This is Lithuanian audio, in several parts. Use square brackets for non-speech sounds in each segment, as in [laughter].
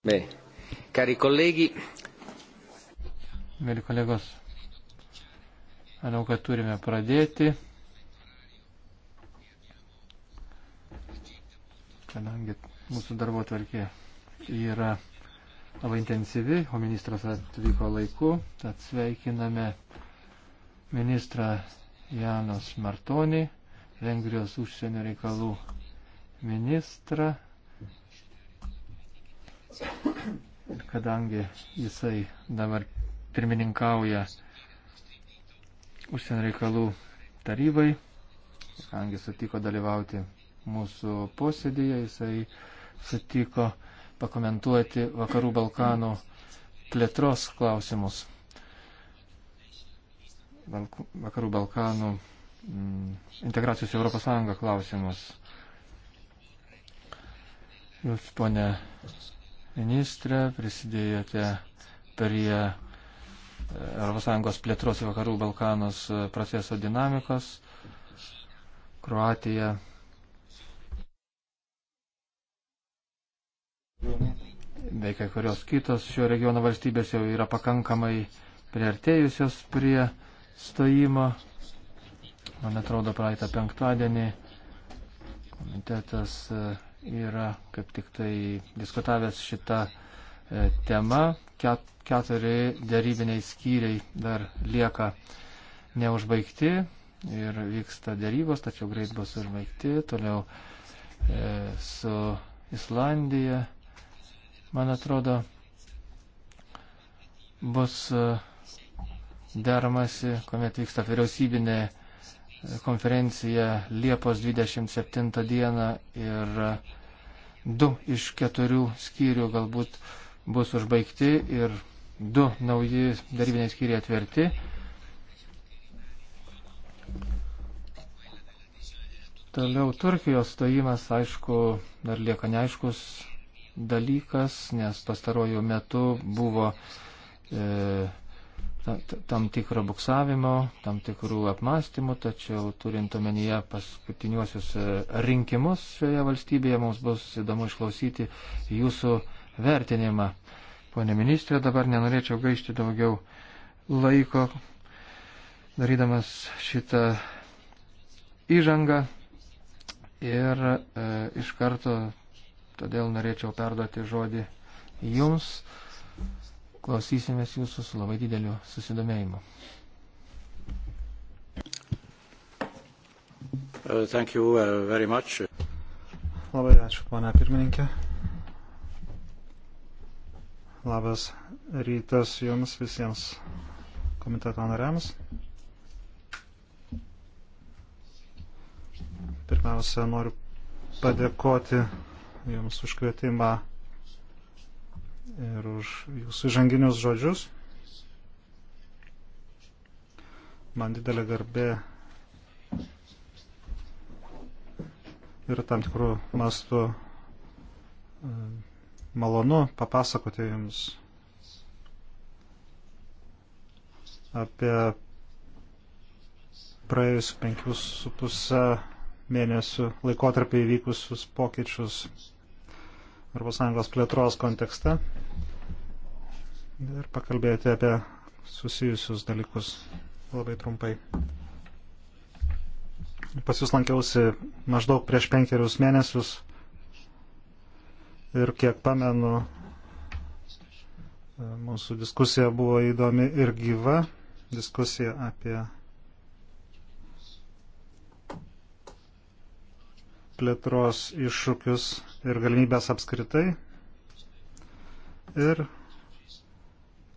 Bene. Cari colleghi. Mėly kolegos, manau, kad turime pradėti, kadangi mūsų darbo tvarkė yra labai intensyvi, o ministras atvyko laiku, tad sveikiname ministrą Janos Martonį, Vengrijos užsienio reikalų ministrą kadangi jisai dabar pirmininkauja užsienio reikalų tarybai, kadangi sutiko dalyvauti mūsų posėdėje, jisai sutiko pakomentuoti Vakarų Balkanų plėtros klausimus. Vakarų Balkanų mm, integracijos Europos Sąjungą klausimus. Jūs, ponė ministrė, prisidėjote prie ES plėtros į vakarų Balkanos e, proceso dinamikos. Kroatija. Bei kai kurios kitos šio regiono valstybės jau yra pakankamai priartėjusios prie stojimo. Man atrodo, praeitą penktadienį komitetas e, yra kaip tik tai diskutavęs šitą e, tema. Keturi dėrybiniai skyriai dar lieka neužbaigti ir vyksta dėrybos, tačiau greit bus užbaigti. Toliau e, su Islandija, man atrodo, bus e, dermasi, kuomet vyksta vyriausybinė konferencija Liepos 27 dieną ir du iš keturių skyrių galbūt bus užbaigti ir du nauji darybiniai skyriai atverti. Toliau Turkijos stojimas, aišku, dar lieka neaiškus dalykas, nes pastarojų metų buvo e, tam tikro buksavimo, tam tikrų apmąstymų, tačiau turint omenyje paskutiniuosius e, rinkimus šioje valstybėje, mums bus įdomu išklausyti jūsų vertinimą. Pone ministrė, dabar nenorėčiau gaišti daugiau laiko, darydamas šitą įžangą ir e, iš karto todėl norėčiau perduoti žodį jums klausysimės jūsų su labai dideliu susidomėjimu. Uh, thank you uh, very much. Labai ačiū, pana pirmininkė. Labas rytas jums visiems komiteto nariams. Pirmiausia, noriu padėkoti jums už kvietimą ir už jūsų žanginius žodžius. Man didelė garbė ir tam tikrų mastų e, malonu papasakoti jums apie praėjusiu penkius su pusę mėnesių laikotarpį įvykusius pokyčius ES plėtros kontekste ir pakalbėti apie susijusius dalykus labai trumpai. Pas jūs lankiausi maždaug prieš penkerius mėnesius ir kiek pamenu, mūsų diskusija buvo įdomi ir gyva, diskusija apie plėtros iššūkius ir galimybės apskritai ir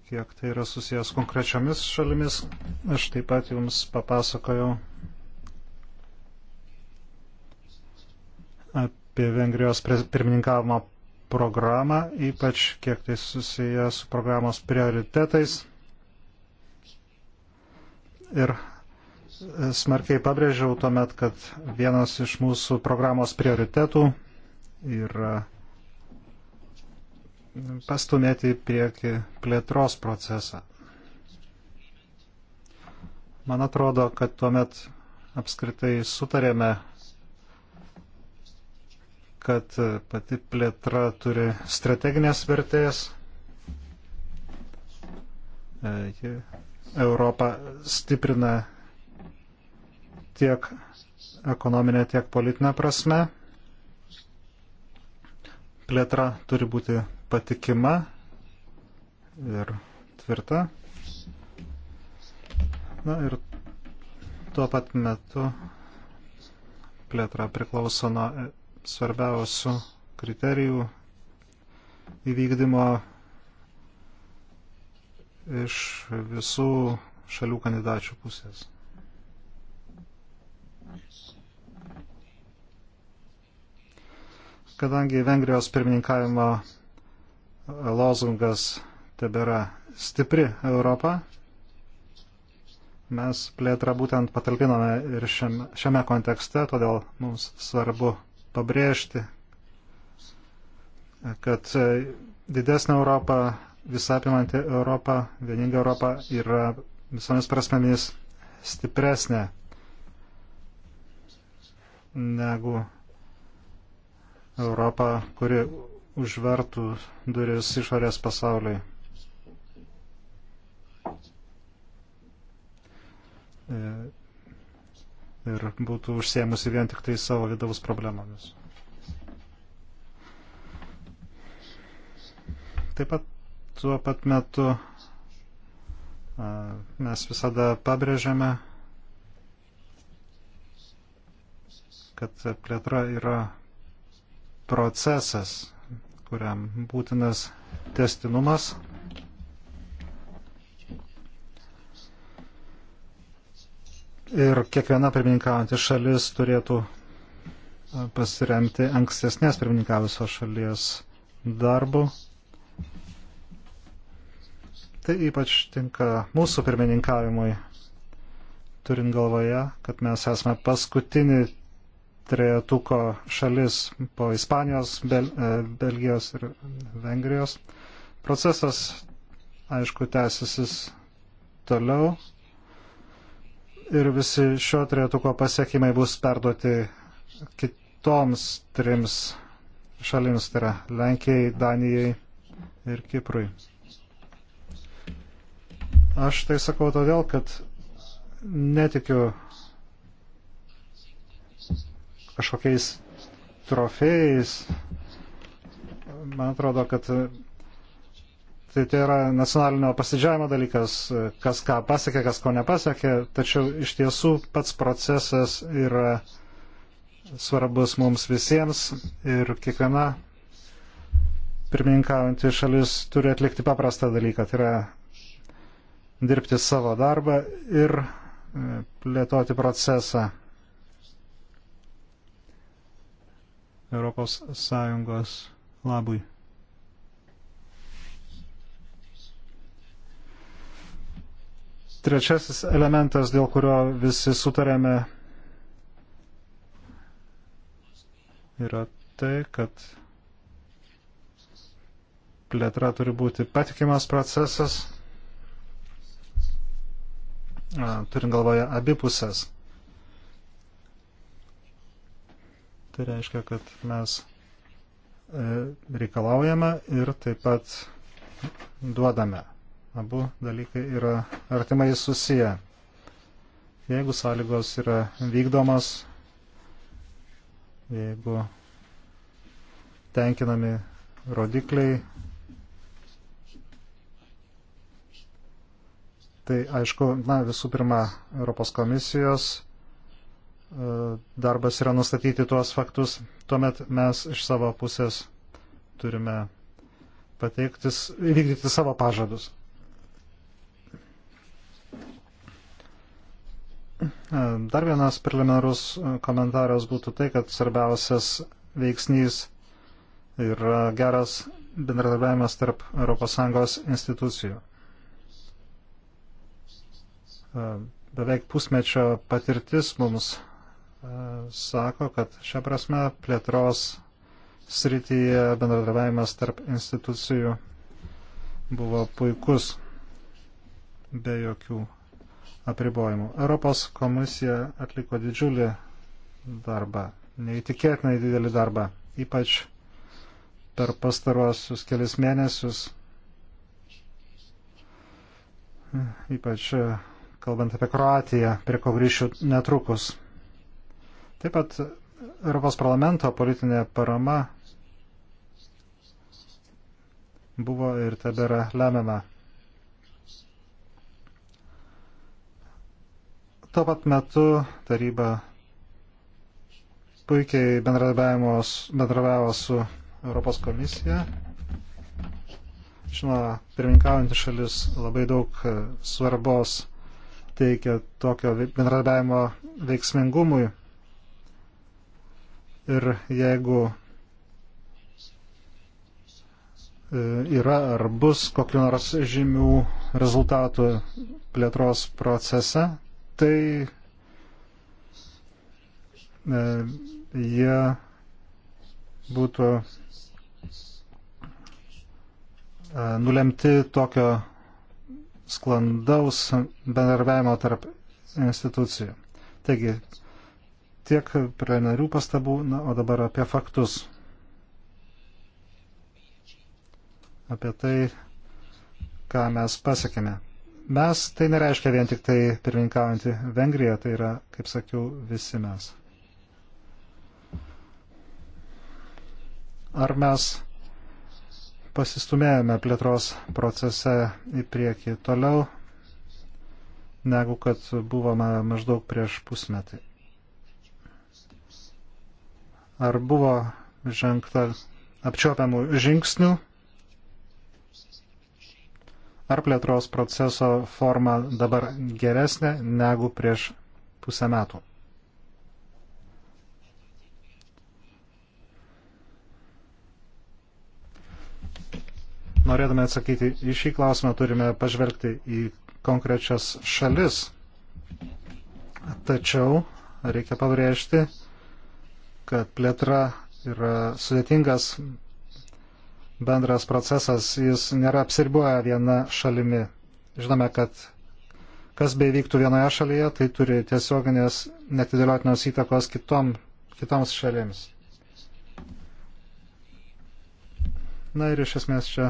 kiek tai yra susijęs konkrečiomis šalimis. Aš taip pat jums papasakojau apie Vengrijos pirmininkavimo programą, ypač kiek tai susiję su programos prioritetais ir smarkiai pabrėžiau tuomet, kad vienas iš mūsų programos prioritetų yra pastumėti į priekį plėtros procesą. Man atrodo, kad tuomet apskritai sutarėme, kad pati plėtra turi strateginės vertės. E, ji Europą stiprina tiek ekonominė, tiek politinė prasme. Plėtra turi būti patikima ir tvirta. Na ir tuo pat metu plėtra priklauso nuo svarbiausių kriterijų įvykdymo iš visų šalių kandidačių pusės. kadangi Vengrijos pirmininkavimo lozungas tebėra stipri Europa, mes plėtrą būtent patalpinome ir šiame, šiame kontekste, todėl mums svarbu pabrėžti, kad didesnė Europa, visapimanti Europa, vieninga Europa yra visomis prasmėmis stipresnė negu Europą, kuri užvertų duris išorės pasauliui. E, ir būtų užsiemusi vien tik tai savo vidaus problemomis. Taip pat tuo pat metu e, mes visada pabrėžiame, kad plėtra yra procesas, kuriam būtinas testinumas. Ir kiekviena pirmininkaujanti šalis turėtų pasiremti ankstesnės pirmininkavusios šalies darbu. Tai ypač tinka mūsų pirmininkavimui, turint galvoje, kad mes esame paskutinį trejetuko šalis po Ispanijos, Bel, e, Belgijos ir Vengrijos. Procesas, aišku, tęsisis toliau ir visi šio trejetuko pasiekimai bus perduoti kitoms trims šalims, tai yra Lenkijai, Danijai ir Kiprui. Aš tai sakau todėl, kad netikiu kažkokiais trofėjais. Man atrodo, kad tai, tai yra nacionalinio pasidžiavimo dalykas, kas ką pasiekė, kas ko nepasiekė, tačiau iš tiesų pats procesas yra svarbus mums visiems ir kiekviena pirmininkaujantį šalis turi atlikti paprastą dalyką, tai yra dirbti savo darbą ir e, plėtoti procesą. ES labui. Trečiasis elementas, dėl kurio visi sutarėme, yra tai, kad plėtra turi būti patikimas procesas, turint galvoje abipusės. Tai reiškia, kad mes e, reikalaujame ir taip pat duodame. Abu dalykai yra artimai susiję. Jeigu sąlygos yra vykdomas, jeigu tenkinami rodikliai, tai aišku, na, visų pirma, Europos komisijos darbas yra nustatyti tuos faktus, tuomet mes iš savo pusės turime pateiktis, įvykdyti savo pažadus. Dar vienas preliminarus komentaras būtų tai, kad svarbiausias veiksnys yra geras bendradarbiavimas tarp ES institucijų. Beveik pusmečio patirtis mums sako, kad šią prasme plėtros srityje bendradarbiavimas tarp institucijų buvo puikus be jokių apribojimų. Europos komisija atliko didžiulį darbą, neįtikėtinai didelį darbą, ypač per pastaruosius kelias mėnesius, ypač e, kalbant apie Kroatiją, prie ko grįšiu netrukus. Taip pat Europos parlamento politinė parama buvo ir tebėra lemiama. Tuo pat metu taryba puikiai bendradarbiavo su Europos komisija. Žinoma, pirmininkaujantys šalis labai daug svarbos teikia tokio bendradarbiavimo veiksmingumui Ir jeigu e, yra ar bus kokiu nors žymių rezultatų plėtros procese, tai e, jie būtų e, nulemti tokio sklandaus bendarbiavimo tarp institucijų. Taigi, Tiek preliminarių pastabų, na, o dabar apie faktus. Apie tai, ką mes pasiekėme. Mes tai nereiškia vien tik tai pirmininkaujantį Vengriją, tai yra, kaip sakiau, visi mes. Ar mes pasistumėjome plėtros procese į priekį toliau, negu kad buvome maždaug prieš pusmetį ar buvo žengta apčiopiamų žingsnių, ar plėtros proceso forma dabar geresnė negu prieš pusę metų. Norėdami atsakyti į šį klausimą, turime pažvelgti į konkrečias šalis. Tačiau reikia pabrėžti, kad plėtra yra sudėtingas bendras procesas, jis nėra apsiriboja viena šalimi. Žinome, kad kas beivyktų vienoje šalyje, tai turi tiesioginės netidėliotinos įtakos kitom, kitoms šalims. Na ir iš esmės čia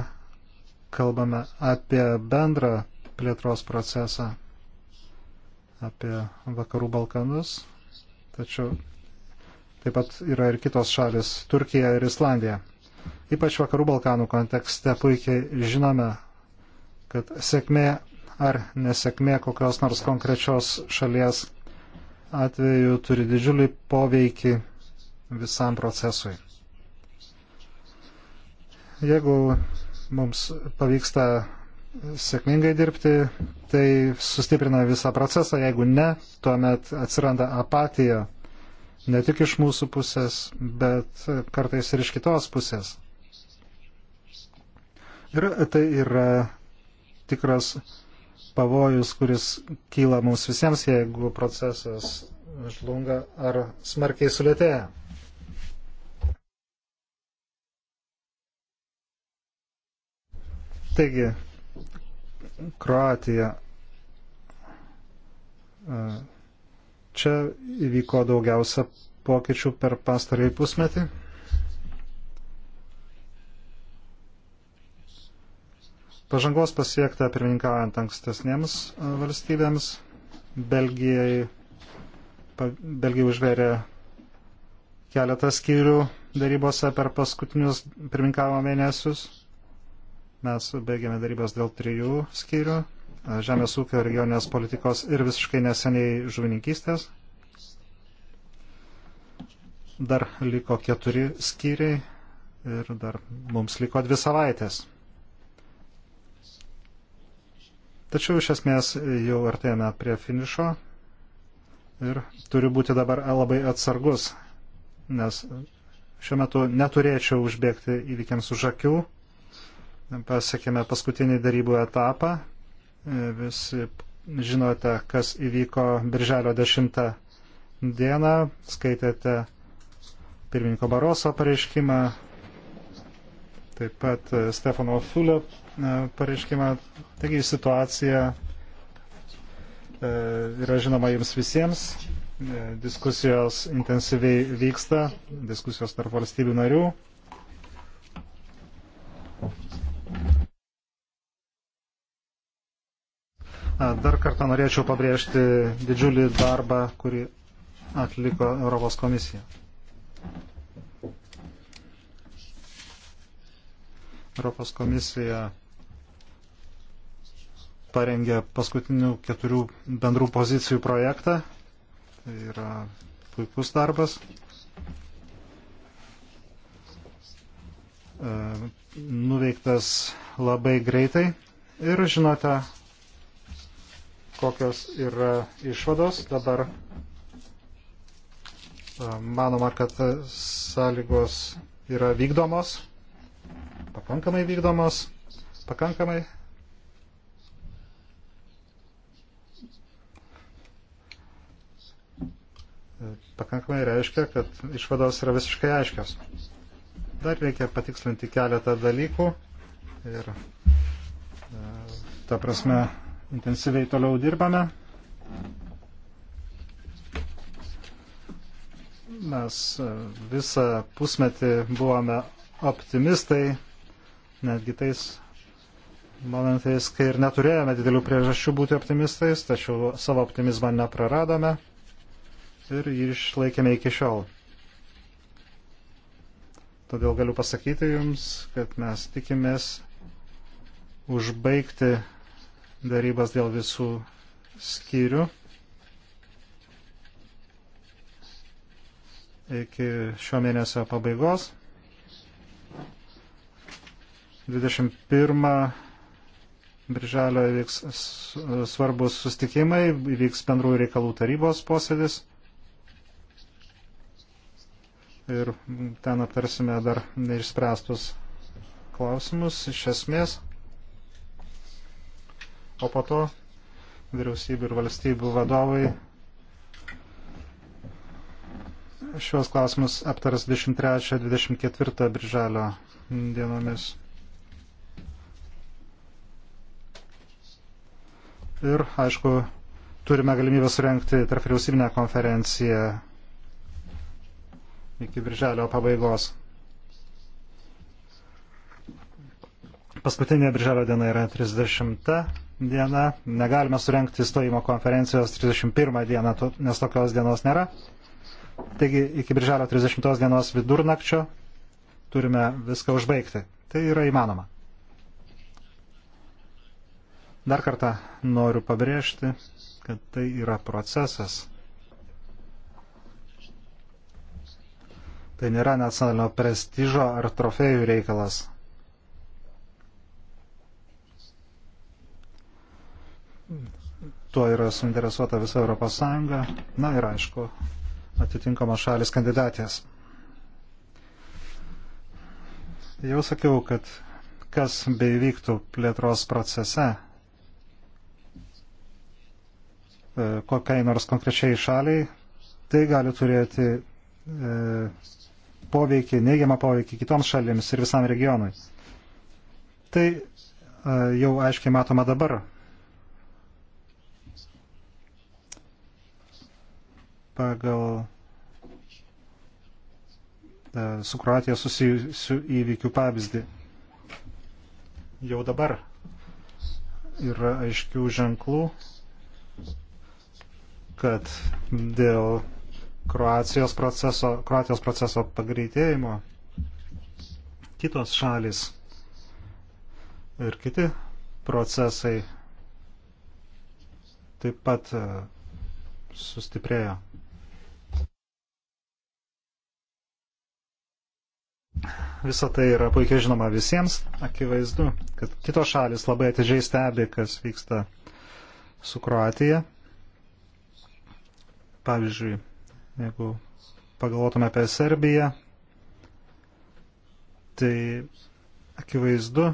kalbame apie bendrą plėtros procesą, apie vakarų Balkanus, tačiau Taip pat yra ir kitos šalis - Turkija ir Islandija. Ypač vakarų Balkanų kontekste puikiai žinome, kad sėkmė ar nesėkmė kokios nors konkrečios šalies atveju turi didžiulį poveikį visam procesui. Jeigu mums pavyksta sėkmingai dirbti, tai sustiprina visą procesą, jeigu ne, tuomet atsiranda apatija ne tik iš mūsų pusės, bet kartais ir iš kitos pusės. Ir tai yra tikras pavojus, kuris kyla mums visiems, jeigu procesas žlunga ar smarkiai sulėtėja. Taigi, Kroatija e, Čia įvyko daugiausia pokyčių per pastarąjį pusmetį. Pažangos pasiekta pirmininkaujant ankstesniems valstybėms. Belgijai, Belgijai užverė keletą skyrių darybose per paskutinius pirmininkavimo mėnesius. Mes baigėme darybas dėl trijų skyrių žemės ūkio regionės politikos ir visiškai neseniai žuvininkystės. Dar liko keturi skyriai ir dar mums liko dvi savaitės. Tačiau iš esmės jau artėjame prie finišo ir turiu būti dabar labai atsargus, nes šiuo metu neturėčiau užbėgti įvykiams už akių. Pasiekėme paskutinį darybų etapą, visi žinote, kas įvyko birželio 10 dieną, skaitėte pirmininko Baroso pareiškimą, taip pat e, Stefano Fulio e, pareiškimą. Taigi situacija e, yra žinoma jums visiems, diskusijos intensyviai vyksta, diskusijos tarp valstybių narių. Dar kartą norėčiau pabrėžti didžiulį darbą, kurį atliko Europos komisija. Europos komisija parengė paskutinių keturių bendrų pozicijų projektą. Tai yra puikus darbas. E, nuveiktas labai greitai. Ir žinote, kokios yra išvados. Dabar e, manoma, kad sąlygos yra vykdomos, pakankamai vykdomos, pakankamai. E, pakankamai reiškia, kad išvados yra visiškai aiškios. Dar reikia patikslinti keletą dalykų ir e, ta prasme intensyviai toliau dirbame. Mes e, visą pusmetį buvome optimistai, netgi tais momentais, kai ir neturėjome didelių priežasčių būti optimistais, tačiau savo optimizmą nepraradome ir jį išlaikėme iki šiol. Todėl galiu pasakyti Jums, kad mes tikimės užbaigti darybas dėl visų skyrių iki šio mėnesio pabaigos. 21 birželio vyks svarbus sustikimai, vyks bendrųjų reikalų tarybos posėdis ir ten aptarsime dar neišspręstus klausimus iš esmės o po to vyriausybių ir valstybių vadovai šios klausimus aptars 23-24 birželio dienomis. Ir, aišku, turime galimybę surenkti tarp vyriausybinę konferenciją iki birželio pabaigos. Paskutinė birželio diena yra 30 diena, negalime surenkti stojimo konferencijos 31 dieną, nes tokios dienos nėra. Taigi iki birželio 30 dienos vidurnakčio turime viską užbaigti. Tai yra įmanoma. Dar kartą noriu pabrėžti, kad tai yra procesas. Tai nėra nacionalinio prestižo ar trofėjų reikalas. tuo yra suinteresuota visa Europos Sąjunga, na ir aišku, atitinkamos šalis kandidatės. Jau sakiau, kad kas beivyktų plėtros procese, e, kokiai nors konkrečiai šaliai, tai gali turėti e, poveikį, neigiamą poveikį kitoms šalims ir visam regionui. Tai e, jau aiškiai matoma dabar. pagal e, su Kroatija susijusių įvykių pavyzdį. Jau dabar yra aiškių ženklų, kad dėl Kroatijos proceso, Kroatijos proceso pagreitėjimo kitos šalis ir kiti procesai taip pat e, sustiprėjo. Visą tai yra puikiai žinoma visiems. Akivaizdu, kad kitos šalis labai atidžiai stebi, kas vyksta su Kroatija. Pavyzdžiui, jeigu pagalvotume apie Serbiją, tai akivaizdu,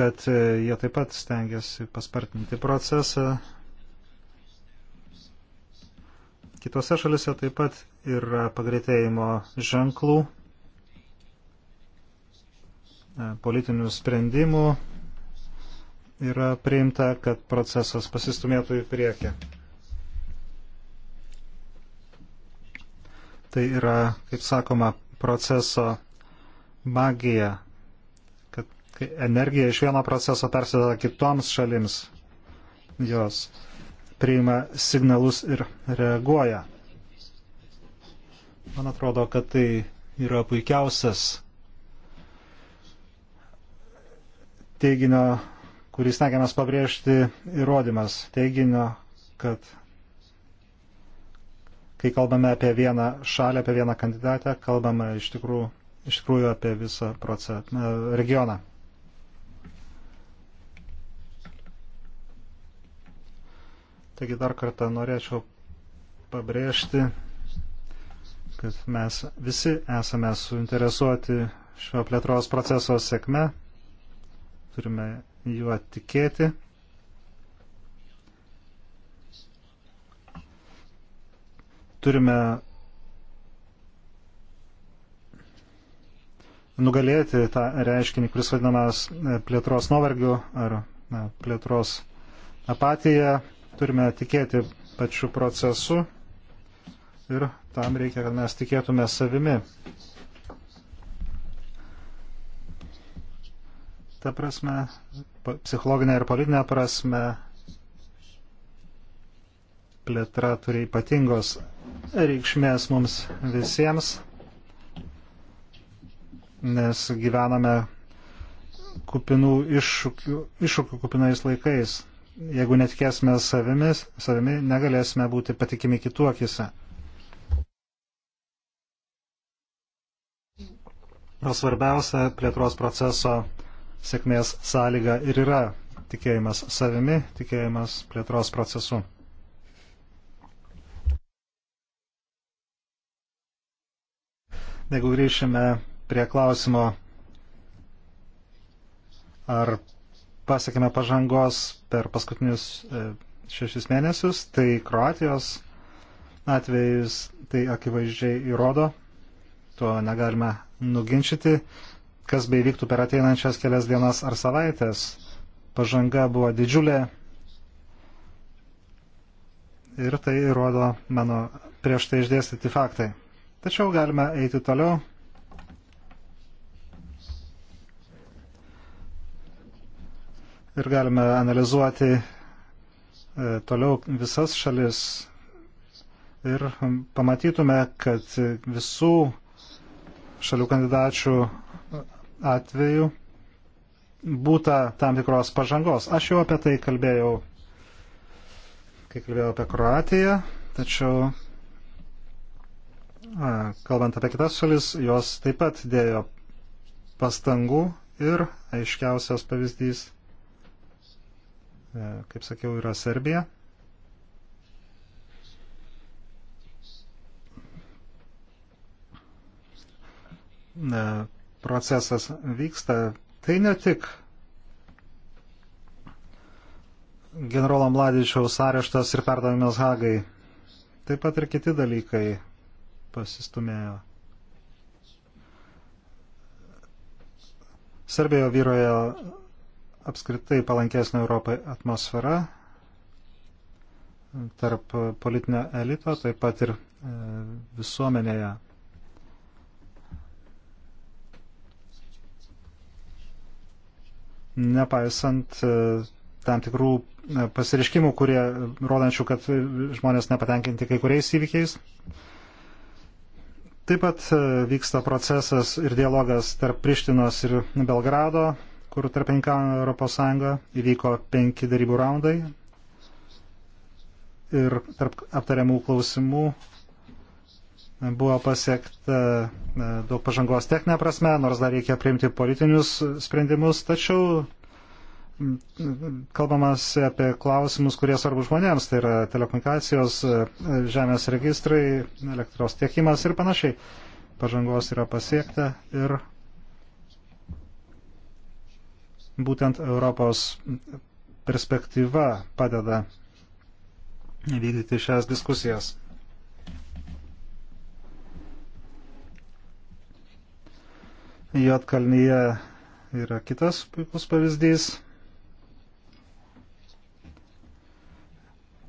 kad jie taip pat stengiasi paspartinti procesą. Kitose šalise taip pat yra pagreitėjimo ženklų, e, politinių sprendimų yra priimta, kad procesas pasistumėtų į priekį. Tai yra, kaip sakoma, proceso magija, kad energija iš vieno proceso persideda kitoms šalims, jos priima signalus ir reaguoja. Man atrodo, kad tai yra puikiausias teiginio, kurį stengiamės pabrėžti, įrodymas teiginio, kad kai kalbame apie vieną šalį, apie vieną kandidatę, kalbame iš tikrųjų, iš tikrųjų apie visą procesą, regioną. Taigi dar kartą norėčiau pabrėžti kad mes visi esame suinteresuoti šio plėtros proceso sėkme, turime juo tikėti. Turime nugalėti tą reiškinį, kuris vadinamas e, plėtros nuovargiu ar na, e, plėtros apatija. Turime tikėti pačiu procesu ir tam reikia, kad mes tikėtume savimi. Ta prasme, psichologinė ir politinė prasme, plėtra turi ypatingos reikšmės mums visiems, nes gyvename kupinų iššūkių, iššūkių kupinais laikais. Jeigu netikėsime savimis, savimi, negalėsime būti patikimi kitų akise. O svarbiausia plėtros proceso sėkmės sąlyga ir yra tikėjimas savimi, tikėjimas plėtros procesu. Jeigu grįšime prie klausimo, ar pasiekime pažangos per paskutinius e, šešis mėnesius, tai Kroatijos atvejus tai akivaizdžiai įrodo, tuo negalime nuginčyti, kas beivyktų per ateinančias kelias dienas ar savaitės. Pažanga buvo didžiulė ir tai įrodo mano prieš tai išdėstyti faktai. Tačiau galime eiti toliau. Ir galime analizuoti e, toliau visas šalis ir pamatytume, kad visų šalių kandidačių atveju būta tam tikros pažangos. Aš jau apie tai kalbėjau, kai kalbėjau apie Kroatiją, tačiau a, kalbant apie kitas šalis, jos taip pat dėjo pastangų ir aiškiausias pavyzdys, e, kaip sakiau, yra Serbija. E, procesas vyksta, tai ne tik generolo Mladičiaus areštas ir perdavimas Hagai, taip pat ir kiti dalykai pasistumėjo. Serbijoje vyroja apskritai palankesnė Europai atmosfera tarp politinio elito, taip pat ir e, visuomenėje nepaisant e, tam tikrų e, pasireiškimų, kurie rodančių, kad žmonės nepatenkinti kai kuriais įvykiais. Taip pat e, vyksta procesas ir dialogas tarp Prištinos ir Belgrado, kur tarpininkavo Europos Sąjunga, įvyko penki darybų raundai ir tarp aptariamų klausimų buvo pasiekta e, daug pažangos techninė prasme, nors dar reikia priimti politinius sprendimus, tačiau kalbamas apie klausimus, kurie svarbu žmonėms, tai yra telekomunikacijos, e, žemės registrai, elektros tiekimas ir panašiai. Pažangos yra pasiekta ir būtent Europos perspektyva padeda vykdyti šias diskusijas. Jotkalnyje yra kitas puikus pavyzdys.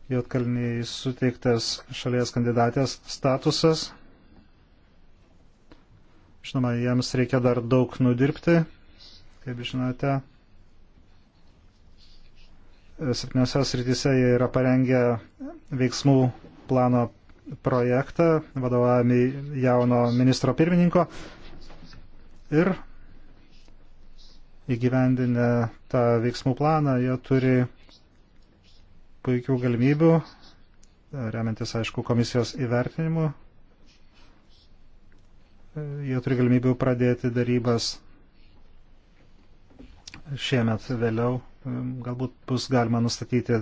Jotkalniai suteiktas šalies kandidatės statusas. Žinoma, jiems reikia dar daug nudirbti, kaip žinote. Septyniose srityse jie yra parengę veiksmų plano projektą, vadovavami jauno ministro pirmininko ir įgyvendinę tą veiksmų planą, jie turi puikių galimybių, remiantis, aišku, komisijos įvertinimu, jie turi galimybių pradėti darybas šiemet vėliau. Galbūt bus galima nustatyti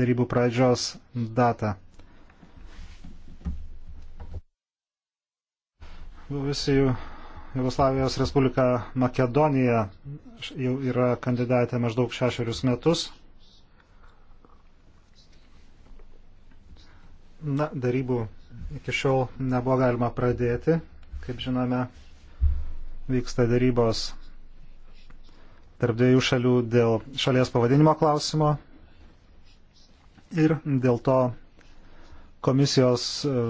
darybų pradžios datą. Buvusių Jugoslavijos Respublika Makedonija jau yra kandidatė maždaug šešerius metus. Na, darybų iki šiol nebuvo galima pradėti. Kaip žinome, vyksta darybos tarp dviejų šalių dėl šalies pavadinimo klausimo ir dėl to komisijos e,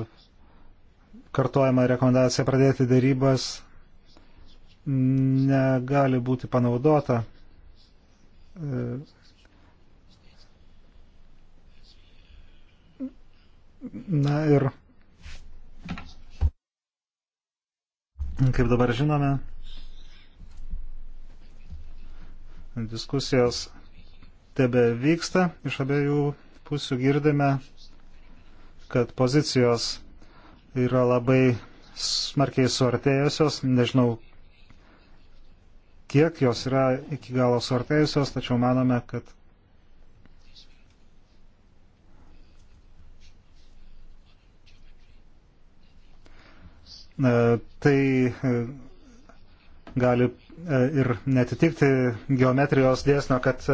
kartuojama rekomendacija pradėti darybas negali būti panaudota. E, na ir kaip dabar žinome, diskusijos tebe vyksta, iš abiejų pusių girdime, kad pozicijos yra labai smarkiai suartėjusios, nežinau, tiek, jos yra iki galo suartėjusios, tačiau manome, kad e, tai e, gali e, ir netitikti geometrijos dėsnio, kad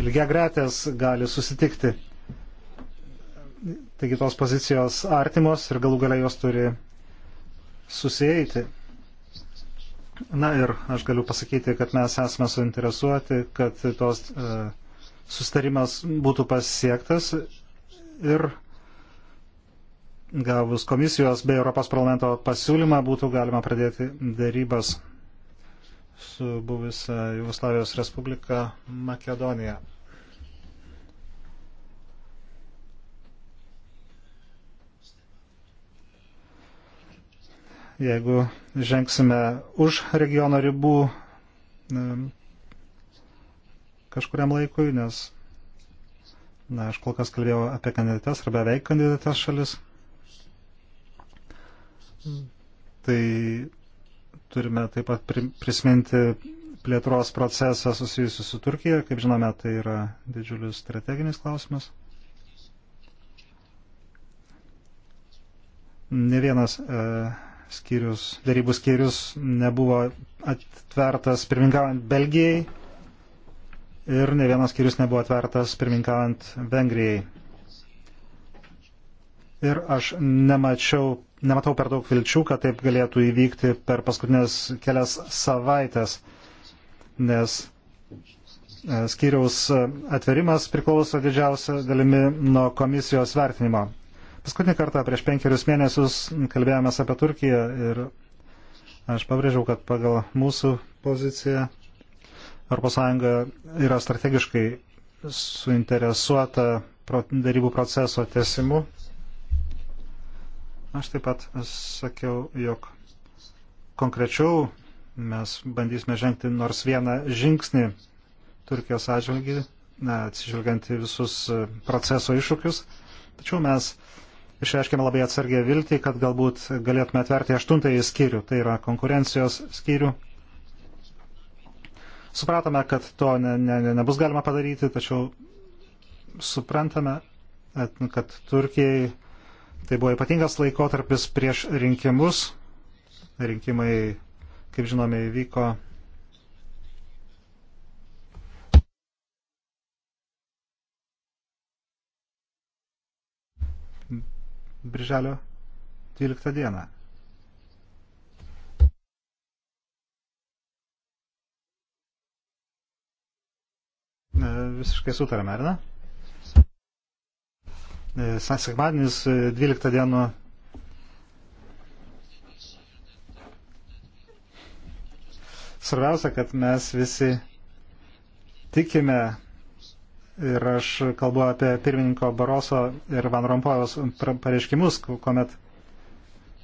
ilgia gretės gali susitikti. Taigi tos pozicijos artimos ir galų galia jos turi susieiti. Na ir aš galiu pasakyti, kad mes esame suinteresuoti, kad tos e, sustarimas būtų pasiektas ir gavus komisijos bei Europos parlamento pasiūlymą būtų galima pradėti dėrybas su buvusia Jugoslavijos Respublika Makedonija. jeigu žengsime už regiono ribų kažkuriam laikui, nes, na, aš kol kas kalbėjau apie kandidates ar beveik kandidates šalis. Tai turime taip pat prisiminti plėtros procesą susijusiu su Turkija. Kaip žinome, tai yra didžiulis strateginis klausimas. Ne vienas e, skyrius, darybų skyrius nebuvo atvertas pirmininkaujant Belgijai ir ne vienas skyrius nebuvo atvertas pirmininkaujant Vengrijai. Ir aš nemačiau, nematau per daug vilčių, kad taip galėtų įvykti per paskutinės kelias savaitės, nes e, skyriaus e, atverimas priklauso didžiausia dalimi nuo komisijos vertinimo. Paskutinį kartą prieš penkerius mėnesius kalbėjomės apie Turkiją ir aš pabrėžiau, kad pagal mūsų poziciją ES yra strategiškai suinteresuota darybų proceso tesimu. Aš taip pat sakiau, jog konkrečiau mes bandysime žengti nors vieną žingsnį Turkijos atžvilgių, atsižvelgiant į visus proceso iššūkius. Tačiau mes išreiškėme labai atsargę viltį, kad galbūt galėtume atverti aštuntąjį skyrių, tai yra konkurencijos skyrių. Supratome, kad to ne, ne, ne, nebus galima padaryti, tačiau suprantame, kad Turkijai tai buvo ypatingas laikotarpis prieš rinkimus. Rinkimai, kaip žinome, įvyko birželio 12 dieną. E, visiškai sutarėme, ar ne? E, sekmadienis 12 e, dienų svarbiausia, kad mes visi tikime Ir aš kalbu apie pirmininko Baroso ir Van Rompojos pareiškimus, kuomet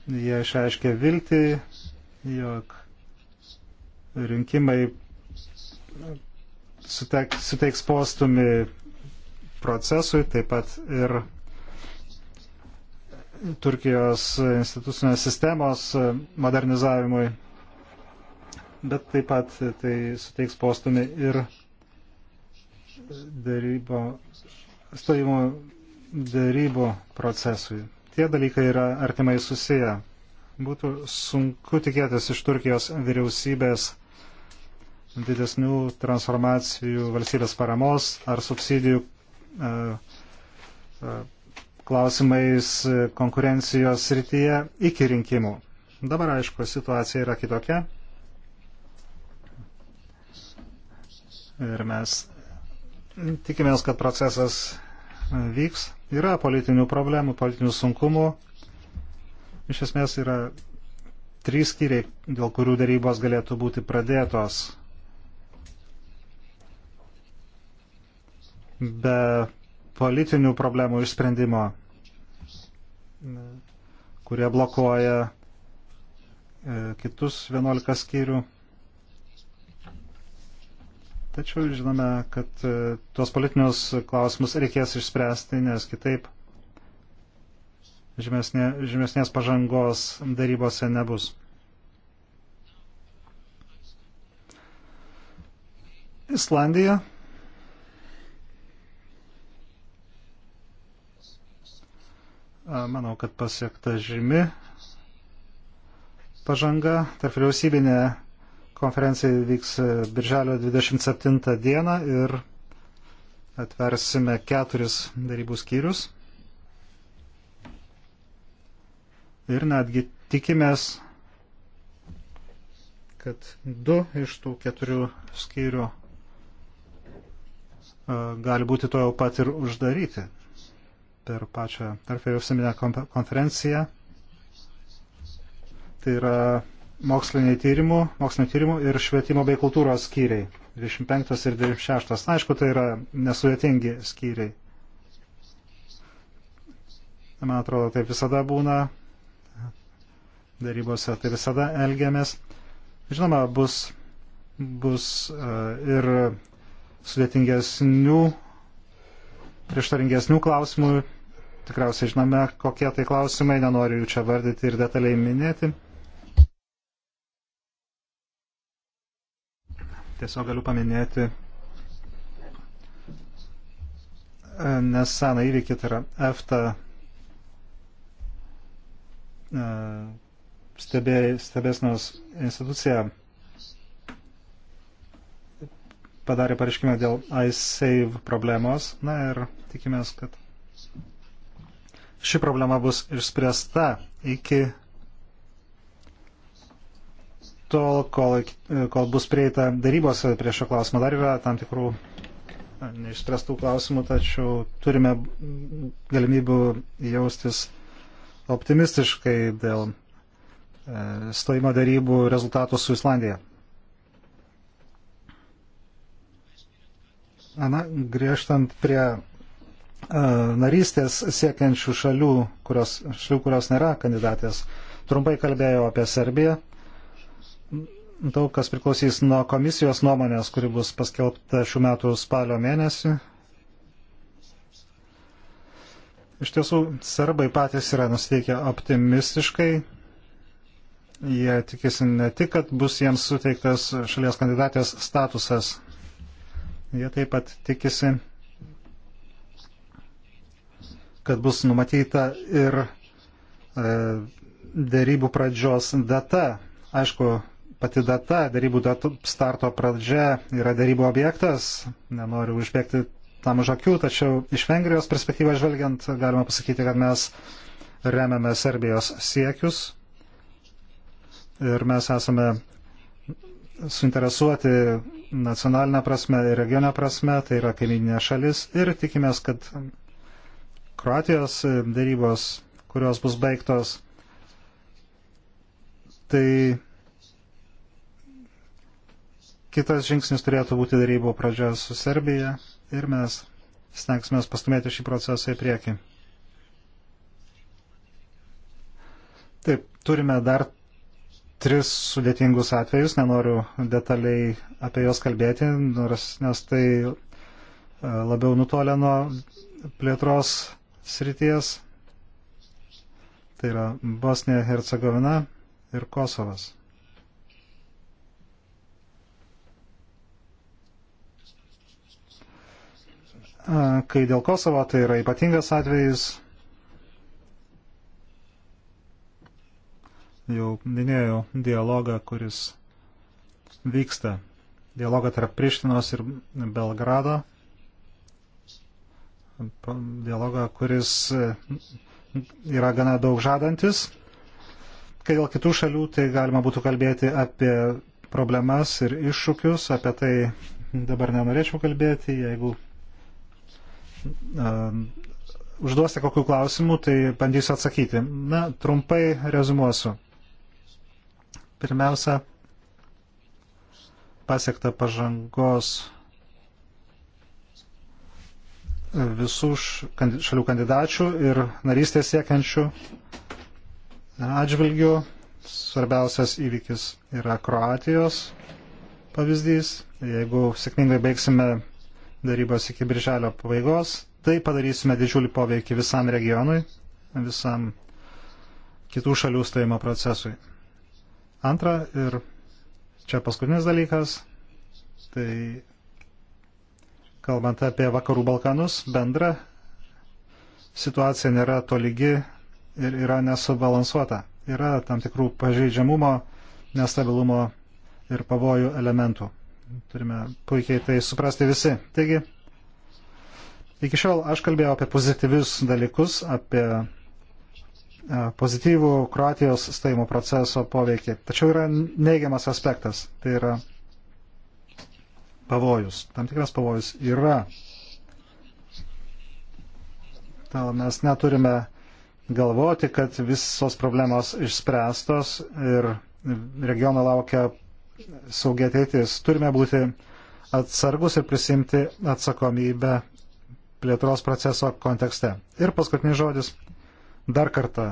jie išreiškė viltį, jog rinkimai suteiks postumi procesui, taip pat ir Turkijos institucinės sistemos modernizavimui, bet taip pat tai suteiks postumi ir dėrybo, stojimo dėrybų procesui. Tie dalykai yra artimai susiję. Būtų sunku tikėtis iš Turkijos vyriausybės didesnių transformacijų valstybės paramos ar subsidijų e, e, klausimais konkurencijos srityje iki rinkimų. Dabar, aišku, situacija yra kitokia. Ir mes Tikimės, kad procesas e, vyks. Yra politinių problemų, politinių sunkumų. Iš esmės yra trys skyriai, dėl kurių darybos galėtų būti pradėtos be politinių problemų išsprendimo, e, kurie blokuoja e, kitus 11 skyrių. Tačiau žinome, kad e, tuos politinius klausimus reikės išspręsti, nes kitaip žymesnė, žymesnės pažangos darybose nebus. Islandija. Manau, kad pasiekta žymi pažanga tarp vyriausybinė Konferencija vyks e, birželio 27 dieną ir atversime keturis darybų skyrius. Ir netgi tikimės, kad du iš tų keturių skyrių e, gali būti to jau pat ir uždaryti per pačią tarp vyriausybinę konferenciją. Tai yra mokslinio tyrimų, mokslinio tyrimų ir švietimo bei kultūros skyriai. 25 ir 26. Na, aišku, tai yra nesudėtingi skyriai. Man atrodo, taip visada būna. Darybose tai visada elgiamės. Žinoma, bus, bus e, ir sudėtingesnių, prieštaringesnių klausimų. Tikriausiai žinome, kokie tai klausimai, nenoriu jų čia vardyti ir detaliai minėti. Tiesiog galiu paminėti e, neseną įvykį, tai yra EFTA e, stebėsnos institucija padarė pareiškimą dėl iSave problemos. Na ir tikimės, kad ši problema bus išspręsta iki tol, kol, kol bus prieita darybos prie šio klausimo. Dar yra tam tikrų neišspręstų klausimų, tačiau turime galimybių jaustis optimistiškai dėl e, stojimo darybų rezultatų su Islandija. Na, griežtant prie uh, narystės siekiančių šalių kurios, šalių, kurios nėra kandidatės, trumpai kalbėjau apie Serbiją. Uh, daug kas priklausys nuo komisijos nuomonės, kuri bus paskelbta šių metų spalio mėnesį. Iš tiesų, serbai patys yra nusiteikę optimistiškai. Jie tikisi ne tik, kad bus jiems suteiktas šalies kandidatės statusas. Jie taip pat tikisi, kad bus numatyta ir e, dėrybų pradžios data. Aišku, pati data, darybų datų starto pradžia yra darybų objektas. Nenoriu užbėgti tam už akių, tačiau iš Vengrijos perspektyvos žvelgiant galima pasakyti, kad mes remiame Serbijos siekius ir mes esame suinteresuoti nacionalinę prasme ir regionę prasme, tai yra kaiminė šalis ir tikimės, kad Kroatijos darybos, kurios bus baigtos, tai Kitas žingsnis turėtų būti darybų pradžia su Serbija ir mes stengsime pastumėti šį procesą į priekį. Taip, turime dar tris sudėtingus atvejus, nenoriu detaliai apie juos kalbėti, nors, nes tai e, labiau nutolę nuo plėtros srities. Tai yra Bosnija, Hercegovina ir Kosovas. Kai dėl Kosovo tai yra ypatingas atvejis, jau minėjau dialogą, kuris vyksta. Dialogą tarp Prištinos ir Belgrado. Dialogą, kuris e, yra gana daug žadantis. Kai dėl kitų šalių, tai galima būtų kalbėti apie problemas ir iššūkius, apie tai dabar nenorėčiau kalbėti, jeigu um, ehm, užduosite kokių klausimų, tai bandysiu atsakyti. Na, trumpai rezumuosiu. Pirmiausia, pasiekta pažangos visų šalių kandidačių ir narystės siekiančių atžvilgių. Svarbiausias įvykis yra Kroatijos pavyzdys. Jeigu sėkmingai baigsime darybos iki birželio pabaigos. Tai padarysime didžiulį poveikį visam regionui, visam kitų šalių stojimo procesui. Antra ir čia paskutinis dalykas, tai kalbant apie vakarų Balkanus, bendra situacija nėra tolygi ir yra nesubalansuota. Yra tam tikrų pažeidžiamumo, nestabilumo ir pavojų elementų turime puikiai tai suprasti visi. Taigi, iki šiol aš kalbėjau apie pozityvius dalykus, apie e, pozityvų Kroatijos stojimo proceso poveikį. Tačiau yra neigiamas aspektas, tai yra pavojus. Tam tikras pavojus yra. Tal mes neturime galvoti, kad visos problemos išspręstos ir regiono laukia saugia ateitis. Turime būti atsargus ir prisimti atsakomybę plėtros proceso kontekste. Ir paskutinis žodis. Dar kartą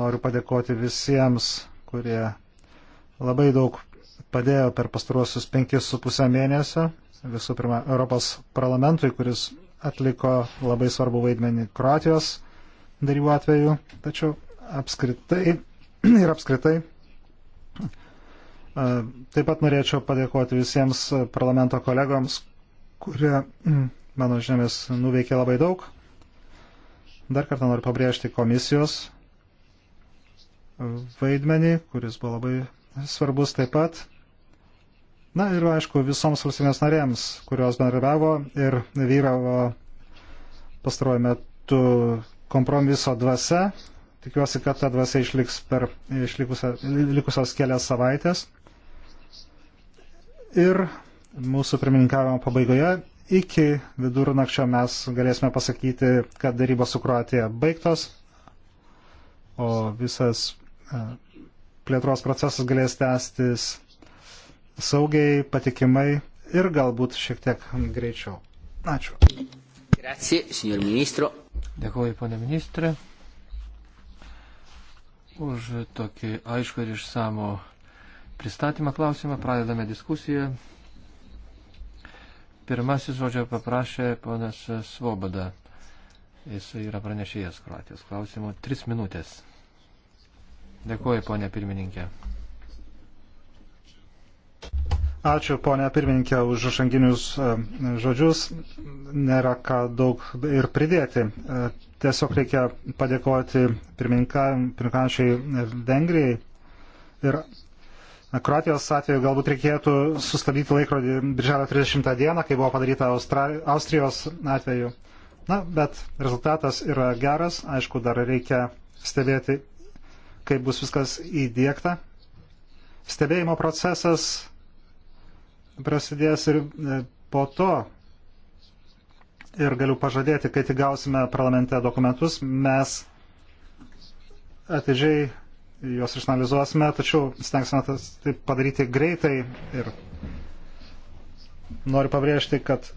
noriu padėkoti visiems, kurie labai daug padėjo per pastaruosius 5,5 mėnesio. Visų pirma, Europos parlamentui, kuris atliko labai svarbu vaidmenį Kroatijos darybų atveju, tačiau apskritai [clears throat] ir apskritai Taip pat norėčiau padėkoti visiems parlamento kolegoms, kurie, mm, mano žiniomis, nuveikė labai daug. Dar kartą noriu pabrėžti komisijos vaidmenį, kuris buvo labai svarbus taip pat. Na ir aišku, visoms valstybės narėms, kurios bendradarbiavo ir vyravo pastaruoju metu kompromiso dvasia. Tikiuosi, kad ta dvasia išliks per išlikusias kelias savaitės ir mūsų pirmininkavimo pabaigoje iki vidurnakčio mes galėsime pasakyti, kad darybos su Kroatija baigtos, o visas e, plėtros procesas galės tęstis saugiai, patikimai ir galbūt šiek tiek greičiau. Ačiū. Grazie, signor ministro. Dėkuoju, ponė ministrė, už tokį aišku ir išsamų pristatymą klausimą, pradedame diskusiją. Pirmasis žodžio paprašė ponas Svoboda. Jis yra pranešėjas Kroatijos klausimų. Tris minutės. Dėkuoju, ponė pirmininkė. Ačiū, ponė pirmininkė, už žanginius e, žodžius. Nėra ką daug ir pridėti. E, tiesiog reikia padėkoti pirmininkančiai Vengrijai ir Kroatijos atveju galbūt reikėtų sustabdyti laikrodį birželio 30 dieną, kai buvo padaryta Austra Austrijos atveju. Na, bet rezultatas yra geras, aišku, dar reikia stebėti, kaip bus viskas įdėkta. Stebėjimo procesas prasidės ir e, po to. Ir galiu pažadėti, kai tik gausime parlamente dokumentus, mes atidžiai juos išanalizuosime, tačiau stengsime tas taip padaryti greitai ir noriu pabrėžti, kad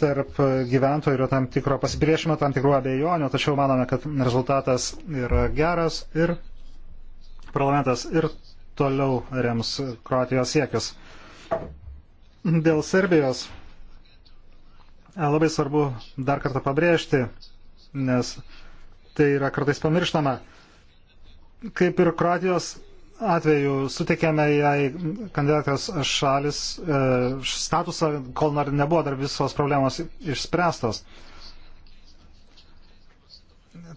tarp gyventojų yra tam tikro pasipriešimo, tam tikrų abejonių, tačiau manome, kad rezultatas yra geras ir parlamentas ir toliau rems Kroatijos siekius. Dėl Serbijos e, labai svarbu dar kartą pabrėžti, nes tai yra kartais pamirštama, kaip ir Kroatijos atveju suteikėme jai kandidatės šalis e, statusą, kol nebuvo dar visos problemos išspręstos.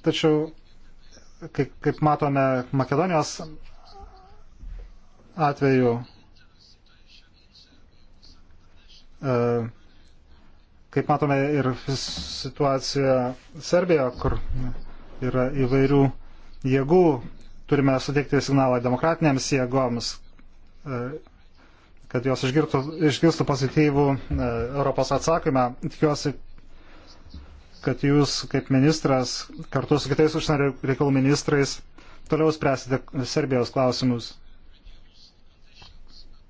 Tačiau, kaip, kaip matome Makedonijos atveju, e, kaip matome ir situaciją Serbijoje, kur yra įvairių jėgų turime suteikti signalą demokratinėms jėgoms, e, kad jos išgirtų, išgirstų pozityvų e, Europos atsakymą. Tikiuosi, kad jūs kaip ministras kartu su kitais užsienio reikalų ministrais toliau spręsite Serbijos klausimus.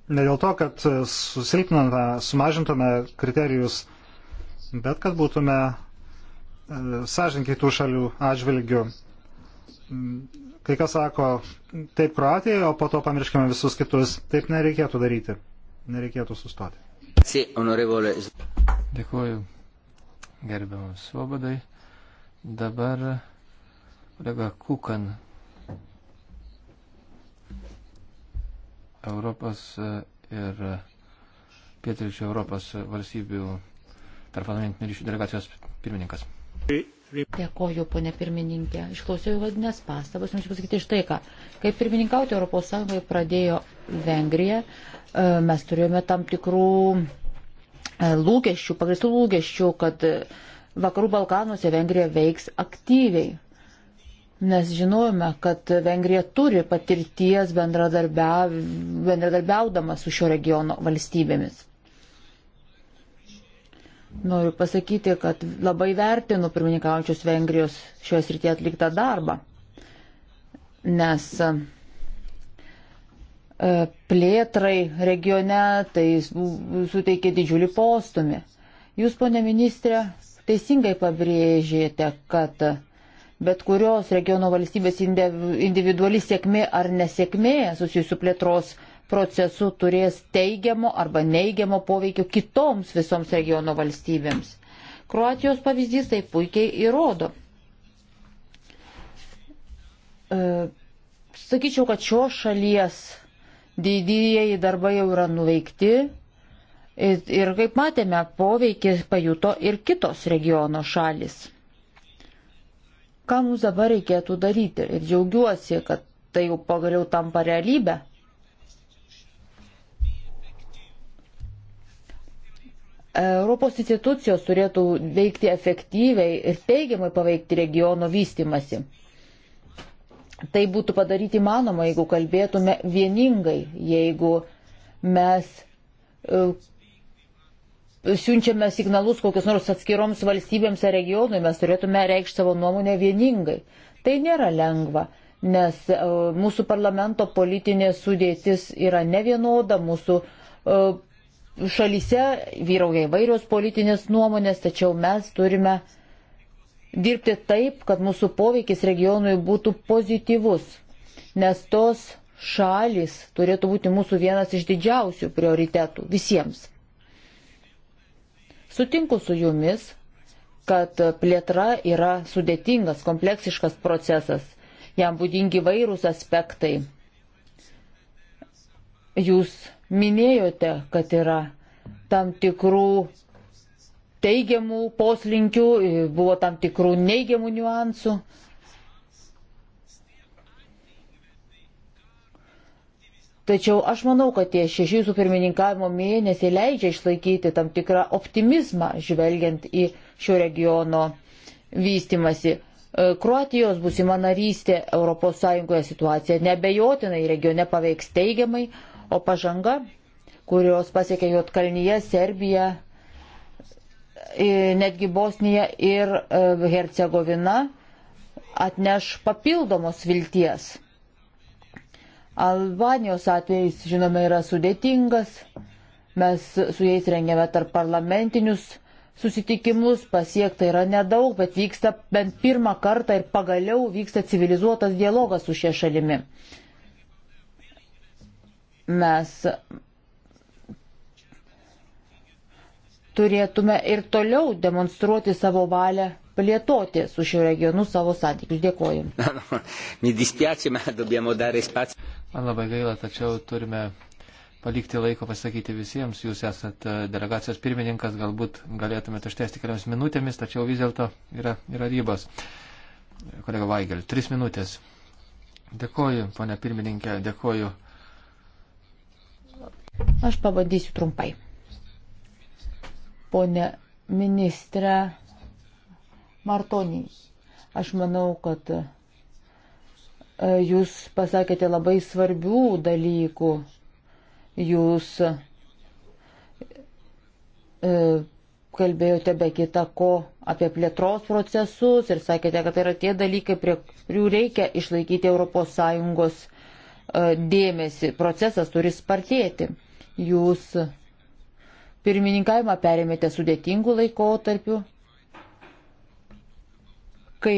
Ne dėl to, kad susilpname, sumažintume kriterijus, bet kad būtume e, sąžinkiai tų šalių atžvilgių Kai kas sako, taip Kroatijai, o po to pamirškime visus kitus. Taip nereikėtų daryti. Nereikėtų sustoti. Dėkuoju gerbiamas Svobodai. Dabar kolega Kukan. Europos e, ir Pietričio Europos valstybių tarp parlamentinių ryšių delegacijos pirmininkas. Dėkoju, ponė pirmininkė. Išklausiau vadinės pastabas. Noriu pasakyti štai ką. Kai pirmininkauti ES pradėjo Vengrija, e, mes turėjome tam tikrų e, lūkesčių, pagristų lūkesčių, kad e, Vakarų Balkanuose Vengrija veiks aktyviai. Nes žinojome, kad Vengrija turi patirties bendradarbiaudama su šio regiono valstybėmis. Noriu pasakyti, kad labai vertinu pirmininkaujančius Vengrijos šioje srityje atliktą darbą, nes e, plėtrai regione tai suteikė didžiulį postumį. Jūs, ponė ministrė, teisingai pabrėžėte, kad bet kurios regiono valstybės individuali sėkmė ar nesėkmė susijusių plėtros procesu turės teigiamo arba neigiamo poveikio kitoms visoms regiono valstybėms. Kroatijos pavyzdys tai puikiai įrodo. E, sakyčiau, kad šios šalies didieji darbai jau yra nuveikti ir, ir kaip matėme, poveikį pajuto ir kitos regiono šalis. Ką mums dabar reikėtų daryti? Ir džiaugiuosi, kad tai jau pagaliau tampa realybė. Europos institucijos turėtų veikti efektyviai ir teigiamai paveikti regiono vystimasi. Tai būtų padaryti manoma, jeigu kalbėtume vieningai, jeigu mes e, siunčiame signalus kokius nors atskiroms valstybėms ar regionui, mes turėtume reikšti savo nuomonę vieningai. Tai nėra lengva, nes e, mūsų parlamento politinė sudėtis yra nevienoda, mūsų e, šalyse vyrauja įvairios politinės nuomonės, tačiau mes turime dirbti taip, kad mūsų poveikis regionui būtų pozityvus, nes tos šalis turėtų būti mūsų vienas iš didžiausių prioritetų visiems. Sutinku su jumis, kad plėtra yra sudėtingas, kompleksiškas procesas, jam būdingi vairūs aspektai. Jūs Minėjote, kad yra tam tikrų teigiamų poslinkių, buvo tam tikrų neigiamų niuansų. Tačiau aš manau, kad tie šeši jūsų pirmininkavimo mėnesiai leidžia išlaikyti tam tikrą optimizmą, žvelgiant į šio regiono vystimasi. E, Kruatijos busima narystė ES situacija nebejotinai regione paveiks teigiamai, O pažanga, kurios pasiekė Jotkalnyje, Serbija, netgi Bosnija ir e, Hercegovina, atneš papildomos vilties. Albanijos atvejais, žinome, yra sudėtingas. Mes su jais rengiame tarp parlamentinius susitikimus, pasiekta yra nedaug, bet vyksta bent pirmą kartą ir pagaliau vyksta civilizuotas dialogas su šia šalimi. Uh, mes turėtume ir toliau demonstruoti savo valią plėtoti su šiuo regionu savo santykius. Dėkoju. [laughs] Labai gaila, tačiau turime palikti laiko pasakyti visiems. Jūs esat e, delegacijos pirmininkas, galbūt galėtumėte užtesti keliomis minutėmis, tačiau vis dėlto yra, yra rybos. Kolega Vaigel, tris minutės. Dėkoju, ponia pirmininkė, dėkoju Aš pabandysiu trumpai. Pone ministrė Martonį, aš manau, kad e, jūs pasakėte labai svarbių dalykų. Jūs e, kalbėjote be kita ko apie plėtros procesus ir sakėte, kad tai yra tie dalykai, prie kurių reikia išlaikyti ES e, dėmesį. Procesas turi spartėti. Jūs pirmininkavimą perėmėte sudėtingų laikotarpių, kai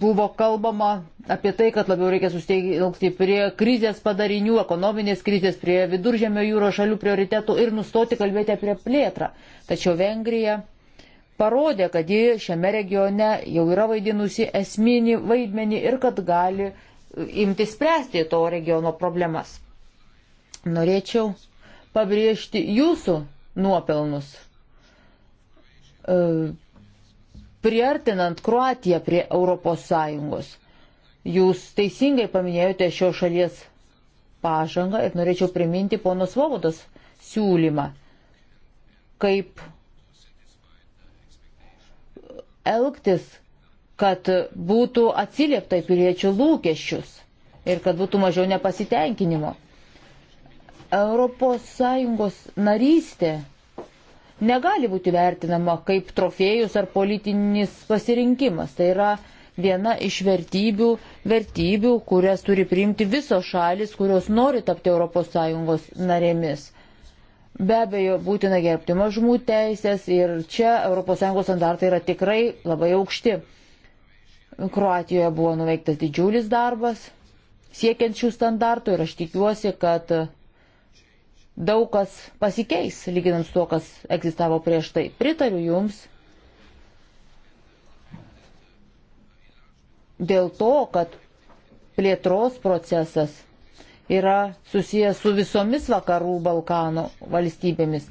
buvo kalbama apie tai, kad labiau reikia susitelkti prie krizės padarinių, ekonominės krizės, prie viduržėmio jūros šalių prioritetų ir nustoti kalbėti apie plėtrą. Tačiau Vengrija parodė, kad ji šiame regione jau yra vaidinusi esminį vaidmenį ir kad gali imti spręsti to regiono problemas. Norėčiau pabrėžti jūsų nuopelnus. E, priartinant Kroatiją prie ES, jūs teisingai paminėjote šios šalies pažangą ir norėčiau priminti pono Svobodos siūlymą, kaip elgtis, kad būtų atsiliepta į piliečių lūkesčius ir kad būtų mažiau nepasitenkinimo. ES narystė negali būti vertinama kaip trofėjus ar politinis pasirinkimas. Tai yra viena iš vertybių, vertybių, kurias turi priimti visos šalis, kurios nori tapti ES narėmis. Be abejo, būtina gerbti mažumų teisės ir čia ES standartai yra tikrai labai aukšti. Kroatijoje buvo nuveiktas didžiulis darbas siekiant šių standartų ir aš tikiuosi, kad daug kas pasikeis, lyginant su to, kas egzistavo prieš tai. Pritariu Jums dėl to, kad plėtros procesas yra susijęs su visomis vakarų Balkanų valstybėmis.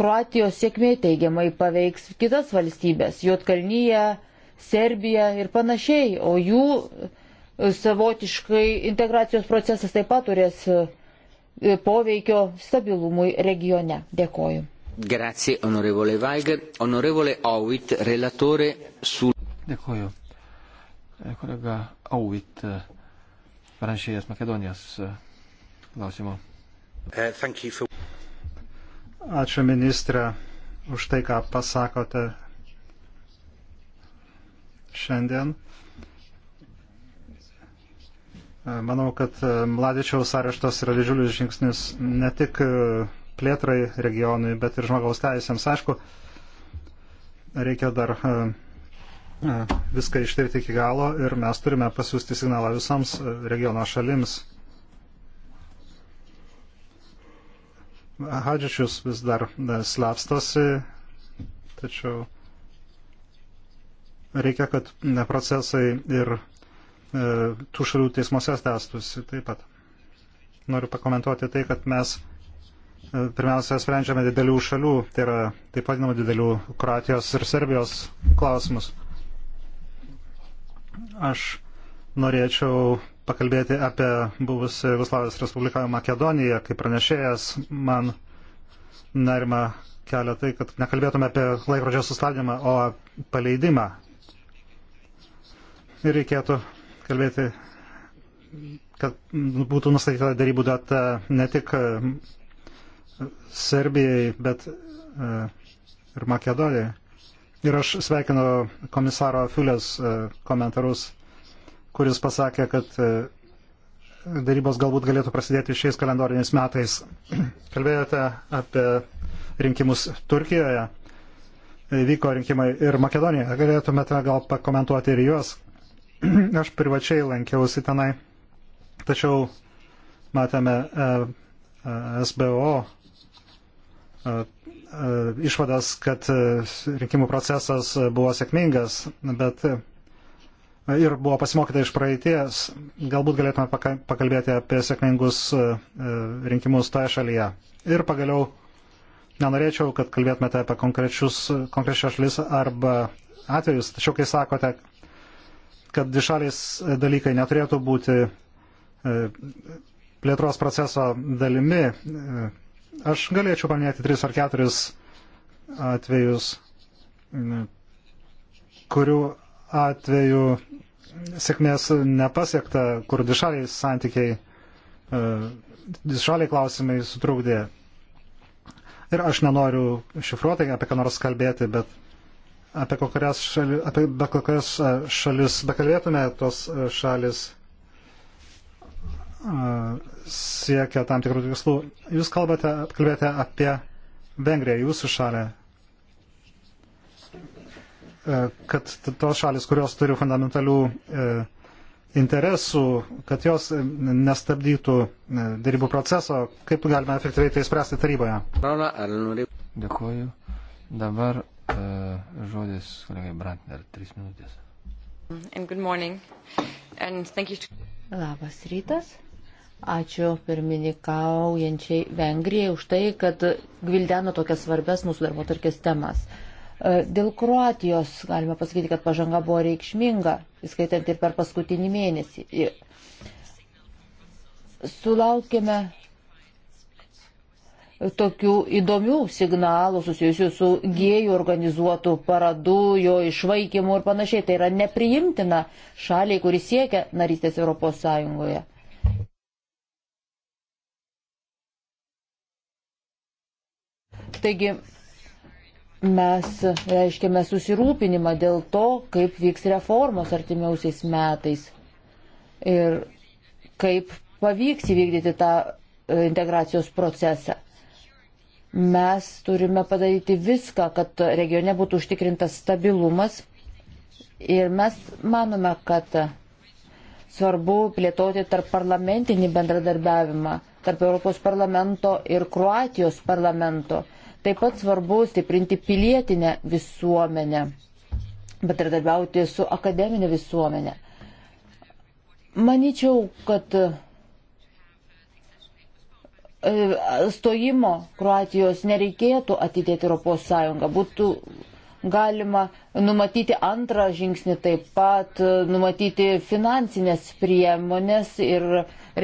Kroatijos sėkmė teigiamai paveiks kitas valstybės - Jotkalnyje, Serbija ir panašiai, o jų savotiškai integracijos procesas taip pat turės E, poveikio stabilumui regione. Dėkoju. Grazie, onorevole Weiger. Onorevole Howitt, relatore su. Dėkoju. E, kolega Howitt, e, pranešėjas Makedonijos klausimo. Ačiū ministrė už tai, ką pasakote šiandien. Manau, kad e, Mladičiaus areštas yra didžiulis žingsnis ne tik e, plėtrai regionui, bet ir žmogaus teisėms. Aišku, reikia dar e, viską ištirti iki galo ir mes turime pasiūsti signalą visoms regiono šalims. Hadžičius vis dar slapstosi, tačiau reikia, kad procesai ir E, tų šalių teismuose testusi taip pat. Noriu pakomentuoti tai, kad mes e, pirmiausia sprendžiame didelių šalių, tai yra taip vadinamų didelių Kroatijos ir Serbijos klausimus. Aš norėčiau pakalbėti apie buvusią Jugoslavijos Respubliką Makedoniją, kaip pranešėjas man nerima kelia tai, kad nekalbėtume apie laikrodžio sustabdymą, o paleidimą. Ir reikėtų kalbėti, kad būtų nustatyta darybų data ne tik e, Serbijai, bet e, ir Makedonijai. Ir aš sveikinu komisaro Fiulės e, komentarus, kuris pasakė, kad darybos galbūt galėtų prasidėti šiais kalendoriniais metais. [clears throat] Kalbėjote apie rinkimus Turkijoje. Vyko rinkimai ir Makedonijoje. Galėtumėte gal pakomentuoti ir juos. [clears throat] Aš privačiai lankiausi tenai, tačiau matėme e, e, SBO e, išvadas, kad rinkimų procesas buvo sėkmingas, bet ir buvo pasimokyta iš praeities. Galbūt galėtume pakalbėti apie sėkmingus rinkimus toje šalyje. Ir pagaliau nenorėčiau, kad kalbėtumėte apie konkrečias šalis arba atvejus, tačiau kai sakote, kad dišalės e, dalykai neturėtų būti e, plėtros proceso dalimi. E, aš galėčiau paminėti tris ar keturis atvejus, kurių atveju sėkmės nepasiekta, kur dišaliai santykiai, dišaliai klausimai sutrūkdė. Ir aš nenoriu šifruotai apie ką nors kalbėti, bet apie kokias šalis, apie be kokias e, šalis bekalbėtume, tos e, šalis e, siekia tam tikrų tikslų. Jūs kalbate, kalbėte apie Vengriją, jūsų šalį, kad tos šalis, kurios turi fundamentalių interesų, kad jos nestabdytų darybų proceso, kaip galime efektyviai tai spręsti taryboje. Dėkuoju. Dabar E, žodis kolegai Brantner, trys minutės. And good morning. And thank you to... Labas rytas. Ačiū pirmininkaujančiai Vengrijai už tai, kad gvildeno tokias svarbes mūsų darbo tarkės temas. E, dėl Kroatijos galime pasakyti, kad pažanga buvo reikšminga, įskaitant ir per paskutinį mėnesį. Sulaukėme tokių įdomių signalų susijusių su gėjų organizuotų paradų, jo išvaikymu ir panašiai. Tai yra nepriimtina šaliai, kuris siekia narystės Europos Sąjungoje. Taigi mes reiškiame susirūpinimą dėl to, kaip vyks reformos artimiausiais metais ir kaip pavyks įvykdyti tą e, integracijos procesą. Mes turime padaryti viską, kad regione būtų užtikrintas stabilumas ir mes manome, kad svarbu plėtoti tarp parlamentinį bendradarbiavimą, tarp Europos parlamento ir Kroatijos parlamento. Taip pat svarbu stiprinti pilietinę visuomenę, bendradarbiauti su akademinė visuomenė. Maničiau, kad E, stojimo Kroatijos nereikėtų atidėti Europos Sąjungą. Būtų galima numatyti antrą žingsnį taip pat, e, numatyti finansinės priemonės ir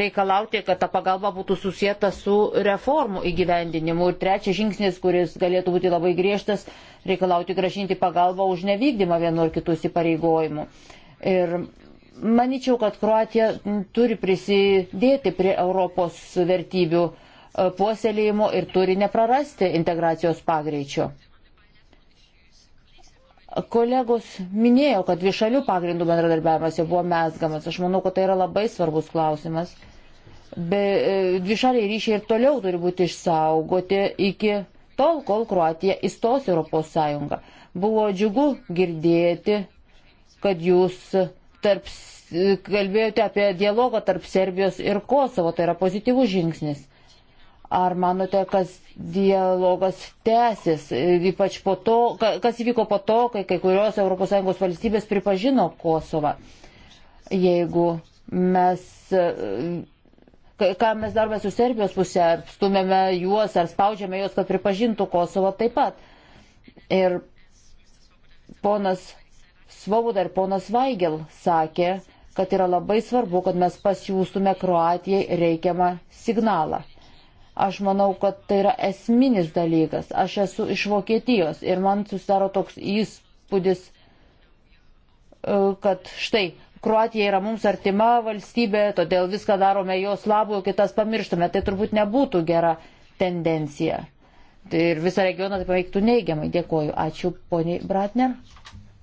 reikalauti, kad ta pagalba būtų susijęta su reformų įgyvendinimu. Ir trečias žingsnis, kuris galėtų būti labai griežtas, reikalauti gražinti pagalbą už nevykdymą vienu ar kitus įpareigojimų. Ir manyčiau, kad Kroatija turi prisidėti prie Europos vertybių puoselėjimo ir turi neprarasti integracijos pagreičio. Kolegos minėjo, kad višalių pagrindų bendradarbiavimas jau buvo mesgamas. Aš manau, kad tai yra labai svarbus klausimas. Be, e, dvišaliai ryšiai ir toliau turi būti išsaugoti iki tol, kol Kroatija įstos Europos Sąjungą. Buvo džiugu girdėti, kad jūs tarp, kalbėjote apie dialogą tarp Serbijos ir Kosovo. Tai yra pozityvus žingsnis. Ar manote, kad dialogas tęsis, ypač po to, kas įvyko po to, kai kai kurios ES valstybės pripažino Kosovą? Jeigu mes, ką mes darome su Serbijos pusė, stumėme juos ar spaudžiame juos, kad pripažintų Kosovą taip pat. Ir ponas Svoboda ir ponas Vaigel sakė, kad yra labai svarbu, kad mes pasiūstume Kroatijai reikiamą signalą. Aš manau, kad tai yra esminis dalykas. Aš esu iš Vokietijos ir man susidaro toks įspūdis, e, kad štai Kroatija yra mums artima valstybė, todėl viską darome jos labui, kitas pamirštame. Tai turbūt nebūtų gera tendencija. Tai ir visą regioną tai paveiktų neigiamai. Dėkoju. Ačiū poniai Bratner.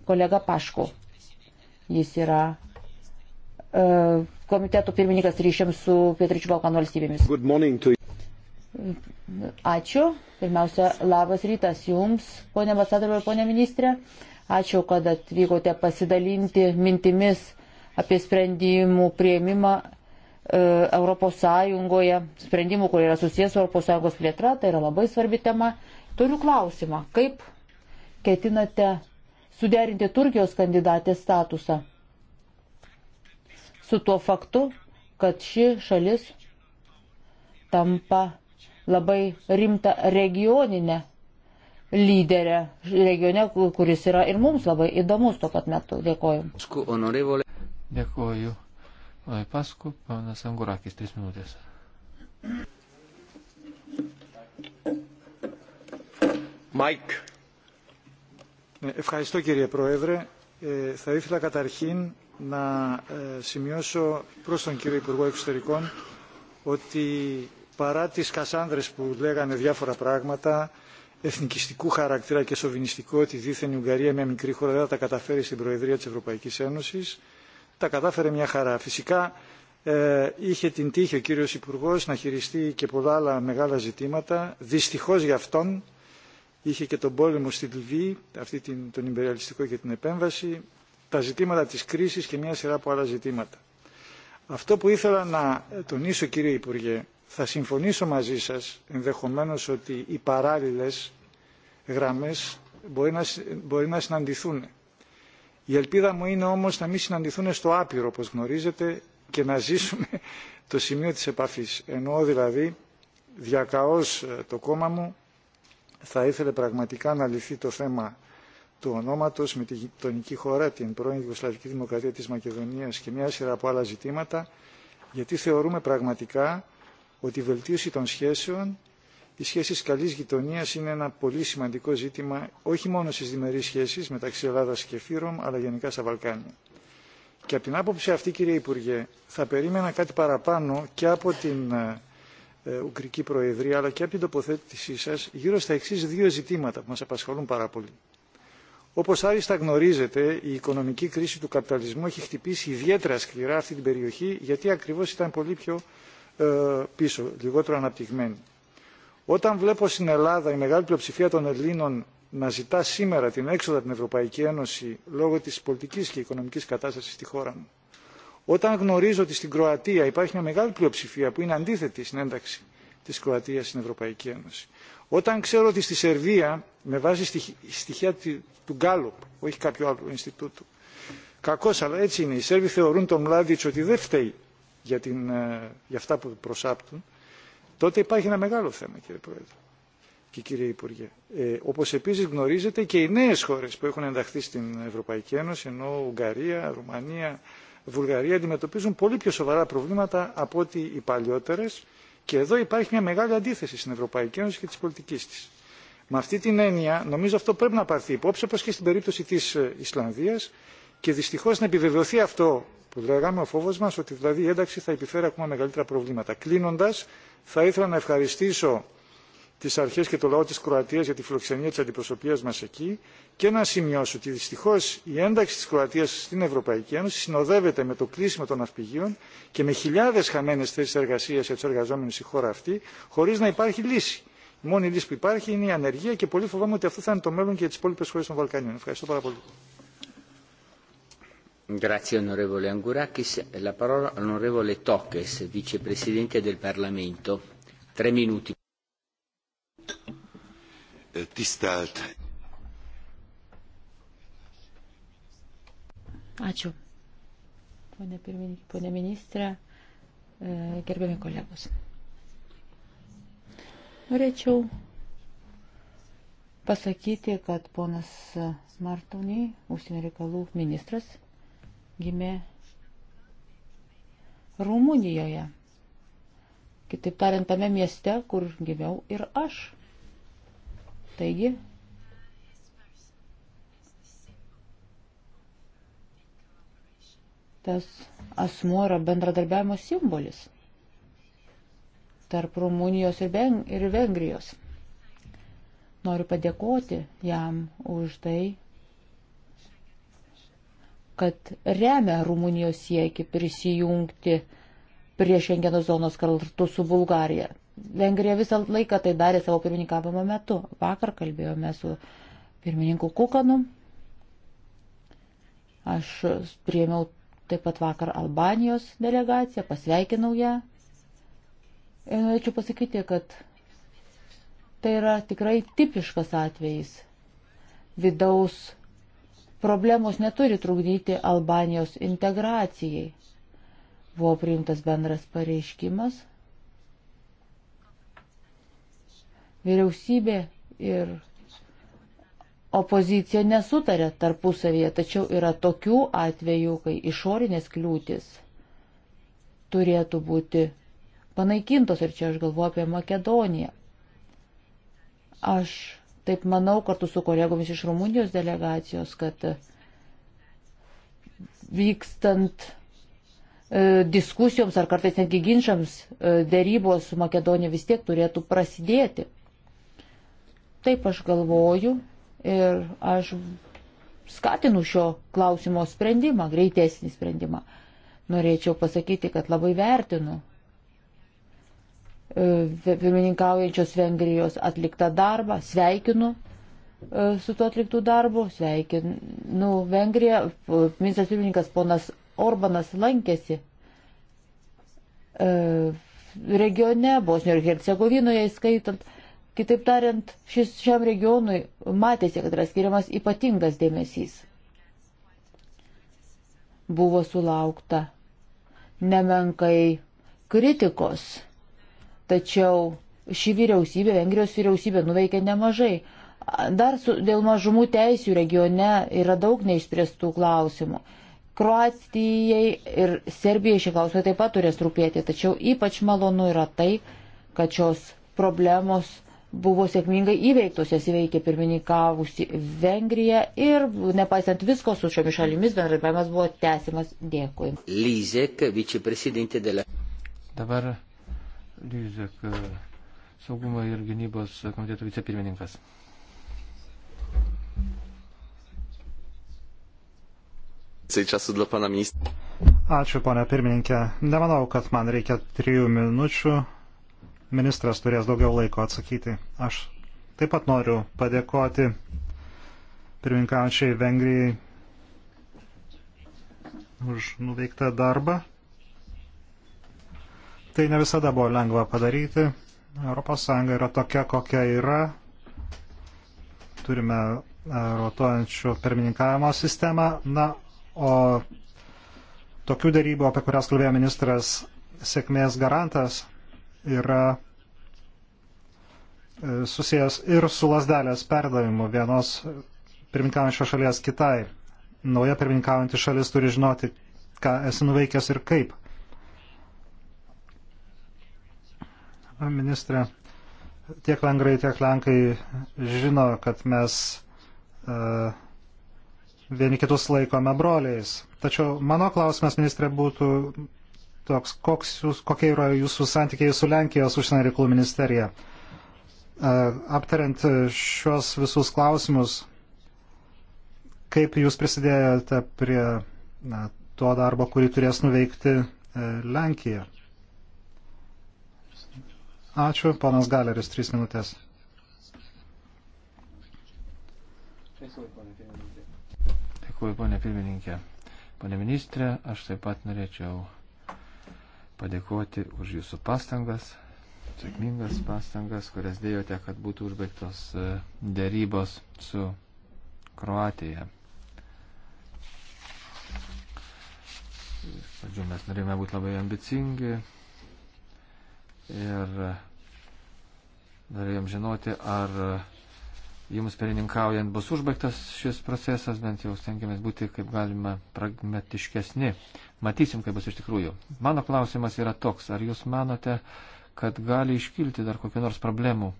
Kolega Paškų. Jis yra e, komiteto pirmininkas ryšiams su Pietričių Balkanų valstybėmis. Ačiū. Pirmiausia, labas rytas Jums, ponė ambasadoriu ir ponė ministrė. Ačiū, kad atvykote pasidalinti mintimis apie sprendimų prieimimą e, Europos Sąjungoje, sprendimų, kurie yra susijęs su Europos Sąjungos plėtra, tai yra labai svarbi tema. Turiu klausimą, kaip ketinate suderinti Turkijos kandidatės statusą su tuo faktu, kad ši šalis tampa labai rimtą regioninę lyderę regione, kuris yra ir mums labai įdomus tuo pat metu. Dėkoju. Dėkoju. Lai pasku, panas Angurakis, tris minutės. Mike. Ευχαριστώ κύριε Πρόεδρε. Ε, θα ήθελα καταρχήν να ε, σημειώσω προς τον κύριο Υπουργό Εξωτερικών ότι παρά τις Κασάνδρες που λέγανε διάφορα πράγματα εθνικιστικού χαρακτήρα και σοβινιστικού ότι δήθεν η Ουγγαρία μια μικρή χώρα δεν θα τα καταφέρει στην Προεδρία της Ευρωπαϊκής Ένωσης τα κατάφερε μια χαρά. Φυσικά ε, είχε την τύχη ο κύριος Υπουργός να χειριστεί και πολλά άλλα μεγάλα ζητήματα. Δυστυχώς για αυτόν είχε και τον πόλεμο στη Λιβύη, αυτή την, τον υπεριαλιστικό και την επέμβαση, τα ζητήματα της κρίσης και μια σειρά από άλλα ζητήματα. Αυτό που ήθελα να τονίσω κύριε Υπουργέ θα συμφωνήσω μαζί σας ενδεχομένως ότι οι παράλληλες γραμμές μπορεί να, μπορεί να συναντηθούν. Η ελπίδα μου είναι όμως να μην συναντηθούν στο άπειρο όπως γνωρίζετε και να ζήσουμε [laughs] το σημείο της επαφής. Εννοώ δηλαδή διακαώς το κόμμα μου θα ήθελε πραγματικά να λυθεί το θέμα του ονόματος με τη γειτονική χώρα, την πρώην Ιουγκοσλαβική Δημοκρατία της Μακεδονίας και μια σειρά από άλλα ζητήματα, γιατί θεωρούμε πραγματικά ότι η βελτίωση των σχέσεων, οι σχέσεις καλής γειτονίας είναι ένα πολύ σημαντικό ζήτημα όχι μόνο στις διμερείς σχέσεις μεταξύ Ελλάδας και Φύρομ, αλλά γενικά στα Βαλκάνια. Και από την άποψη αυτή, κύριε Υπουργέ, θα περίμενα κάτι παραπάνω και από την Ουγγρική Προεδρία, αλλά και από την τοποθέτησή σας, γύρω στα εξής δύο ζητήματα που μας απασχολούν πάρα πολύ. Όπως άριστα γνωρίζετε, η οικονομική κρίση του καπιταλισμού έχει χτυπήσει ιδιαίτερα σκληρά αυτή την περιοχή, γιατί ακριβώς ήταν πολύ πιο πίσω, λιγότερο αναπτυγμένη. Όταν βλέπω στην Ελλάδα η μεγάλη πλειοψηφία των Ελλήνων να ζητά σήμερα την έξοδο από την Ευρωπαϊκή Ένωση λόγω της πολιτικής και οικονομικής κατάστασης στη χώρα μου. Όταν γνωρίζω ότι στην Κροατία υπάρχει μια μεγάλη πλειοψηφία που είναι αντίθετη στην ένταξη της Κροατίας στην Ευρωπαϊκή Ένωση. Όταν ξέρω ότι στη Σερβία, με βάση στοιχεία του Γκάλοπ, όχι κάποιο άλλο Ινστιτούτο, κακώς αλλά έτσι είναι, οι Σέρβοι θεωρούν τον Μλάντιτς ότι δεν φταίει για, την, για αυτά που προσάπτουν, τότε υπάρχει ένα μεγάλο θέμα, κύριε Πρόεδρε και κύριε Υπουργέ. Ε, όπως επίσης γνωρίζετε και οι νέες χώρες που έχουν ενταχθεί στην Ευρωπαϊκή Ένωση, ενώ Ουγγαρία, Ρουμανία, Βουλγαρία αντιμετωπίζουν πολύ πιο σοβαρά προβλήματα από ότι οι παλιότερες και εδώ υπάρχει μια μεγάλη αντίθεση στην Ευρωπαϊκή Ένωση και της πολιτικής της. Με αυτή την έννοια νομίζω αυτό πρέπει να πάρθει υπόψη όπως και στην περίπτωση της Ισλανδίας και δυστυχώς να επιβεβαιωθεί αυτό Προκράγαμε ο φόβος μας ότι δηλαδή η ένταξη θα επιφέρει ακόμα μεγαλύτερα προβλήματα. Κλείνοντας, θα ήθελα να ευχαριστήσω τις αρχές και το λαό της Κροατίας για τη φιλοξενία της αντιπροσωπείας μας εκεί και να σημειώσω ότι δυστυχώς η ένταξη της Κροατίας στην Ευρωπαϊκή Ένωση συνοδεύεται με το κλείσιμο των αυπηγείων και με χιλιάδες χαμένες θέσεις εργασίας για τους εργαζόμενους στη χώρα αυτή χωρίς να υπάρχει λύση. Η μόνη λύση που υπάρχει είναι η ανεργία και πολύ φοβάμαι ότι αυτό θα είναι το μέλλον και για τις υπόλοιπες χώρες των Βαλκανίων. Ευχαριστώ πάρα πολύ. Grazie onorevole Angurakis. La parola onorevole Tokes, vicepresidente del Parlamento. Tre minuti. Eh, Tisztelt. Ačiū. Pone, pirmininkė, pone ministrė, e, gerbiami kolegos. Norėčiau pasakyti, kad ponas Martoni, užsienio reikalų ministras, gimė Rumunijoje. Kitaip tariant, tame mieste, kur gimiau ir aš. Taigi, tas asmuo yra bendradarbiavimo simbolis tarp Rumunijos ir, Veng ir Vengrijos. Noriu padėkoti jam už tai, kad remia Rumunijos sieki prisijungti prie Šengeno zonos kartu su Bulgarija. Vengrija visą laiką tai darė savo pirmininkavimo metu. Vakar kalbėjome su pirmininku Kukanu. Aš priėmiau taip pat vakar Albanijos delegaciją, pasveikinau ją. Ir norėčiau pasakyti, kad tai yra tikrai tipiškas atvejis vidaus problemos neturi trukdyti Albanijos integracijai. Buvo priimtas bendras pareiškimas. Vyriausybė ir opozicija nesutarė tarpusavėje, tačiau yra tokių atvejų, kai išorinės kliūtis turėtų būti panaikintos ir čia aš galvoju apie Makedoniją. Aš Taip manau, kartu su kolegomis iš Rumunijos delegacijos, kad vykstant e, diskusijoms ar kartais netgi ginčiams e, dėrybos su Makedonija vis tiek turėtų prasidėti. Taip aš galvoju ir aš skatinu šio klausimo sprendimą, greitesnį sprendimą. Norėčiau pasakyti, kad labai vertinu E, pirmininkaujančios Vengrijos atliktą darbą, sveikinu e, su tuo atliktų darbu, sveikinu Vengriją, ministras pirmininkas ponas Orbanas lankėsi e, regione, Bosnijoje ir Hercegovinoje įskaitant. Kitaip tariant, šis, šiam regionui matėsi, kad yra skiriamas ypatingas dėmesys. Buvo sulaukta nemenkai kritikos Tačiau ši vyriausybė, Vengrijos vyriausybė nuveikė nemažai. Dar su, dėl mažumų teisių regione yra daug neišspręstų klausimų. Kroatijai ir Serbijai šie klausimai taip pat turės rūpėti, tačiau ypač malonu yra tai, kad šios problemos buvo sėkmingai įveiktos, jas įveikė pirmininkavusi Vengrija ir nepaisant visko su šiomis šalimis bendradarbiavimas buvo tęsimas. Dėkui. Lyzek, viceprezidentė dėlė. Dabar Lyzek, saugumo ir gynybos komiteto vicepirmininkas. Ačiū, ponia pirmininkė. Nemanau, kad man reikia trijų minučių. Ministras turės daugiau laiko atsakyti. Aš taip pat noriu padėkoti pirmininkaučiai Vengrijai už nuveiktą darbą. Tai ne visada buvo lengva padaryti. ES yra tokia, kokia yra. Turime e, rotuojančių pirmininkavimo sistemą. Na, o tokių darybų, apie kurias kalbėjo ministras, sėkmės garantas yra e, susijęs ir su lasdelės perdavimu vienos pirmininkaujančios šalies kitai. Nauja pirmininkaujanti šalis turi žinoti, ką esi nuveikęs ir kaip. ministrė. Tiek vengrai, tiek lenkai žino, kad mes uh, vieni kitus laikome broliais. Tačiau mano klausimas, ministrė, būtų toks, koks jūs, kokie yra jūsų santykiai su Lenkijos užsienio reikalų ministerija. Uh, aptariant šios visus klausimus, kaip jūs prisidėjote prie na, to darbo, kurį turės nuveikti e, Lenkija? Ačiū, ponas Galeris, trys minutės. Dėkuoju, ponė pirmininkė. Pone ministrė, aš taip pat norėčiau padėkoti už jūsų pastangas, sėkmingas pastangas, kurias dėjote, kad būtų užbaigtos e, dėrybos su Kroatija. Iš pradžių mes norėjome būti labai ambicingi, ir e, norėjom žinoti, ar e, jums perininkaujant bus užbaigtas šis procesas, bent jau stengiamės būti kaip galima pragmatiškesni. Matysim, kaip bus iš tikrųjų. Mano klausimas yra toks, ar jūs manote, kad gali iškilti dar kokiu nors problemu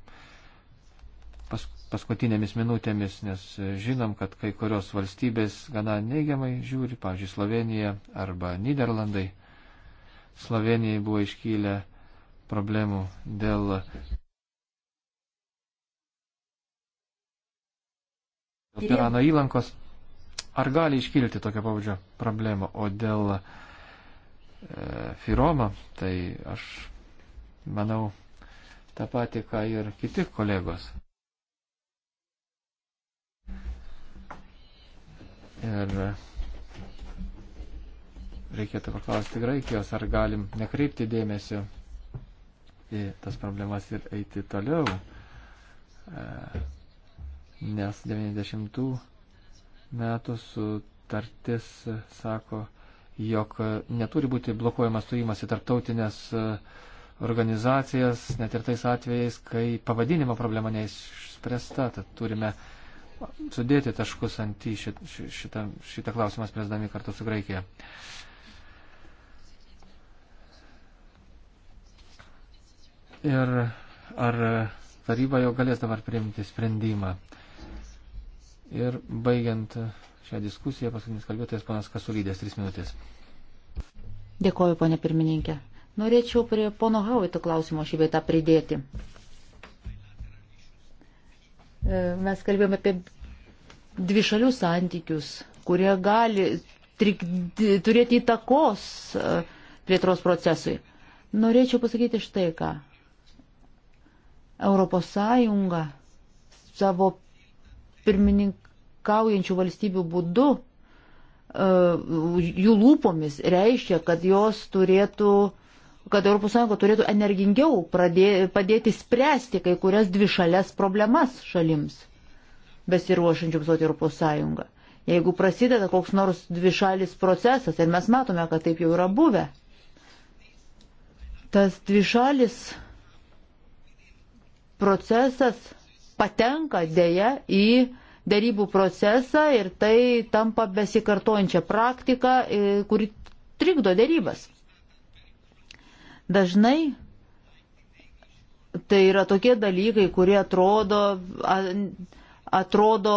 pas, paskutinėmis minutėmis, nes e, žinom, kad kai kurios valstybės gana neigiamai žiūri, pavyzdžiui, Slovenija arba Niderlandai. Slovenijai buvo iškylę problemų dėl Pirano įlankos, ar gali iškilti tokio pavadžio problemų, o dėl e, Firoma, tai aš manau tą patį, ką ir kiti kolegos. Ir reikėtų paklausti Graikijos, ar galim nekreipti dėmesio į tas problemas ir eiti toliau, e, nes 90 metų sutartis sako, jog neturi būti blokuojamas stojimas į tarptautinės e, organizacijas, net ir tais atvejais, kai pavadinimo problema neišspręsta, tad turime sudėti taškus ant į šitą, šitą, šitą klausimą spręsdami kartu su Graikija. Uh, ir ar taryba jau galės dabar priimti sprendimą. Ir baigiant šią diskusiją, paskutinis kalbėtojas panas Kasulydės, trys minutės. Dėkoju, ponė pirmininkė. Norėčiau prie pono Havito klausimo šį vietą pridėti. E, mes kalbėjome apie dvišalius santykius, kurie gali trikdi, turėti įtakos e, plėtros procesui. Norėčiau pasakyti štai ką. Europos Sąjunga savo pirmininkaujančių valstybių būdu, e, jų lūpomis reiškia, kad jos turėtų kad ES turėtų energingiau pradė, padėti spręsti kai kurias dvišalės problemas šalims, besiruošančiams stoti ES. Jeigu prasideda koks nors dvišalis procesas, ir mes matome, kad taip jau yra buvę, tas dvišalis procesas patenka dėja į darybų procesą ir tai tampa besikartojančią praktiką, e, kuri trikdo darybas. Dažnai tai yra tokie dalykai, kurie atrodo, atrodo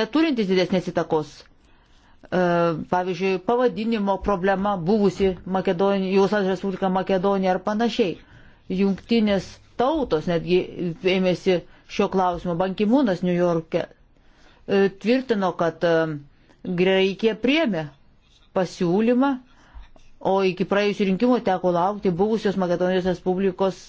neturintis didesnės įtakos. E, pavyzdžiui, pavadinimo problema buvusi Makedonija, Jūsų Respublika Makedonija ar panašiai. Jungtinės tautos netgi ėmėsi šio klausimo. Bankimūnas New York'e e, tvirtino, kad e, Graikija priemė pasiūlymą, o iki praėjusių rinkimų teko laukti buvusios Makedonijos Respublikos,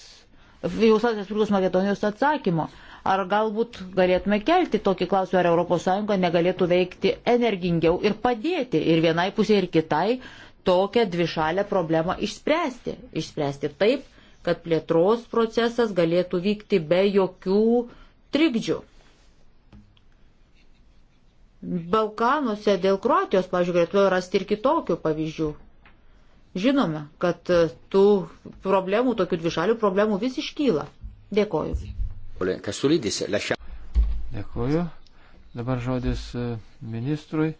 Jauslavijos Respublikos Makedonijos atsakymo. Ar galbūt galėtume kelti tokį klausimą, ar ES negalėtų veikti energingiau ir padėti ir vienai pusė, ir kitai tokią dvišalę problemą išspręsti. Išspręsti taip, kad plėtros procesas galėtų vykti be jokių trikdžių. Balkanuose dėl Kroatijos, pažiūrėjau, galėtume rasti ir kitokių pavyzdžių. Žinome, kad tų problemų, tokių dvišalių problemų vis iškyla. Dėkoju. Dėkoju. Dabar žodis e, ministrui.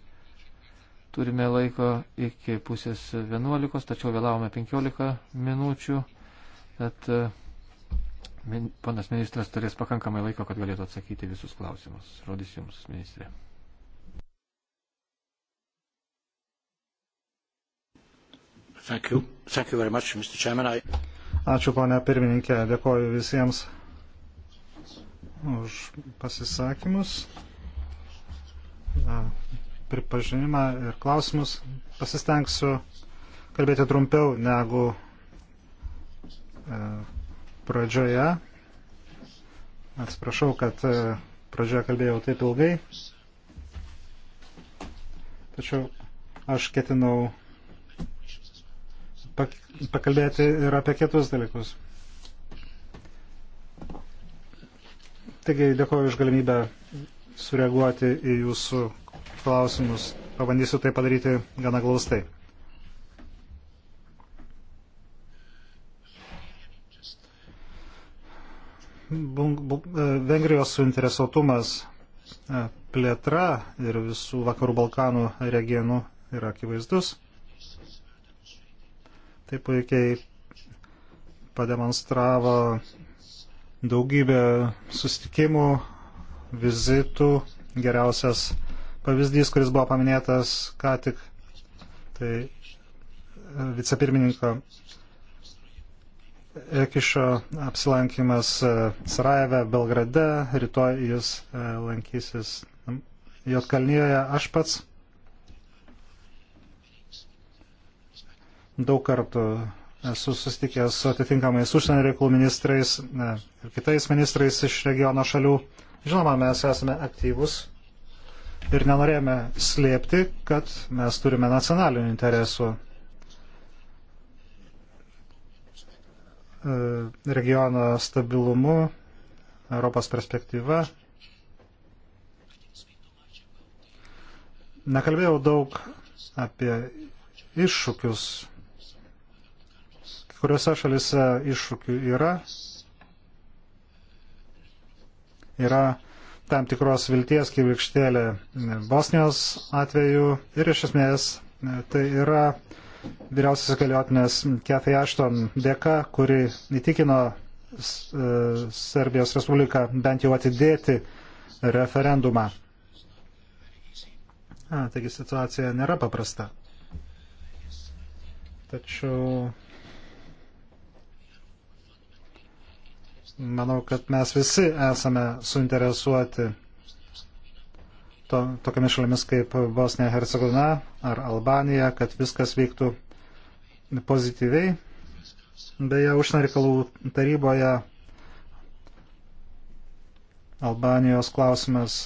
Turime laiko iki pusės vienuolikos, tačiau vėlavome penkiolika minučių kad e, panas ministras turės pakankamai laiko, kad galėtų atsakyti visus klausimus. Rodys jums, ministrė. Thank you. Thank you very much, Mr. Chairman. I... Ačiū, ponia pirmininkė. Dėkoju visiems už pasisakymus, e, pripažinimą ir klausimus. Pasistengsiu kalbėti trumpiau negu E, pradžioje. Atsiprašau, kad e, pradžioje kalbėjau taip ilgai. Tačiau aš ketinau pakalbėti ir apie kitus dalykus. Taigi dėkoju už galimybę sureaguoti į jūsų klausimus. Pabandysiu tai padaryti gana glaustai. E, Vengrijos suinteresuotumas e, plėtra ir visų vakarų Balkanų regionų yra akivaizdus. Tai puikiai pademonstravo daugybė susitikimų, vizitų. Geriausias pavyzdys, kuris buvo paminėtas ką tik, tai e, vicepirmininko Ekišo apsilankimas e, Sarajeve, Belgrade, rytoj jis e, lankysis Jotkalnyje, aš pats daug kartų esu susitikęs su atitinkamais užsienio reikalų ministrais ne, ir kitais ministrais iš regiono šalių. Žinoma, mes esame aktyvus ir nenorėjome slėpti, kad mes turime nacionalinių interesų E, regiono stabilumu, Europos perspektyva. Nekalbėjau daug apie iššūkius. Kuriuose šalise iššūkių yra? Yra tam tikros vilties kivirkštėlė Bosnijos atveju ir iš esmės e, tai yra uh, vyriausios galiotinės Kathy Ashton dėka, kuri įtikino e, Serbijos Respubliką bent jau atidėti referendumą. A, taigi situacija nėra paprasta. Tačiau manau, kad mes visi esame suinteresuoti to, tokiamis šalimis kaip Bosnija Hercegovina ar Albanija, kad viskas veiktų pozityviai. Beje, užsienio reikalų taryboje Albanijos klausimas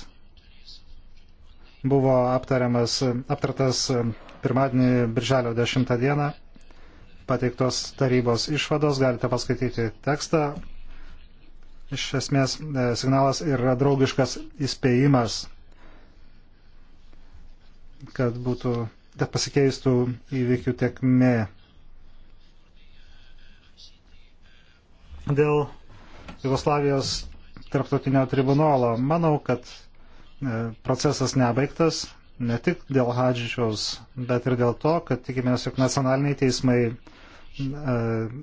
buvo aptariamas, aptartas pirmadienį birželio 10 dieną. Pateiktos tarybos išvados, galite paskaityti tekstą, iš esmės e, signalas yra draugiškas įspėjimas kad būtų, kad pasikeistų įvykių tekmė. Dėl Jugoslavijos tarptautinio tribunolo manau, kad e, procesas nebaigtas, ne tik dėl Hadžičiaus, bet ir dėl to, kad tikimės, jog nacionaliniai teismai e,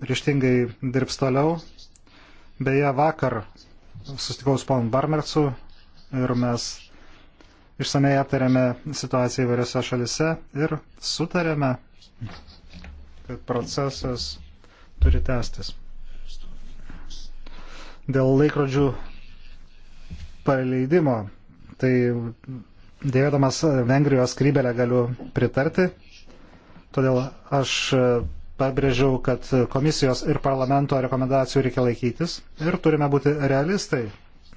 ryštingai dirbs toliau. Beje, vakar susitikau su ponu Barmercu ir mes išsamei aptarėme situaciją įvairiose šalise ir sutarėme, kad procesas turi tęstis. Dėl laikrodžių paleidimo, tai dėdamas Vengrijos krybelę galiu pritarti, todėl aš pabrėžiau, kad komisijos ir parlamento rekomendacijų reikia laikytis ir turime būti realistai,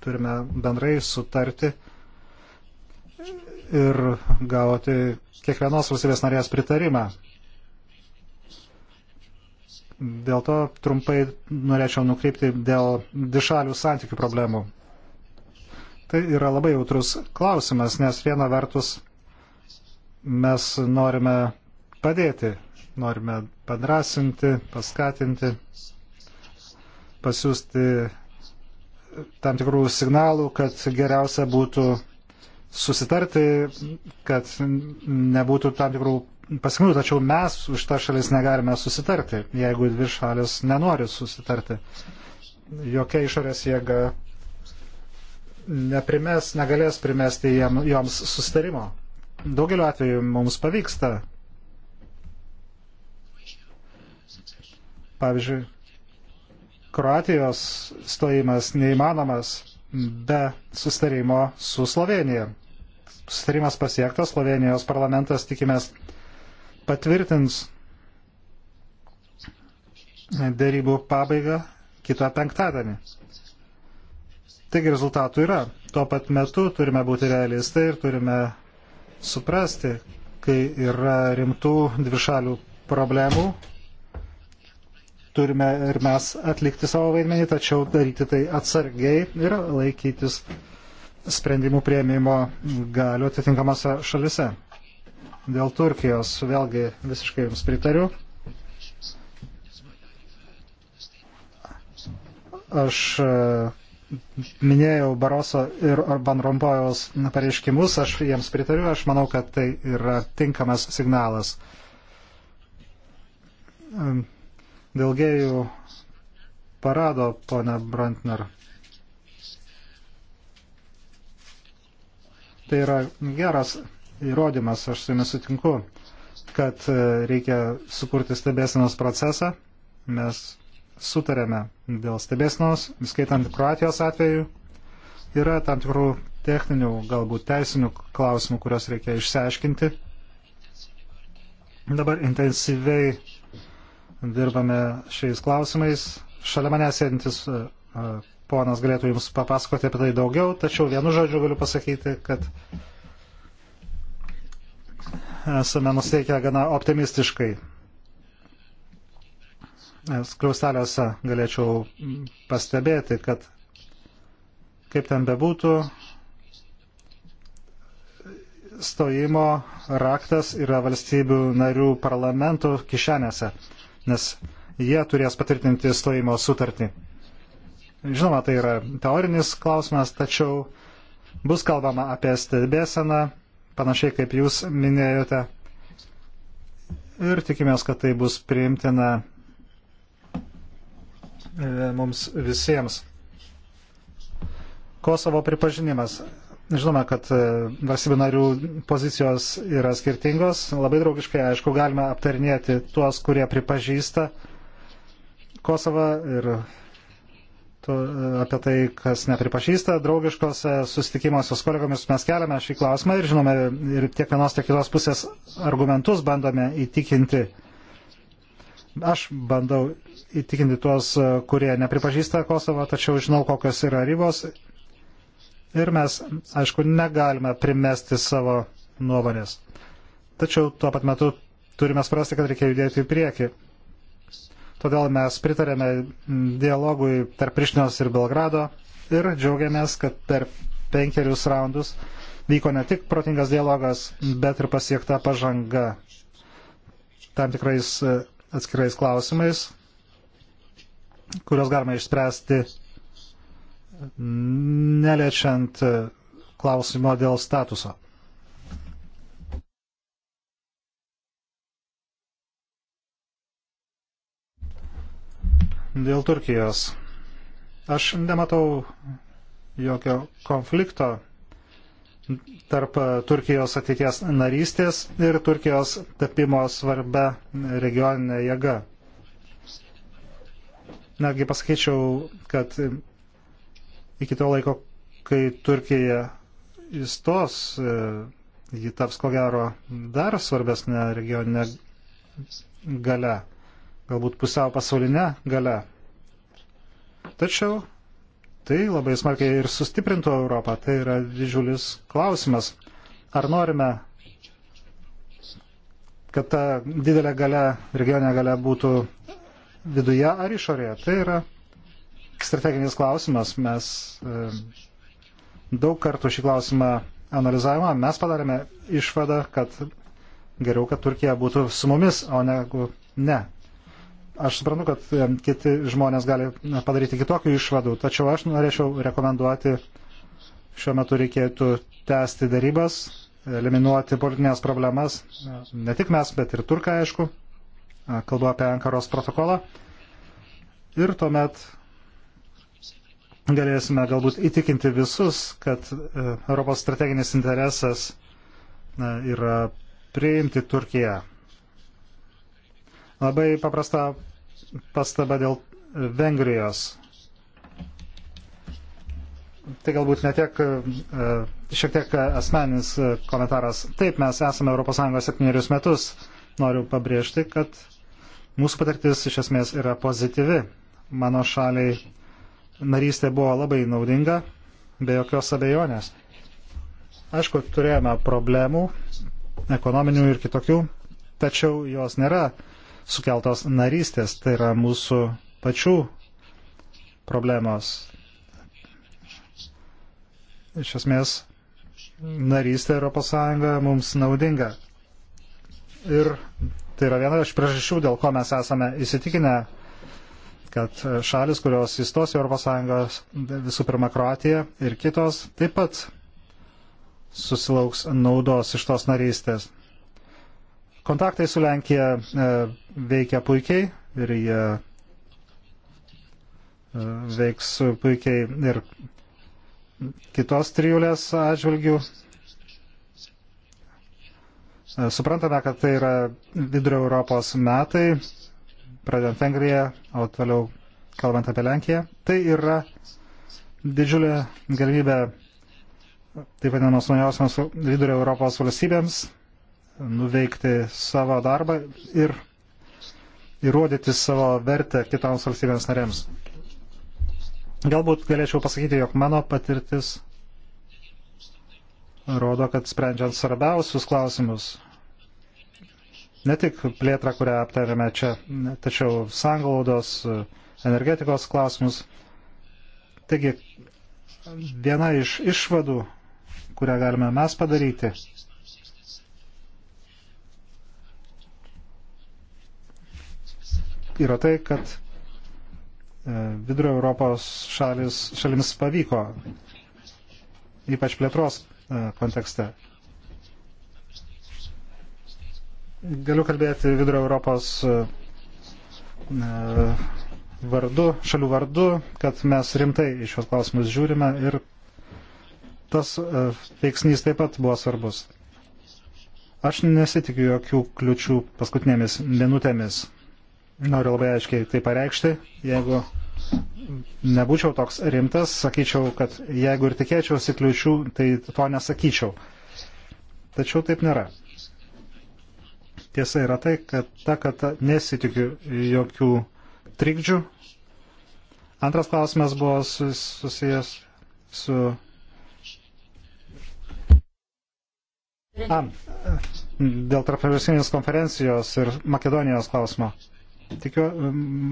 turime bendrai sutarti ir gauti kiekvienos valstybės narės pritarimą. Dėl to trumpai norėčiau nukreipti dėl dišalių santykių problemų. Tai yra labai jautrus klausimas, nes viena vertus mes norime padėti, norime padrasinti, paskatinti, pasiūsti tam tikrų signalų, kad geriausia būtų susitarti, kad nebūtų tam tikrų pasikmių, tačiau mes už tą šalis negalime susitarti, jeigu dvi šalis nenori susitarti. Jokia išorės jėga neprimes, negalės primesti jiem, joms susitarimo. Daugeliu atveju mums pavyksta. Pavyzdžiui, Kroatijos stojimas neįmanomas be sustarimo su Slovenija sustarimas pasiektas, Slovenijos parlamentas tikimės patvirtins dėrybų pabaigą kitą penktadienį. Taigi rezultatų yra. Tuo pat metu turime būti realistai ir turime suprasti, kai yra rimtų dvišalių problemų, turime ir mes atlikti savo vaidmenį, tačiau daryti tai atsargiai ir laikytis sprendimų prieimimo galių atitinkamose šalise. Dėl Turkijos vėlgi visiškai jums pritariu. Aš e, minėjau Baroso ir Orban Rompojaus pareiškimus, aš jiems pritariu, aš manau, kad tai yra tinkamas signalas. Dėl gėjų parado, ponia Brantner. Tai yra geras įrodymas, aš su jumis sutinku, kad e, reikia sukurti stebėsinos procesą. Mes sutarėme dėl stebėsinos, skaitant Kroatijos atveju. Yra tam tikrų techninių, galbūt teisinių klausimų, kuriuos reikia išsiaiškinti. Dabar intensyviai dirbame šiais klausimais. Šalia manęs sėdintis e, e, ponas galėtų Jums papasakoti apie tai daugiau, tačiau vienu žodžiu galiu pasakyti, kad esame nusteikę gana optimistiškai. Skliausteliuose galėčiau pastebėti, kad kaip ten bebūtų, stojimo raktas yra valstybių narių parlamentų kišenėse, nes jie turės patvirtinti stojimo sutartį. Žinoma, tai yra teorinis klausimas, tačiau bus kalbama apie stebėseną, panašiai kaip jūs minėjote. Ir tikimės, kad tai bus priimtina e, mums visiems. Kosovo pripažinimas. Žinoma, kad e, valstybių narių pozicijos yra skirtingos. Labai draugiškai, aišku, galime aptarinėti tuos, kurie pripažįsta Kosovą ir to, apie tai, kas nepripažįsta draugiškos susitikimuose su kolegomis, mes keliame šį klausimą ir žinome ir tiek vienos, tiek kitos pusės argumentus bandome įtikinti. Aš bandau įtikinti tuos, kurie nepripažįsta Kosovo, tačiau žinau, kokios yra ribos. Ir mes, aišku, negalime primesti savo nuomonės. Tačiau tuo pat metu turime suprasti, kad reikia judėti į priekį. Todėl mes pritarėme dialogui tarp Prištinos ir Belgrado ir džiaugiamės, kad per penkerius raundus vyko ne tik protingas dialogas, bet ir pasiekta pažanga tam tikrais e, atskirais klausimais, kuriuos galima išspręsti neliečiant e, klausimo dėl statuso. dėl Turkijos. Aš nematau jokio konflikto tarp Turkijos ateities narystės ir Turkijos tapimo svarbia regioninė jėga. Netgi pasakyčiau, kad iki to laiko, kai Turkija įstos, ji taps ko gero dar svarbesnė regioninė gale galbūt pusiau pasaulinė gale. Tačiau tai labai smarkiai ir sustiprintų Europą. Tai yra didžiulis klausimas. Ar norime, kad ta didelė gale, regioninė gale būtų viduje ar išorėje? Tai yra strateginis klausimas. Mes e, daug kartų šį klausimą analizavimą, mes padarėme išvadą, kad geriau, kad Turkija būtų su mumis, o ne, ne Aš suprantu, kad e, kiti žmonės gali padaryti kitokių išvadų, tačiau aš norėčiau rekomenduoti šiuo metu reikėtų tęsti darybas, eliminuoti politinės problemas, ne tik mes, bet ir turkai, aišku, kalbu apie Ankaros protokolą. Ir tuomet galėsime galbūt įtikinti visus, kad e, Europos strateginis interesas yra priimti Turkiją. Labai paprasta pastaba dėl Vengrijos. Tai galbūt netiek, e, šiek tiek asmeninis komentaras. Taip, mes esame ES septynerius metus. Noriu pabrėžti, kad mūsų patirtis iš esmės yra pozityvi. Mano šaliai narystė buvo labai naudinga, be jokios abejonės. Aišku, turėjome problemų, ekonominių ir kitokių, tačiau jos nėra sukeltos narystės, tai yra mūsų pačių problemos. Iš esmės, narystė Europos Sąjungoje mums naudinga. Ir tai yra viena iš priežasčių, dėl ko mes esame įsitikinę, kad šalis, kurios įstos Europos Sąjungos, visų pirma Kroatija ir kitos, taip pat susilauks naudos iš tos narystės. Kontaktai su Lenkija e, veikia puikiai ir jie e, veiks puikiai ir kitos trijulės atžvilgių. E, suprantame, kad tai yra vidurio Europos metai, pradedant Vengriją, o toliau kalbant apie Lenkiją. Tai yra didžiulė galimybė taip vadinamos naujausiams vidurio Europos valstybėms nuveikti savo darbą ir įrodyti savo vertę kitoms valstybėms narėms. Galbūt galėčiau pasakyti, jog mano patirtis rodo, kad sprendžiant svarbiausius klausimus, ne tik plėtrą, kurią aptarėme čia, tačiau sanglaudos, energetikos klausimus. Taigi, viena iš išvadų, kurią galime mes padaryti, yra tai, kad e, vidurio Europos šalis, šalims pavyko, ypač plėtros e, kontekste. Galiu kalbėti vidurio Europos e, vardu, šalių vardu, kad mes rimtai iš šios klausimus žiūrime ir tas veiksnys taip pat buvo svarbus. Aš nesitikiu jokių kliučių paskutinėmis minutėmis Noriu labai aiškiai tai pareikšti. Jeigu nebūčiau toks rimtas, sakyčiau, kad jeigu ir tikėčiausi kliučių, tai to nesakyčiau. Tačiau taip nėra. Tiesa yra tai, kad ta, kad nesitikiu jokių trikdžių. Antras klausimas buvo susijęs su. A, dėl tarptautinės konferencijos ir Makedonijos klausimo. Tikiu,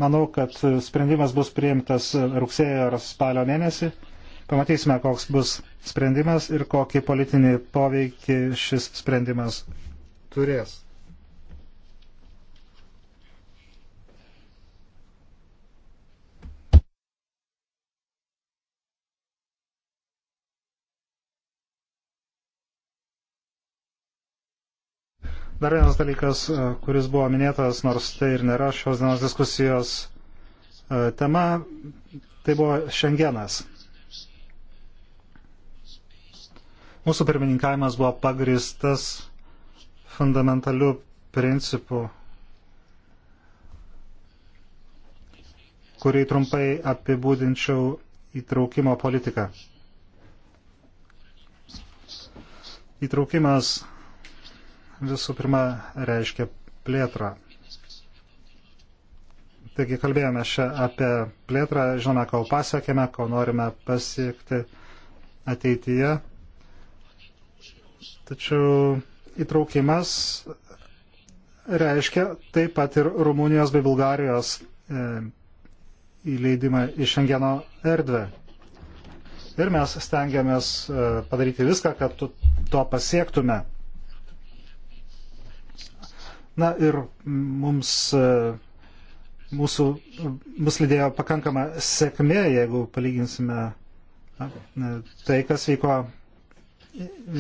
manau, kad sprendimas bus priimtas rugsėjo ar spalio mėnesį. Pamatysime, koks bus sprendimas ir kokį politinį poveikį šis sprendimas turės. Dar vienas dalykas, e, kuris buvo minėtas, nors tai ir nėra šios dienos diskusijos e, tema, tai buvo Šengenas. Mūsų pirmininkavimas buvo pagristas fundamentalių principų, kurį trumpai apibūdinčiau įtraukimo politiką. Įtraukimas visų pirma reiškia plėtrą. Taigi kalbėjome čia apie plėtrą, žinome, ko pasiekėme, ko norime pasiekti ateityje. Tačiau įtraukimas reiškia taip pat ir Rumunijos bei Bulgarijos e, įleidimą į Šengeno erdvę. Ir mes stengiamės e, padaryti viską, kad to pasiektume. Na ir mums, e, mūsų, e, mus lydėjo pakankama sėkmė, jeigu palyginsime e, tai, kas vyko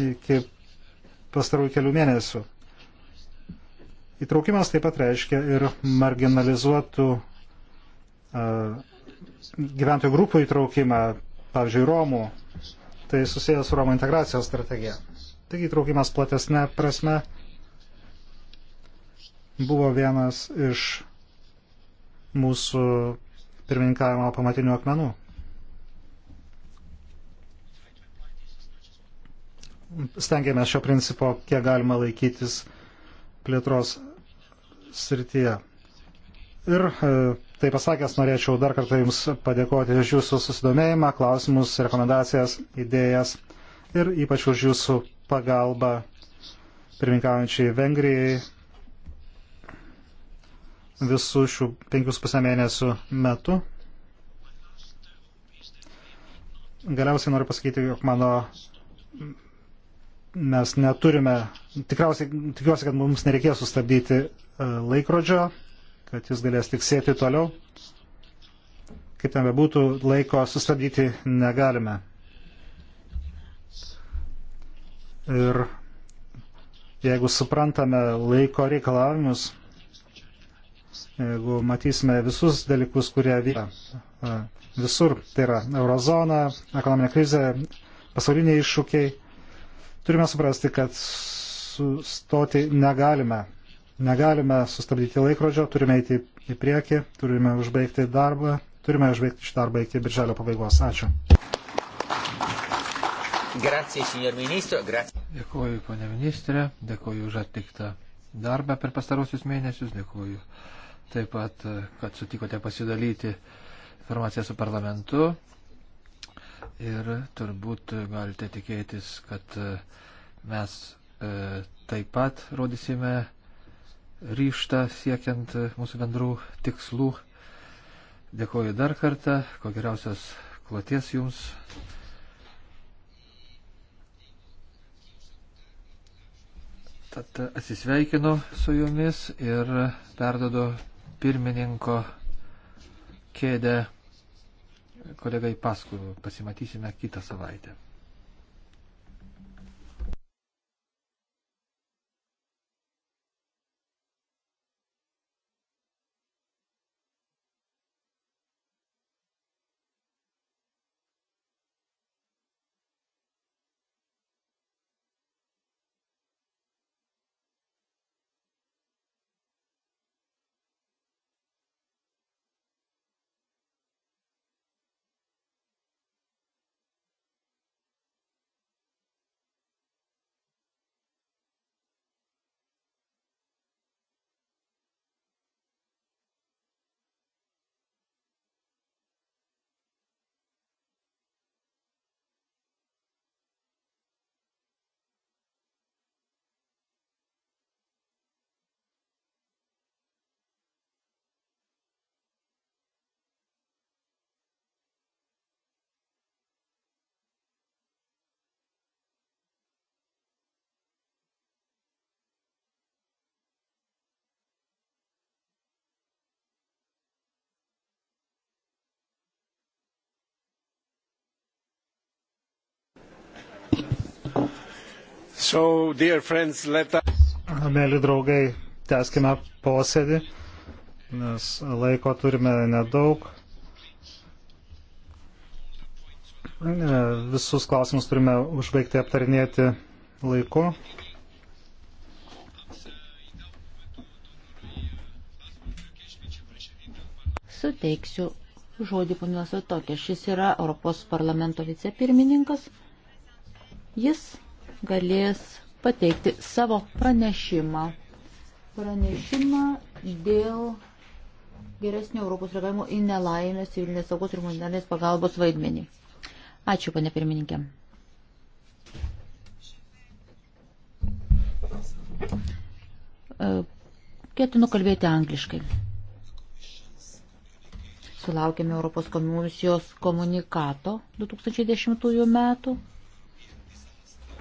iki pastarųjų kelių mėnesių. Įtraukimas taip pat reiškia ir marginalizuotų uh, gyventojų grupų įtraukimą, pavyzdžiui, Romų. Tai susijęs su Romų integracijos strategija. Taigi įtraukimas platesnė prasme buvo vienas iš mūsų pirmininkavimo pamatinių akmenų. Stengiamės šio principo, kiek galima laikytis plėtros srityje. Ir e, tai pasakęs norėčiau dar kartą Jums padėkoti už Jūsų susidomėjimą, klausimus, rekomendacijas, idėjas ir ypač už Jūsų pagalbą pirmininkaujančiai Vengrijai visų šių 5,5 mėnesių metu. Galiausiai noriu pasakyti, jog mano mes neturime, tikriausiai tikiuosi, kad mums nereikės sustabdyti e, laikrodžio, kad jis galės tik sėti toliau. Kaip ten bebūtų, laiko sustabdyti negalime. Ir jeigu suprantame laiko reikalavimus, jeigu matysime visus dalykus, kurie vyksta e, visur, tai yra eurozona, ekonominė krizė, pasauliniai iššūkiai, turime suprasti, kad sustoti negalime. Negalime sustabdyti laikrodžio, turime eiti į priekį, turime užbaigti darbą, turime užbaigti šį darbą iki birželio pabaigos. Ačiū. Grazie, signor ministro. Grazie. Dėkuoju, ponė ministrė, dėkuoju už atliktą darbą per pastarosius mėnesius, dėkuoju taip pat, kad sutikote pasidalyti informaciją su parlamentu. Ir turbūt galite tikėtis, kad e, mes e, taip pat rodysime ryštą siekiant mūsų bendrų tikslų. Dėkoju dar kartą, ko geriausios kloties jums. Tad atsisveikinu su jumis ir perdodu pirmininko kėdę kolegai paskui pasimatysime kitą savaitę. So, dear friends, let us... Mėly draugai, tęskime posėdį, nes laiko turime nedaug. Visus klausimus turime užbaigti aptarinėti laiku. Suteiksiu žodį ponios Otokė. Šis yra Europos parlamento vicepirmininkas. Jis galės pateikti savo pranešimą. Pranešimą dėl geresnio Europos reagavimo į nelaimės civilinės saugos ir humanitarinės pagalbos vaidmenį. Ačiū, pane pirmininkė. Ketinu kalbėti angliškai. Sulaukėme Europos komisijos komunikato 2010 metų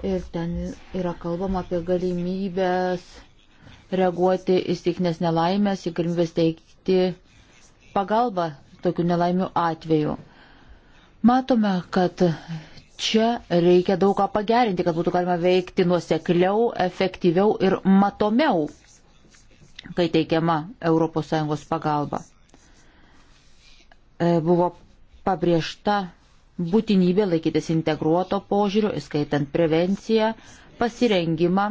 ir ten yra kalbama apie galimybės reaguoti į stiknes nelaimės, į galimybės teikti pagalbą tokių nelaimių atveju. Matome, kad čia reikia daug ką pagerinti, kad būtų galima veikti nuosekliau, efektyviau ir matomiau, kai teikiama ES pagalba. E, buvo pabrėžta būtinybė laikytis integruoto požiūrio, įskaitant prevenciją, pasirengimą,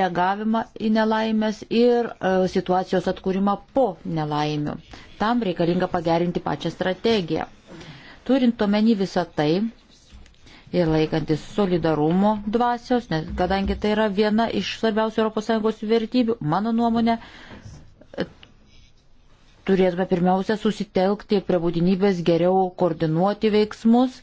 reagavimą į nelaimės ir e, situacijos atkūrimą po nelaimių. Tam reikalinga pagerinti pačią strategiją. Turint omeny visą tai ir laikantis solidarumo dvasios, nes kadangi tai yra viena iš svarbiausių ES vertybių, mano nuomonė, turėtume pirmiausia susitelkti prie būtinybės geriau koordinuoti veiksmus,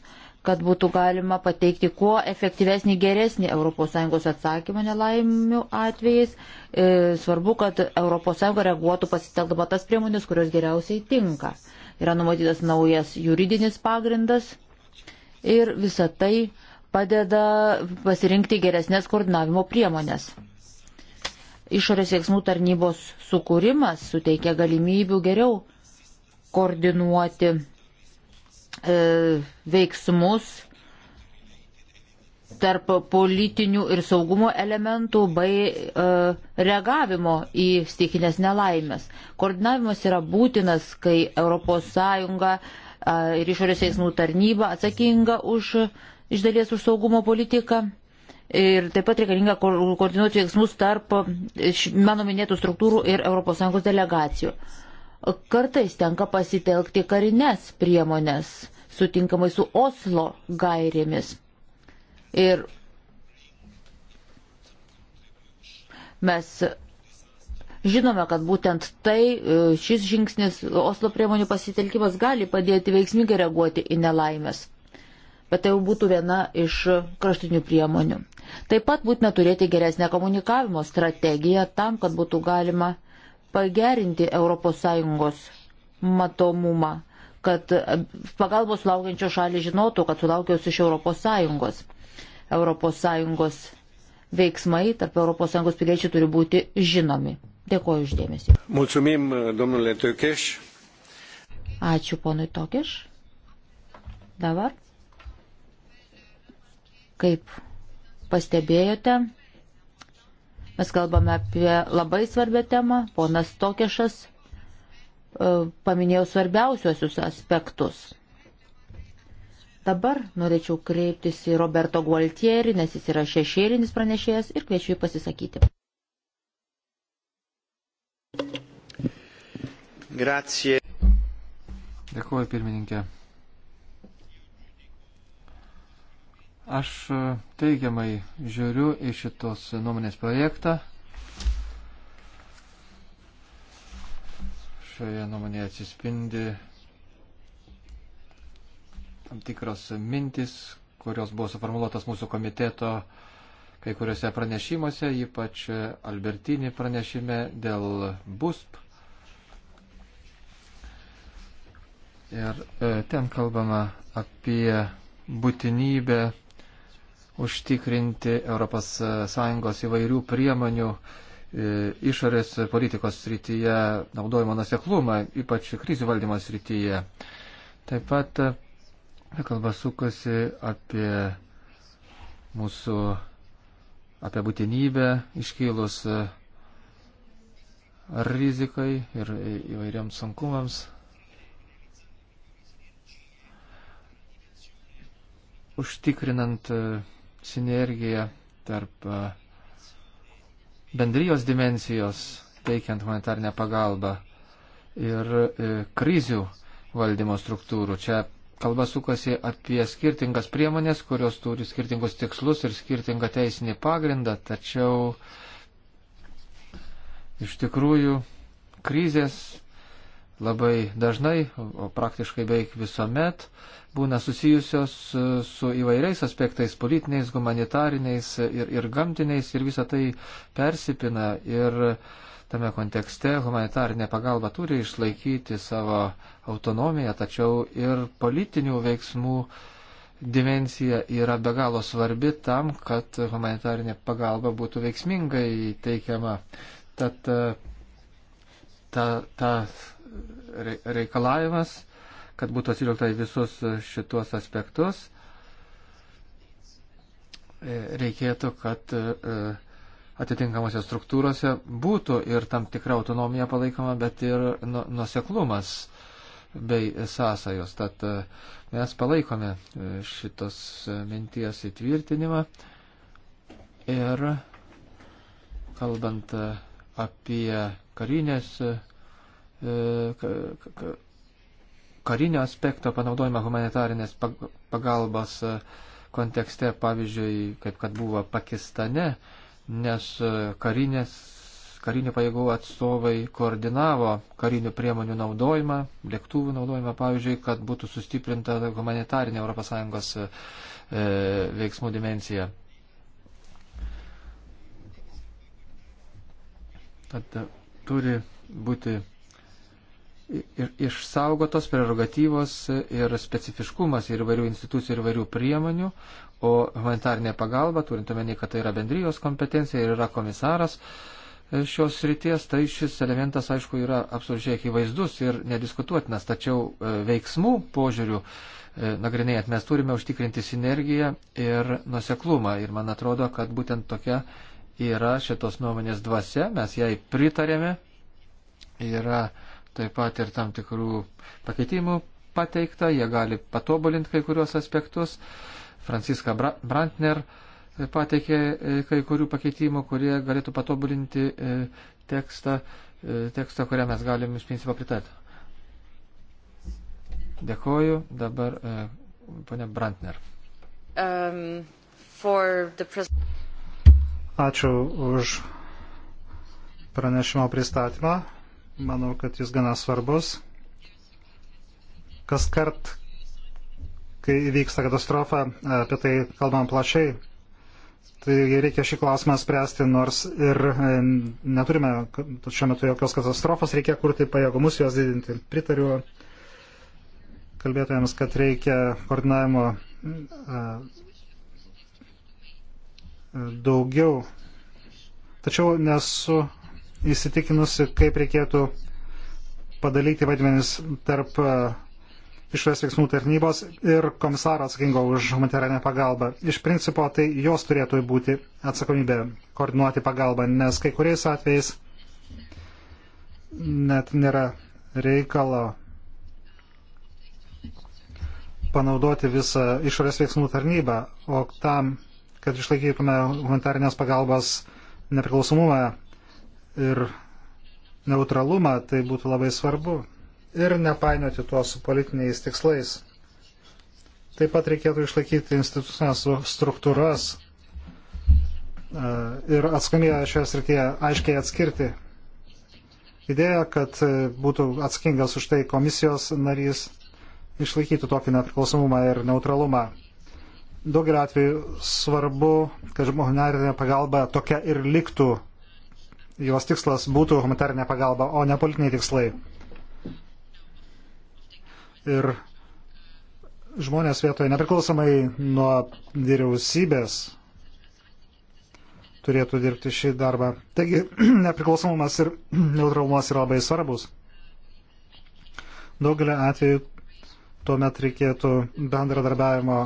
kad būtų galima pateikti kuo efektyvesnį, geresnį ES atsakymą nelaimių atvejais. E, svarbu, kad ES reaguotų pasitelkdama tas priemonės, kurios geriausiai tinka. Yra numatytas naujas juridinis pagrindas ir visa tai padeda pasirinkti geresnės koordinavimo priemonės išorės veiksmų tarnybos sukūrimas suteikia galimybių geriau koordinuoti e, veiksmus tarp politinių ir saugumo elementų bei e, reagavimo į stikinės nelaimės. Koordinavimas yra būtinas, kai ES e, ir išorės veiksmų tarnyba atsakinga už iš dalies už saugumo politiką Ir taip pat reikalinga koordinuoti veiksmus tarp e, mano minėtų struktūrų ir ES delegacijų. Kartais tenka pasitelkti karinės priemonės, sutinkamai su Oslo gairėmis. Ir mes žinome, kad būtent tai, e, šis žingsnis Oslo priemonių pasitelkimas gali padėti veiksmingai reaguoti į nelaimės bet tai jau būtų viena iš kraštinių priemonių. Taip pat būtina turėti geresnę komunikavimo strategiją tam, kad būtų galima pagerinti ES matomumą, kad pagalbos laukiančio šalį žinotų, kad sulaukiausi iš ES. ES veiksmai tarp ES piliečių turi būti žinomi. Dėkuoju uždėmesi. Mulțumim, domnule Tökeš. Ačiū, ponui Tokeš. Dabar Kaip pastebėjote, mes kalbame apie labai svarbę temą. Ponas Tokešas e, paminėjau svarbiausiosius aspektus. Dabar norėčiau kreiptis į Roberto Gualtieri, nes jis yra šešėlinis pranešėjas ir kviečiu jį pasisakyti. Grazie. Dėkuoju pirmininkė. Aš e, teigiamai žiūriu į šitos nuomonės projektą. Šioje nuomonėje atsispindi tam tikros mintis, kurios buvo suformuoluotas mūsų komiteto kai kuriuose pranešimuose, ypač Albertinį pranešime dėl BUSP. Ir e, ten kalbama apie būtinybę užtikrinti ES įvairių priemonių e, išorės politikos srityje naudojimo nuseklumą, ypač krizių valdymo srityje. Taip pat e, kalba sukasi apie mūsų, apie būtinybę iškylus e, rizikai ir įvairiams sunkumams užtikrinant sinergija tarp e, bendrijos dimensijos teikiant humanitarnę pagalbą ir e, krizių valdymo struktūrų. Čia kalba sukasi apie skirtingas priemonės, kurios turi skirtingus tikslus ir skirtingą teisinį pagrindą, tačiau iš tikrųjų krizės labai dažnai, o praktiškai beveik visuomet, būna susijusios e, su įvairiais aspektais - politiniais, humanitariniais ir, ir gamtiniais, ir visa tai persipina. Ir tame kontekste humanitarinė pagalba turi išlaikyti savo autonomiją, tačiau ir politinių veiksmų dimensija yra be galo svarbi tam, kad humanitarinė pagalba būtų veiksmingai teikiama. Tad e, ta, ta reikalavimas, kad būtų atsižvelgta į visus šitos aspektus. E, reikėtų, kad e, atitinkamosios struktūrose būtų ir tam tikra autonomija palaikoma, bet ir nu, nuseklumas bei sąsajos. Tad e, mes palaikome šitos minties įtvirtinimą ir kalbant apie karinės E, karinio aspekto panaudojimą humanitarinės pagalbos e, kontekste, pavyzdžiui, kaip kad buvo Pakistane, nes e, karinės, karinių pajėgų atstovai koordinavo karinių priemonių naudojimą, lėktuvų naudojimą, pavyzdžiui, kad būtų sustiprinta humanitarinė ES e, veiksmų dimencija. Tad turi būti ir išsaugotos prerogatyvos ir specifiškumas ir įvairių institucijų ir įvairių priemonių, o humanitarinė pagalba, turint omeny, kad tai yra bendrijos kompetencija ir yra komisaras e, šios ryties, tai šis elementas, aišku, yra absoliučiai akivaizdus ir nediskutuotinas, tačiau e, veiksmų požiūrių e, nagrinėjant mes turime užtikrinti sinergiją ir nuseklumą ir man atrodo, kad būtent tokia yra šitos nuomonės dvasia, mes jai pritarėme. Yra uh, taip pat ir tam tikrų pakeitimų pateikta, jie gali patobulinti kai kuriuos aspektus. Franciska Brantner pateikė e, kai kurių pakeitimų, kurie galėtų patobulinti e, tekstą, e, tekstą kurią mes galim iš principo pritarti. Dėkoju. Dabar ponia Brantner. Um, the... Ačiū už pranešimo pristatymą. Manau, kad jis gana svarbus. Kas kart, kai vyksta katastrofa, apie tai kalbam plačiai. Tai reikia šį klausimą spręsti, nors ir e, neturime šiuo metu jokios katastrofos, reikia kurti pajėgumus, juos didinti. Pritariu kalbėtojams, kad reikia koordinavimo e, e, daugiau. Tačiau nesu įsitikinusi, kaip reikėtų padalyti vaidmenis tarp e, išorės veiksmų tarnybos ir komisaro atsakingo už humanitarinę pagalbą. Iš principo, tai jos turėtų būti atsakomybė koordinuoti pagalbą, nes kai kuriais atvejais net nėra reikalo panaudoti visą išorės veiksmų tarnybą, o tam, kad išlaikytume humanitarinės pagalbos nepriklausomumą, ir neutralumą, tai būtų labai svarbu. Ir nepainioti tuo su politiniais tikslais. Taip pat reikėtų išlaikyti institucinės struktūras e, ir atsakomybę šioje srityje aiškiai atskirti. Idėja, kad e, būtų atsakingas už tai komisijos narys, išlaikyti tokį nepriklausomumą ir neutralumą. Daugelį atvejų svarbu, kad humanitarinė pagalba tokia ir liktų jos tikslas būtų humanitarinė pagalba, o ne politiniai tikslai. Ir žmonės vietoje nepriklausomai nuo vyriausybės turėtų dirbti šį darbą. Taigi [clears throat] nepriklausomumas ir [clears throat] neutralumas yra labai svarbus. Daugelio atveju tuomet reikėtų bendradarbiavimo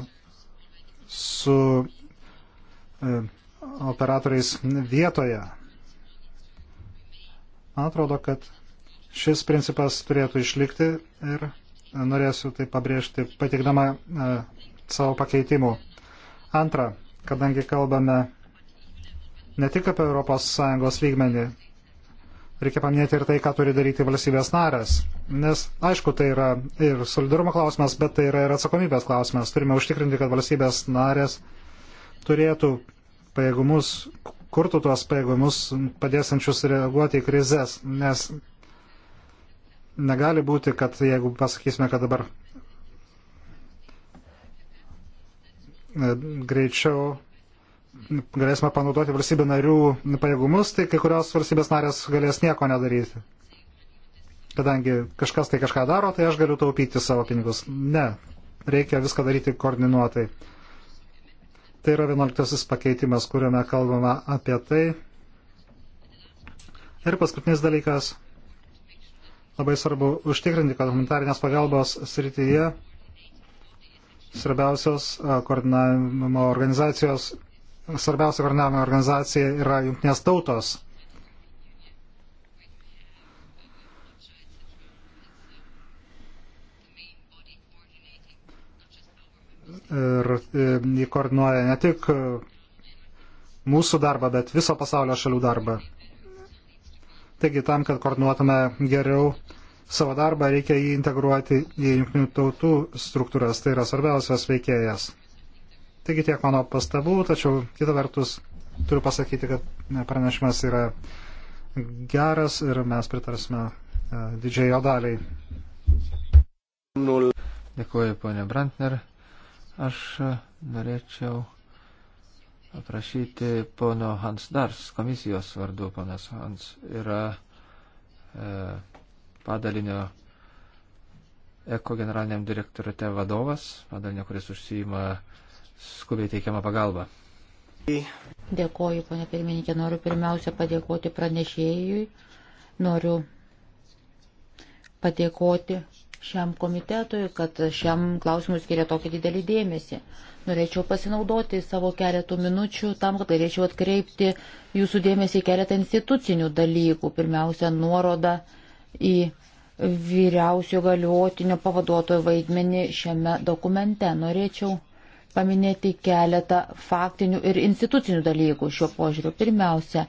su e, operatoriais vietoje. Man atrodo, kad šis principas turėtų išlikti ir norėsiu tai pabrėžti patikdama e, savo pakeitimų. Antra, kadangi kalbame ne tik apie ES lygmenį, reikia paminėti ir tai, ką turi daryti valstybės narės. Nes, aišku, tai yra ir solidarumo klausimas, bet tai yra ir atsakomybės klausimas. Turime užtikrinti, kad valstybės narės turėtų pajėgumus, kurtų tuos pajėgumus padėsančius reaguoti į krizės, nes negali būti, kad jeigu pasakysime, kad dabar e, greičiau galėsime panaudoti valstybių narių pajėgumus, tai kai kurios valstybės narės galės nieko nedaryti. Kadangi kažkas tai kažką daro, tai aš galiu taupyti savo pinigus. Ne, reikia viską daryti koordinuotai. Tai yra 11 pakeitimas, kuriame kalbama apie tai. Ir paskutinis dalykas. Labai svarbu užtikrinti, kad humanitarinės pagalbos srityje svarbiausios koordinavimo organizacijos, svarbiausia koordinavimo organizacija yra jungtinės tautos ir e, jį koordinuoja ne tik e, mūsų darbą, bet viso pasaulio šalių darbą. Taigi tam, kad koordinuotume geriau savo darbą, reikia jį integruoti į jungtinių tautų struktūras, tai yra svarbiausias veikėjas. Taigi tiek mano pastabų, tačiau kita vertus turiu pasakyti, kad e, pranešimas yra geras ir mes pritarsime didžiai jo daliai. Dėkuoju, ponė Brantner. Aš norėčiau aprašyti pono Hans Dars, komisijos vardu ponas Hans yra e, padalinio Eko generaliniam direktorate vadovas, padalinio, kuris užsijima skubiai teikiamą pagalbą. Dėkoju, ponia pirmininkė, noriu pirmiausia padėkoti pranešėjui, noriu padėkoti šiam komitetui, kad šiam klausimui skiria tokį didelį dėmesį. Norėčiau pasinaudoti savo keletų minučių tam, kad galėčiau atkreipti jūsų dėmesį keletą institucinių dalykų. Pirmiausia, nuoroda į vyriausio galiotinio pavaduotojo vaidmenį šiame dokumente. Norėčiau paminėti keletą faktinių ir institucinių dalykų šiuo požiūriu. Pirmiausia,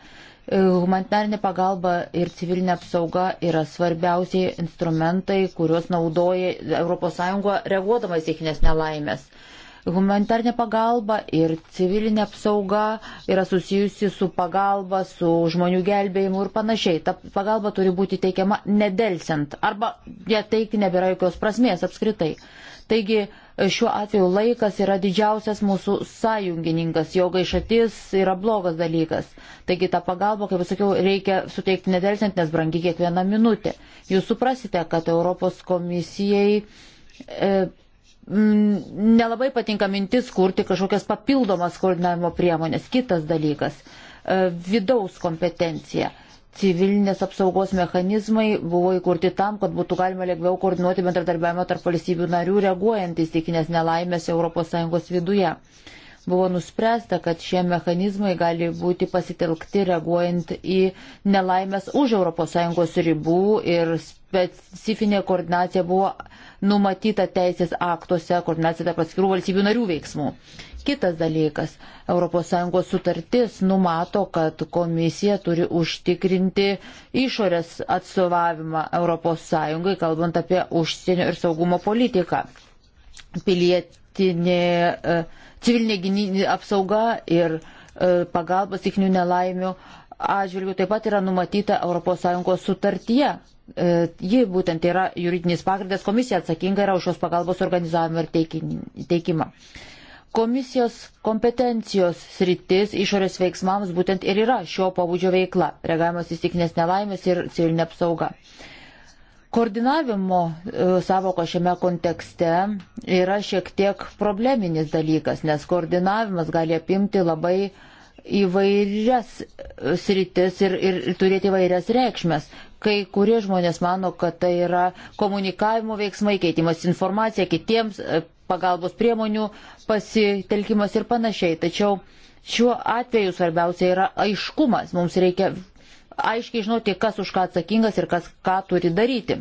Humanitarinė pagalba ir civilinė apsauga yra svarbiausiai instrumentai, kuriuos naudoja ES reaguodamas sėkinės nelaimės. Humanitarinė pagalba ir civilinė apsauga yra susijusi su pagalba, su žmonių gelbėjimu ir panašiai. Ta pagalba turi būti teikiama nedelsiant arba ją teikti nebėra jokios prasmės apskritai. Taigi Šiuo atveju laikas yra didžiausias mūsų sąjungininkas, jo gaišatis yra blogas dalykas. Taigi tą pagalbą, kaip sakiau, reikia suteikti nedelsiant, nes brangi kiekvieną minutę. Jūs suprasite, kad Europos komisijai. E, Nelabai patinka mintis kurti kažkokias papildomas koordinavimo priemonės. Kitas dalykas e, - vidaus kompetencija civilinės apsaugos mechanizmai buvo įkurti tam, kad būtų galima lengviau koordinuoti bendradarbiavimą tarp valstybių narių, reaguojant į stikinės nelaimės ES viduje buvo nuspręsta, kad šie mechanizmai gali būti pasitelkti reaguojant į nelaimės už ES ribų ir specifinė koordinacija buvo numatyta teisės aktuose, koordinacija tarp atskirų valstybių narių veiksmų. Kitas dalykas, ES sutartis numato, kad komisija turi užtikrinti išorės atstovavimą ES, kalbant apie užsienio ir saugumo politiką. Pilietinė uh, civilinė apsauga ir e, pagalbos tiknių nelaimių atžvilgių taip pat yra numatyta ES sutartyje. E, ji būtent yra juridinis pagrindas, komisija atsakinga yra už šios pagalbos organizavimą ir teikimą. Komisijos kompetencijos sritis išorės veiksmams būtent ir yra šio pabudžio veikla - reagavimas į stiknės nelaimės ir civilinė apsauga. Uh, Koordinavimo e, savoka šiame kontekste yra šiek tiek probleminis dalykas, nes koordinavimas gali apimti labai įvairias e, sritis ir, ir turėti įvairias reikšmės. Kai kurie žmonės mano, kad tai yra komunikavimo veiksmai, keitimas informacija kitiems, e, pagalbos priemonių pasitelkimas ir panašiai. Tačiau šiuo atveju svarbiausia yra aiškumas. Mums reikia aiškiai žinoti, kas už ką atsakingas ir kas ką turi daryti.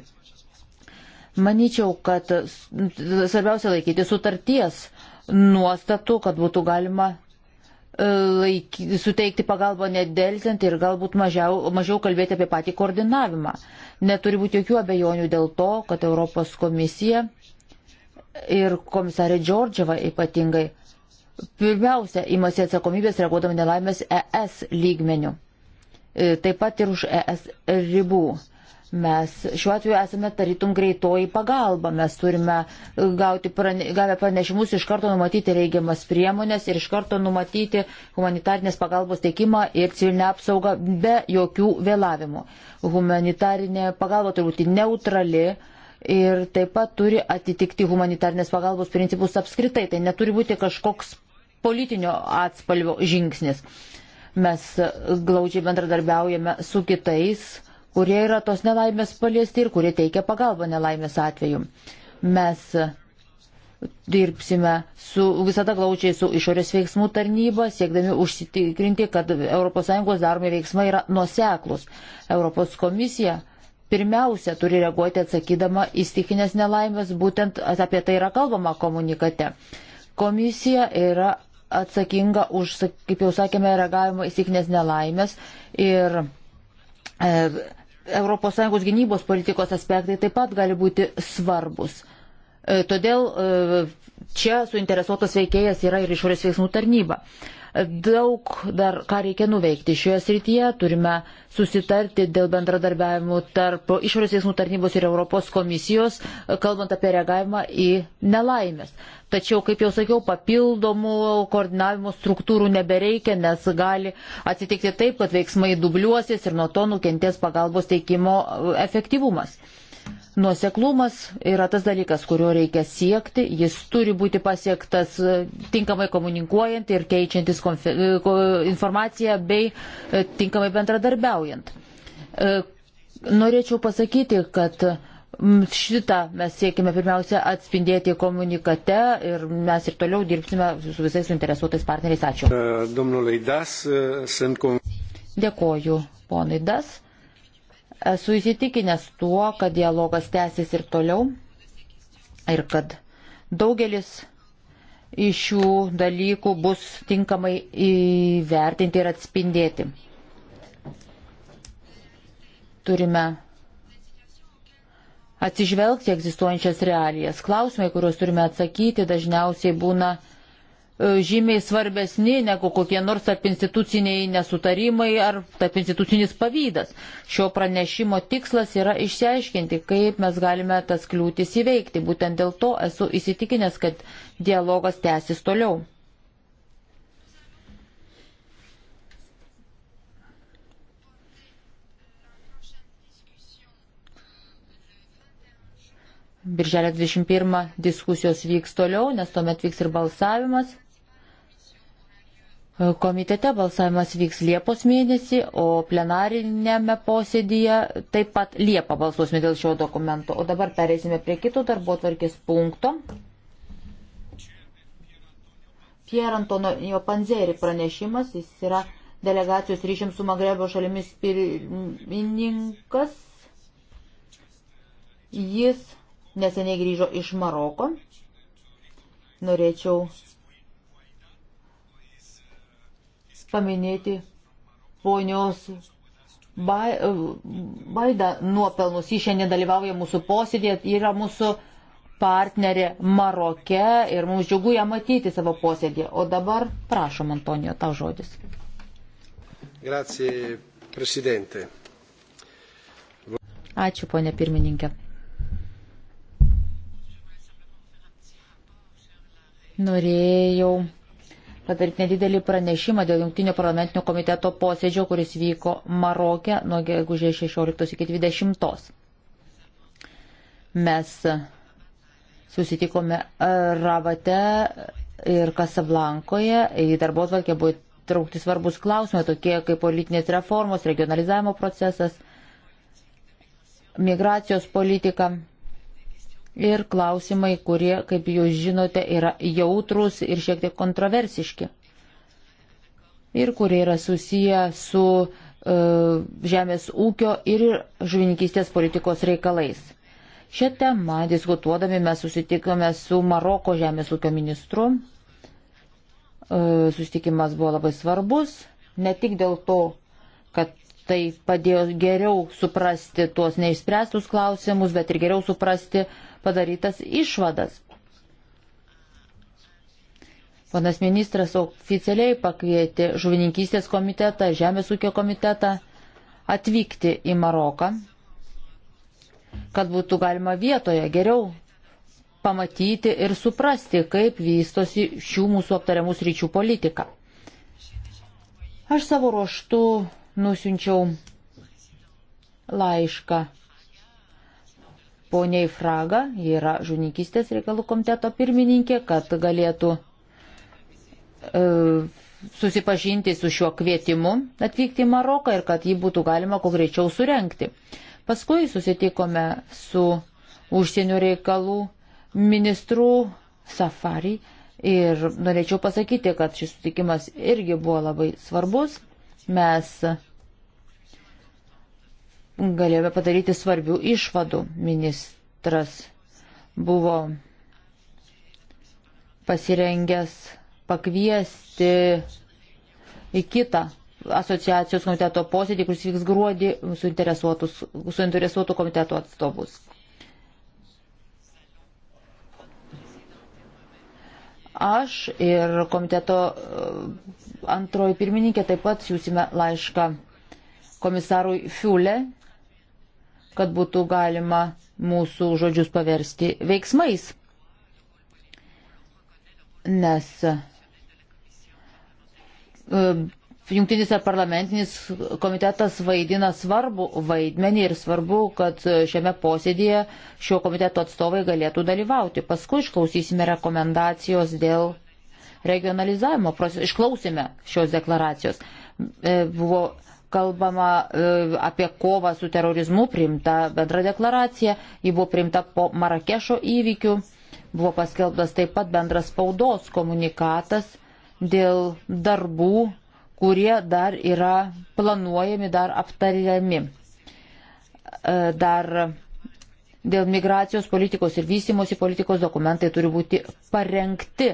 Maničiau, kad svarbiausia laikyti sutarties nuostatų, kad būtų galima e, laiky, suteikti pagalbą nedelsiant ir galbūt mažiau, mažiau kalbėti apie patį koordinavimą. Neturi būti jokių abejonių dėl to, kad Europos komisija ir komisarė Džordžiava ypatingai pirmiausia imasi atsakomybės reaguodami nelaimės ES lygmenių. E, taip pat ir už ES ribų. Mes šiuo atveju esame tarytum greitoji pagalba, mes turime gauti prane, gavę pranešimus iš karto numatyti reikiamas priemonės ir iš karto numatyti humanitarnės pagalbos teikimą ir civilinę apsaugą be jokių vėlavimų. Humanitarinė pagalba turi būti neutrali ir taip pat turi atitikti humanitarnės pagalbos principus apskritai, tai neturi būti kažkoks politinio atspalvio žingsnis. Uh, Mes glaudžiai bendradarbiaujame su kitais, kurie yra tos nelaimės paliesti ir kurie teikia pagalbą nelaimės atveju. Mes dirbsime su, visada glaučiai su išorės veiksmų tarnyba, siekdami užsitikrinti, kad ES daromi veiksmai yra nuseklus. Europos komisija pirmiausia turi reaguoti atsakydama į stikinės nelaimės, būtent apie tai yra kalbama komunikate. Komisija yra atsakinga už, kaip jau sakėme, reagavimo į sėkmės nelaimės ir e, ES gynybos politikos aspektai taip pat gali būti svarbus. E, todėl e, čia suinteresuotas veikėjas yra ir išorės veiksmų tarnyba. E, Daug dar ką reikia nuveikti šioje srityje, turime susitarti dėl bendradarbiavimų tarp išorės veiksmų tarnybos ir Europos komisijos, kalbant apie reagavimą į nelaimės. Tačiau, kaip jau sakiau, papildomų koordinavimo struktūrų nebereikia, nes gali atsitikti taip, kad veiksmai dubliuosis ir nuo to nukentės pagalbos teikimo efektyvumas. Nuoseklumas yra tas dalykas, kurio reikia siekti, jis turi būti pasiektas e, tinkamai komunikuojant ir keičiantis e, informaciją bei e, tinkamai bendradarbiaujant. Norėčiau pasakyti, kad šitą mes siekime pirmiausia atspindėti komunikate ir mes ir toliau dirbsime su visais interesuotais partneriais. Ačiū. Dėkoju, ponai Das. Esu įsitikinęs tuo, kad dialogas tęsis ir toliau ir kad daugelis iš šių dalykų bus tinkamai įvertinti ir atspindėti. Turime atsižvelgti egzistuojančias realijas. Klausimai, kuriuos turime atsakyti, dažniausiai būna E, žymiai svarbesni negu kokie nors tarp instituciniai nesutarimai ar tarp institucinis pavydas. Šio pranešimo tikslas yra išsiaiškinti, kaip mes galime tas kliūtis įveikti. Būtent dėl to esu įsitikinęs, kad dialogas tęsis toliau. Birželio 21 diskusijos vyks toliau, nes tuomet vyks ir balsavimas. Komitete balsavimas vyks Liepos mėnesį, o plenarinėme posėdyje taip pat Liepą balsuosime dėl šio dokumento. O dabar pereisime prie kito darbo tvarkės punkto. Pier Antonijo Panzeri pranešimas, jis yra delegacijos ryšiams su Magrebo šalimis pirmininkas. Jis neseniai grįžo iš Maroko. Norėčiau paminėti ponios Baida nuopelnus. Ji šiandien dalyvauja mūsų posėdėje, yra mūsų partnerė Maroke ir mums džiugu ją matyti savo posėdėje. O dabar prašom, Antonijo, tau žodis. Grazie, prezidente. Ačiū, ponė pirmininkė. Norėjau padaryti nedidelį pranešimą dėl Junktinio parlamentinio komiteto posėdžio, kuris vyko Marokė nuo gegužės 16 iki 20. Mes susitikome Rabate ir Kasablankoje, į darbo atvarkę buvo traukti svarbus klausimai, tokie kaip politinės reformos, regionalizavimo procesas, migracijos politika ir klausimai, kurie, kaip jūs žinote, yra jautrus ir šiek tiek kontroversiški. Ir kurie yra susiję su uh, žemės ūkio ir žuvininkystės politikos reikalais. Šią temą diskutuodami mes susitikome su Maroko žemės ūkio ministru. Uh, susitikimas buvo labai svarbus, ne tik dėl to, kad tai padėjo geriau suprasti tuos neišspręstus klausimus, bet ir geriau suprasti uh, padarytas išvadas. Panas ministras oficialiai pakvietė žuvininkystės komitetą, žemės ūkio komitetą atvykti į Maroką, kad būtų galima vietoje geriau pamatyti ir suprasti, kaip vystosi šių mūsų aptariamų ryčių politika. Aš savo ruoštų nusinčiau laišką poniai Fraga, ji yra žunikistės reikalų komiteto pirmininkė, kad galėtų e, susipažinti su šiuo kvietimu atvykti į Maroką ir kad jį būtų galima kuo greičiau surenkti. Paskui susitikome su užsienio reikalų ministru Safari ir norėčiau pasakyti, kad šis sutikimas irgi buvo labai svarbus. Mes galėjome padaryti svarbių išvadų. Ministras buvo pasirengęs pakviesti į kitą asociacijos komiteto posėdį, kuris vyks gruodį, suinteresuotų komiteto atstovus. Aš ir komiteto e, antroji pirmininkė taip pat siūsime laišką komisarui Fiule kad būtų galima mūsų žodžius paversti veiksmais. Nes e, Jungtinis ir parlamentinis komitetas vaidina svarbu vaidmenį ir svarbu, kad šiame posėdėje šio komiteto atstovai galėtų dalyvauti. Paskui išklausysime rekomendacijos dėl regionalizavimo. Išklausime šios deklaracijos. E, buvo kalbama e, apie kovą su terorizmu, priimta bendra deklaracija, ji buvo priimta po Marakešo įvykių, buvo paskelbtas taip pat bendras spaudos komunikatas dėl darbų, kurie dar yra planuojami, dar aptariami. E, dar dėl migracijos politikos ir vystimosi politikos dokumentai turi būti parengti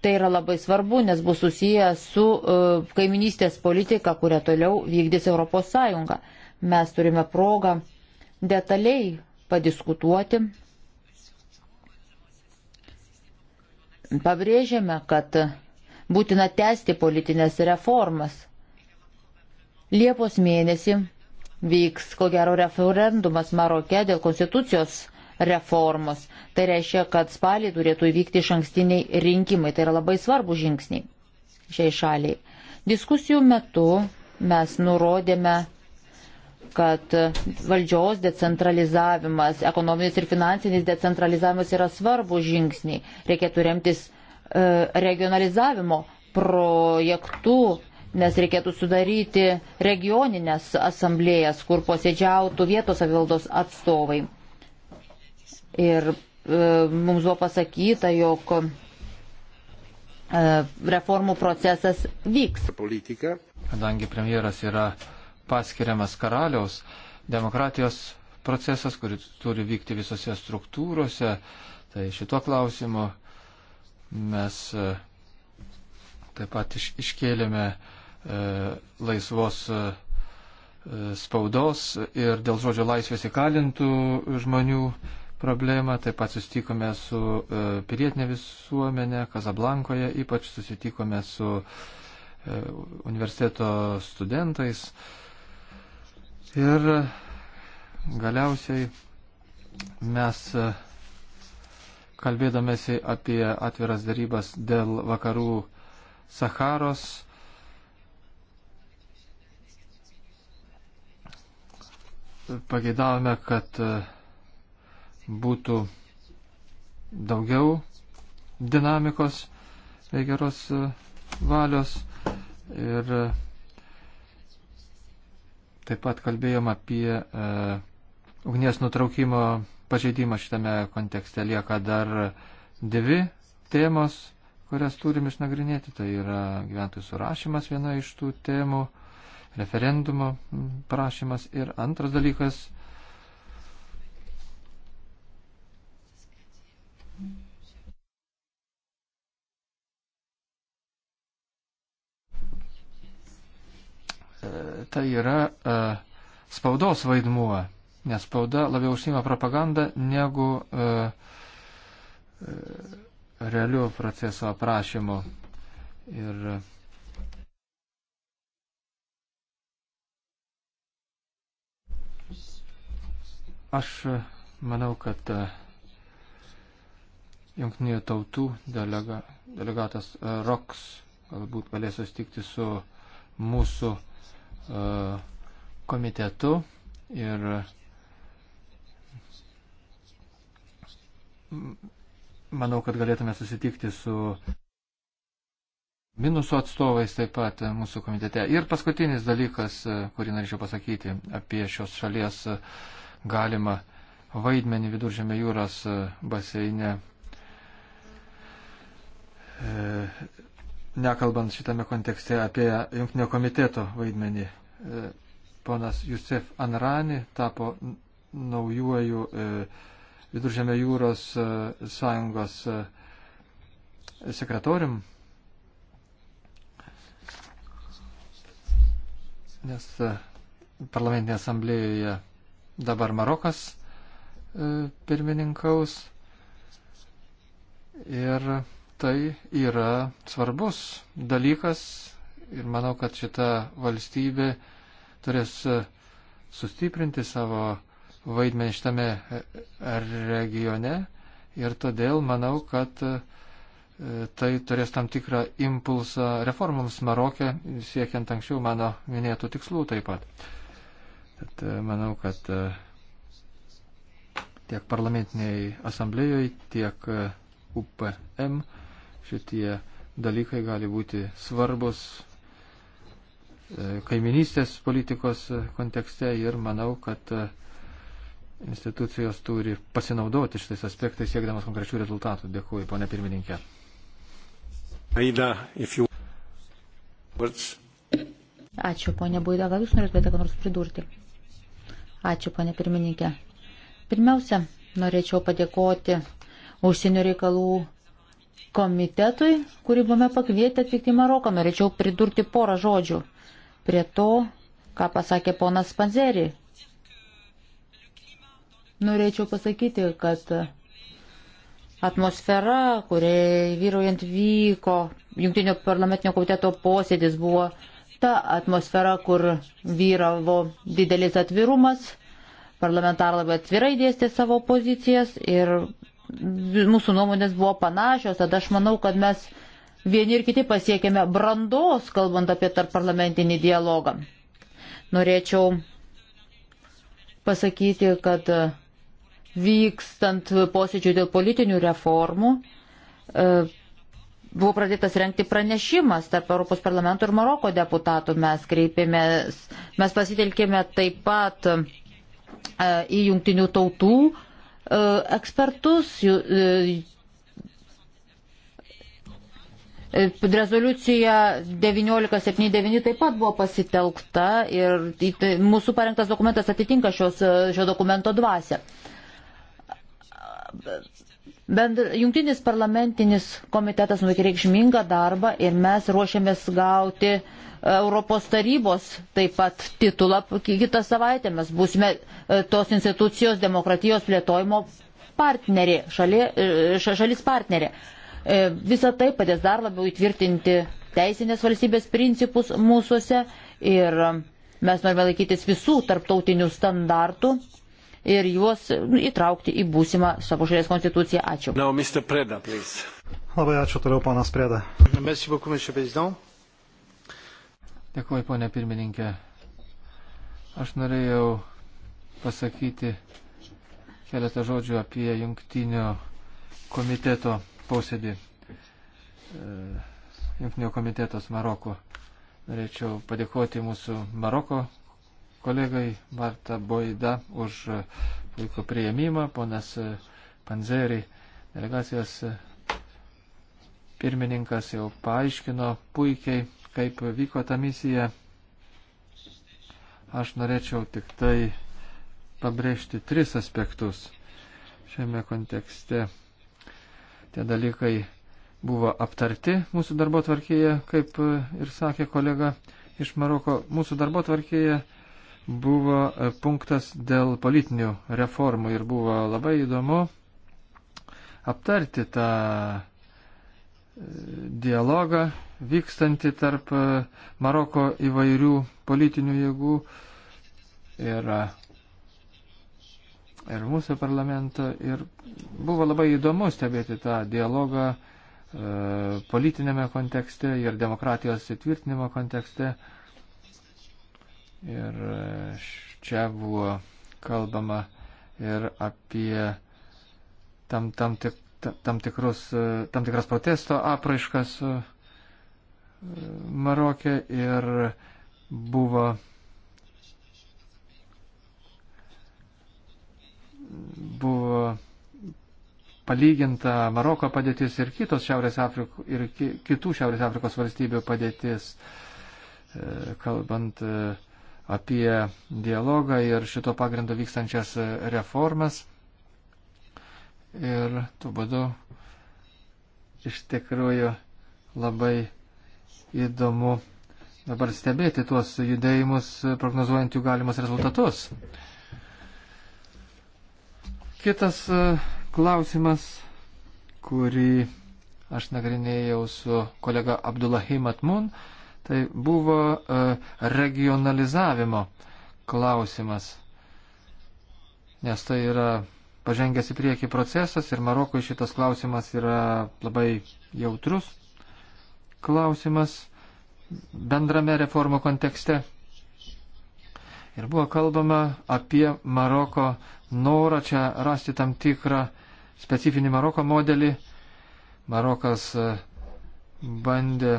Tai yra labai svarbu, nes bus susiję su uh, kaiminystės politika, kurią toliau vykdys ES. Mes turime progą detaliai padiskutuoti. Pabrėžėme, kad būtina tęsti politinės reformas. Liepos mėnesį vyks, ko gero, referendumas Marokė dėl konstitucijos reformos. Tai reiškia, kad spalį turėtų įvykti iš ankstiniai rinkimai. Tai yra labai svarbu žingsniai šiai šaliai. Diskusijų metu mes nurodėme kad valdžios decentralizavimas, ekonominis ir finansinis decentralizavimas yra svarbu žingsniai. Reikėtų remtis e, regionalizavimo projektu, nes reikėtų sudaryti regioninės asamblėjas, kur posėdžiautų vietos savivaldos atstovai. Ir e, mums buvo pasakyta, jog e, reformų procesas vyks. Politika. Kadangi premjeras yra paskiriamas karaliaus, demokratijos procesas, kuris turi vykti visose struktūrose, tai šito klausimu mes e, taip pat iš, iškėlėme e, laisvos e, e, spaudos ir dėl žodžio laisvės įkalintų žmonių problemą, taip pat susitikome su e, pilietinė visuomenė Kazablankoje, ypač susitikome su e, universiteto studentais. Ir galiausiai mes e, kalbėdamėsi apie atviras darybas dėl vakarų Saharos. Pageidavome, kad uh, būtų daugiau dinamikos bei geros e, valios. Ir e, taip pat kalbėjom apie e, ugnies nutraukimo pažeidimą šitame kontekste. Lieka dar dvi temos, kurias turim išnagrinėti. Tai yra gyventojų surašymas viena iš tų temų, referendumo prašymas ir antras dalykas tai yra e, spaudos vaidmuo, nes spauda labiau užsima propagandą negu e, e, realių proceso aprašymų. Ir aš manau, kad Junktinių tautų delega, delegatas Roks galbūt galės susitikti su mūsų E, komitetu ir manau, kad galėtume susitikti su minusų atstovais taip pat mūsų komitete. Ir paskutinis dalykas, e, kurį norėčiau pasakyti apie šios šalies galimą vaidmenį viduržėme jūros e, baseine. E, nekalbant šitame kontekste apie jungtinio komiteto vaidmenį. E, ponas Jusef Anrani tapo naujuoju e, Viduržėmio jūros e, sąjungos sekretorium. Nes parlamentinėje asamblėjoje dabar Marokas pirmininkaus ir tai yra svarbus dalykas ir manau, kad šita valstybė turės sustiprinti savo vaidmenį šitame regione ir todėl manau, kad e, tai turės tam tikrą impulsą reformams Marokė, siekiant anksčiau mano minėtų tikslų taip pat. Tad e, manau, kad e, tiek parlamentiniai asamblėjoj, tiek UPM uh, šitie dalykai gali būti svarbus e, kaiminystės politikos kontekste ir manau, kad e, institucijos turi pasinaudoti šitais aspektais siekdamas konkrečių rezultatų. Dėkuoju, ponė pirmininkė. Aida, you... Ačiū, ponė Buida, gal jūs norėtumėte ką nors pridurti? Ačiū, ponė pirmininkė. Pirmiausia, norėčiau padėkoti užsienio reikalų komitetui, kurį buvome pakvietę atvykti į Maroką. Norėčiau pridurti porą žodžių prie to, ką pasakė ponas Panzerį. Norėčiau pasakyti, kad atmosfera, kuriai vyraujant vyko jungtinio parlamentinio komiteto posėdis, buvo ta atmosfera, kur vyravo didelis atvirumas, parlamentarai labai atvirai dėstė savo pozicijas ir mūsų nuomonės buvo panašios, tad aš manau, kad mes vieni ir kiti pasiekėme brandos, kalbant apie tarp parlamentinį dialogą. Norėčiau pasakyti, kad vykstant posėdžių dėl politinių reformų e, buvo pradėtas renkti pranešimas tarp Europos parlamento ir Maroko deputatų. Mes kreipėmės, mes pasitelkėme taip pat e, į jungtinių tautų E, ekspertus. E, e, rezoliucija 1979 taip pat buvo pasitelkta ir tai mūsų parengtas dokumentas atitinka šios, šio dokumento dvasę Bendra, jungtinis parlamentinis komitetas nuveikė reikšmingą darbą ir mes ruošiamės gauti e, Europos tarybos taip pat titulą kitą savaitę. Mes būsime e, tos institucijos demokratijos plėtojimo partnerė, šali, e, šalis partnerė. Visą tai padės dar labiau įtvirtinti teisinės valstybės principus mūsųse ir mes norime laikytis visų tarptautinių standartų ir juos įtraukti į būsimą savo šalies konstituciją. Ačiū. Now, Preda, please. Labai ačiū toliau, panas Preda. Dėkuoju, ponė pirmininkė. Aš norėjau pasakyti keletą žodžių apie jungtinio komiteto posėdį. E, jungtinio komitetos Maroko. Norėčiau padėkoti mūsų Maroko kolegai Marta Boida už puikų prieimimą, ponas Panzerį, delegacijos pirmininkas jau paaiškino puikiai, kaip vyko ta misija. Aš norėčiau tik tai pabrėžti tris aspektus šiame kontekste. Tie dalykai buvo aptarti mūsų darbo tvarkėje, kaip ir sakė kolega iš Maroko. Mūsų darbo tvarkėje buvo e, punktas dėl politinių reformų ir buvo labai įdomu aptarti tą e, dialogą vykstantį tarp e, Maroko įvairių politinių jėgų ir, ir mūsų parlamento. Ir buvo labai įdomu stebėti tą dialogą e, politinėme kontekste ir demokratijos įtvirtinimo kontekste. E, Ir e, čia buvo kalbama ir apie tam, tam, tik, tam, tikrus, e, tam tikras protesto apraiškas e, Marokė ir buvo buvo palyginta Maroko padėtis ir, kitos Šiaurės Afriko, ir kitų Šiaurės Afrikos valstybių padėtis, kalbant apie dialogą ir šito pagrindo vykstančias reformas. Ir tuo būdu iš tikrųjų labai įdomu dabar stebėti tuos judėjimus, prognozuojant jų galimus rezultatus. Kitas e, klausimas, kurį aš nagrinėjau su kolega Abdullahim Atmun, tai buvo e, regionalizavimo klausimas, nes tai yra pažengęs į priekį procesas ir Marokui šitas klausimas yra labai jautrus klausimas bendrame reformų kontekste. Ir buvo kalbama apie Maroko norą čia rasti tam tikrą specifinį Maroko modelį. Marokas e, bandė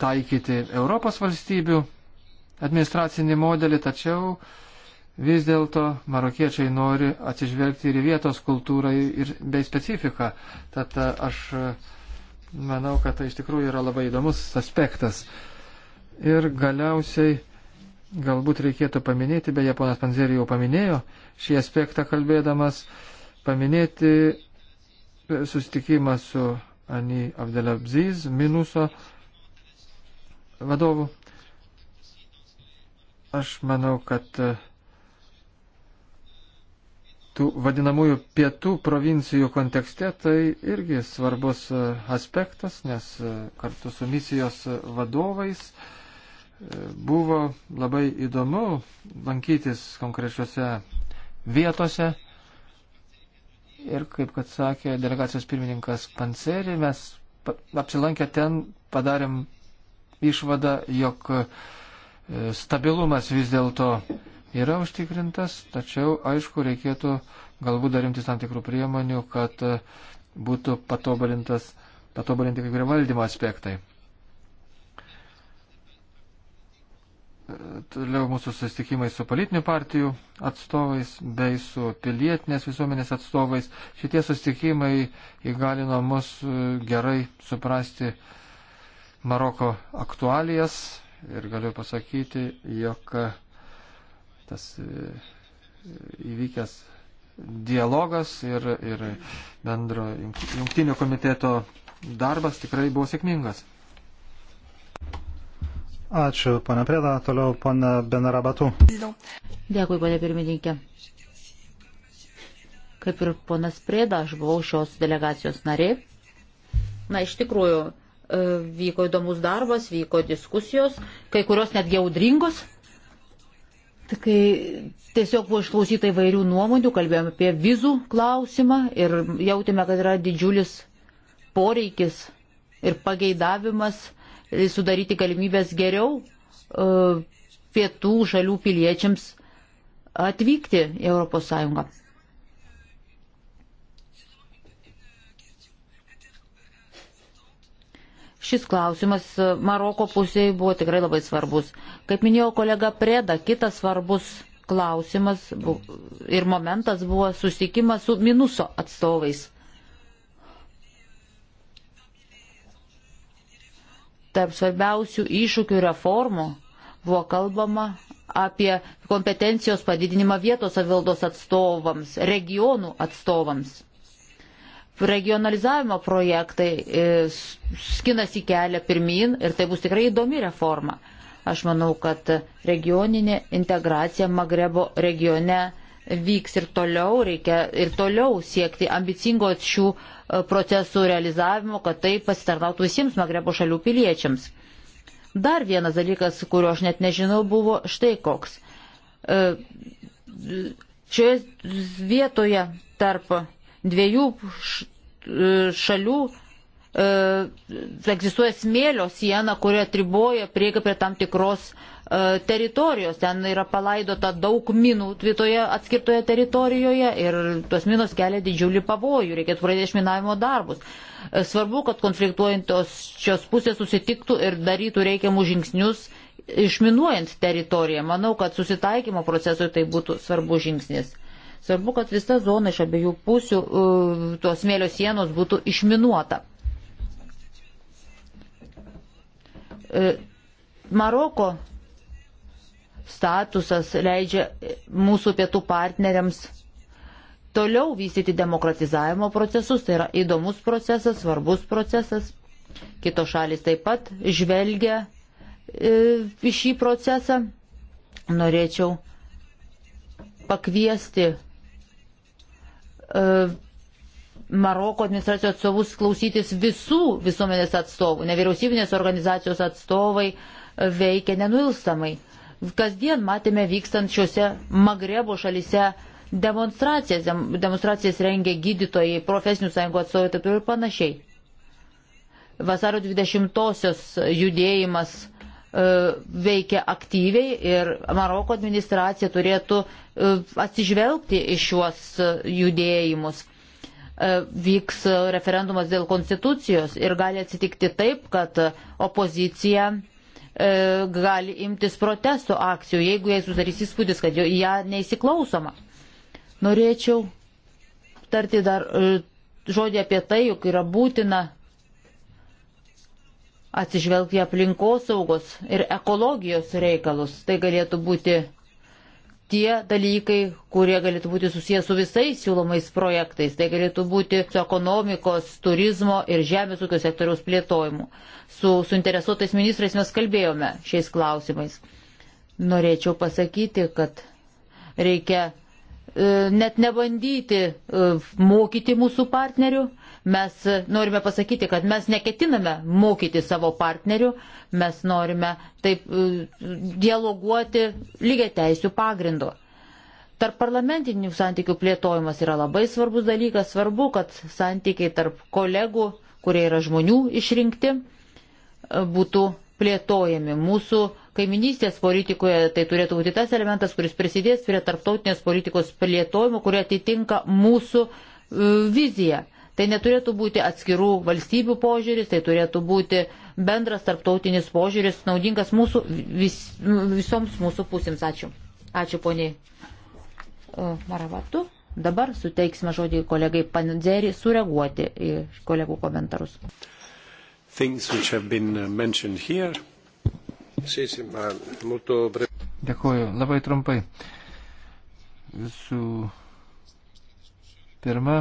taikyti Europos valstybių administracinį modelį, tačiau vis dėlto marokiečiai nori atsižvelgti ir į vietos kultūrą ir, bei specifiką. Tad e, aš e, manau, kad tai iš tikrųjų yra labai įdomus aspektas. Ir galiausiai galbūt reikėtų paminėti, beje, ponas Panzerį jau paminėjo šį aspektą kalbėdamas, paminėti susitikimą su Ani Abdelabziz, Minuso vadovų. Aš manau, kad e, tų vadinamųjų pietų provincijų kontekste tai irgi svarbus e, aspektas, nes e, kartu su misijos vadovais buvo labai įdomu lankytis konkrečiose vietose. Ir kaip kad sakė delegacijos pirmininkas Panceri, mes apsilankę ten padarėm išvada, jog e, stabilumas vis dėlto yra užtikrintas, tačiau aišku reikėtų galbūt dar imtis tam tikrų priemonių, kad e, būtų patobulintas, patobulinti kai kurie valdymo aspektai. E, toliau mūsų susitikimai su politinių partijų atstovais bei su pilietinės visuomenės atstovais. Šitie susitikimai įgalino mus gerai suprasti uh, Maroko aktualijas ir galiu pasakyti, jog tas e, įvykęs dialogas ir, ir bendro jungtinio komiteto darbas tikrai buvo sėkmingas. Ačiū, pana Prėda. Toliau, pana Benarabatų. Dėkui, pana pirmininkė. Kaip ir ponas Prėda, aš buvau šios delegacijos narė. Na, iš tikrųjų, E, vyko įdomus darbas, vyko diskusijos, kai kurios netgi audringos. Tai kai tiesiog buvo išklausyta įvairių nuomonių, kalbėjome apie vizų klausimą ir jautėme, kad yra didžiulis poreikis ir pageidavimas sudaryti galimybės geriau e, pietų šalių piliečiams atvykti į ES. Šis klausimas e, Maroko pusėje buvo tikrai labai svarbus. Kaip minėjo kolega Preda, kitas svarbus klausimas ir momentas buvo susitikimas su Minuso atstovais. Tarp svarbiausių iššūkių reformų buvo kalbama apie kompetencijos padidinimą vietos savildos atstovams, regionų atstovams regionalizavimo projektai e, skinasi kelią pirmin ir tai bus tikrai įdomi reforma. Aš manau, kad regioninė integracija Magrebo regione vyks ir toliau, reikia ir toliau siekti ambicingo šių e, procesų realizavimo, kad tai pasitarnautų visiems Magrebo šalių piliečiams. Dar vienas dalykas, kurio aš net nežinau, buvo štai koks. E, šioje vietoje tarp dviejų e, šalių e, egzistuoja smėlio siena, kuri atriboja prieigą prie tam tikros e, teritorijos. Ten yra palaidota daug minų tvitoje atskirtoje teritorijoje ir tos minos kelia didžiulį pavojų, reikėtų pradėti išminavimo darbus. Svarbu, kad konfliktuojantos šios pusės susitiktų ir darytų reikiamus žingsnius išminuojant teritoriją. Manau, kad susitaikymo procesui tai būtų svarbu žingsnis. Svarbu, kad visa zona iš abiejų pusių tos smėlio sienos būtų išminuota. E, Maroko statusas leidžia mūsų pietų partneriams toliau vystyti demokratizavimo procesus. Tai yra įdomus procesas, svarbus procesas. Kitos šalis taip pat žvelgia e, į šį procesą. Norėčiau pakviesti E, Maroko administracijos atstovus klausytis visų visuomenės atstovų, nevyriausybinės organizacijos atstovai e, veikia nenuilstamai. Kasdien matėme vykstant šiuose Magrebo šalise demonstracijas, demonstracijas rengia gydytojai, profesinių sąjungų atstovai taip ir panašiai. Vasario 20-osios judėjimas e, veikia aktyviai ir Maroko administracija turėtų E, atsižvelgti iš šiuos e, judėjimus. E, vyks referendumas dėl konstitucijos ir gali atsitikti taip, kad opozicija gali imtis protesto akcijų, jeigu jai susidarys įspūdis, kad ją neįsiklausoma. Norėčiau tarti dar žodį apie tai, jog yra būtina atsižvelgti aplinkosaugos ir ekologijos reikalus. Tai galėtų būti tie dalykai, kurie galėtų būti susijęs su visais siūlomais projektais. Tai galėtų būti su ekonomikos, turizmo ir žemės ūkio sektoriaus plėtojimu. Su suinteresuotais ministrais mes kalbėjome šiais klausimais. Norėčiau pasakyti, kad reikia e, net nebandyti e, mokyti mūsų partnerių, Mes norime pasakyti, kad mes neketiname mokyti savo partnerių, mes norime taip e, dialoguoti lygiai teisų pagrindu. Tarp parlamentinių santykių plėtojimas yra labai svarbus dalykas, svarbu, kad santykiai tarp kolegų, kurie yra žmonių išrinkti, e, būtų plėtojami. Mūsų kaiminystės politikoje tai turėtų būti tas elementas, kuris prisidės prie tarptautinės politikos plėtojimo, kurie atitinka mūsų e, viziją. Tai neturėtų būti atskirų valstybių požiūris, tai turėtų būti bendras tarptautinis požiūris, naudingas mūsų, vis, visoms mūsų pusėms. Ačiū. Ačiū poniai Maravatu. Dabar suteiksime žodį kolegai Panzerį sureaguoti į kolegų komentarus. Uh, Dėkuoju. Labai trumpai. Visų pirma,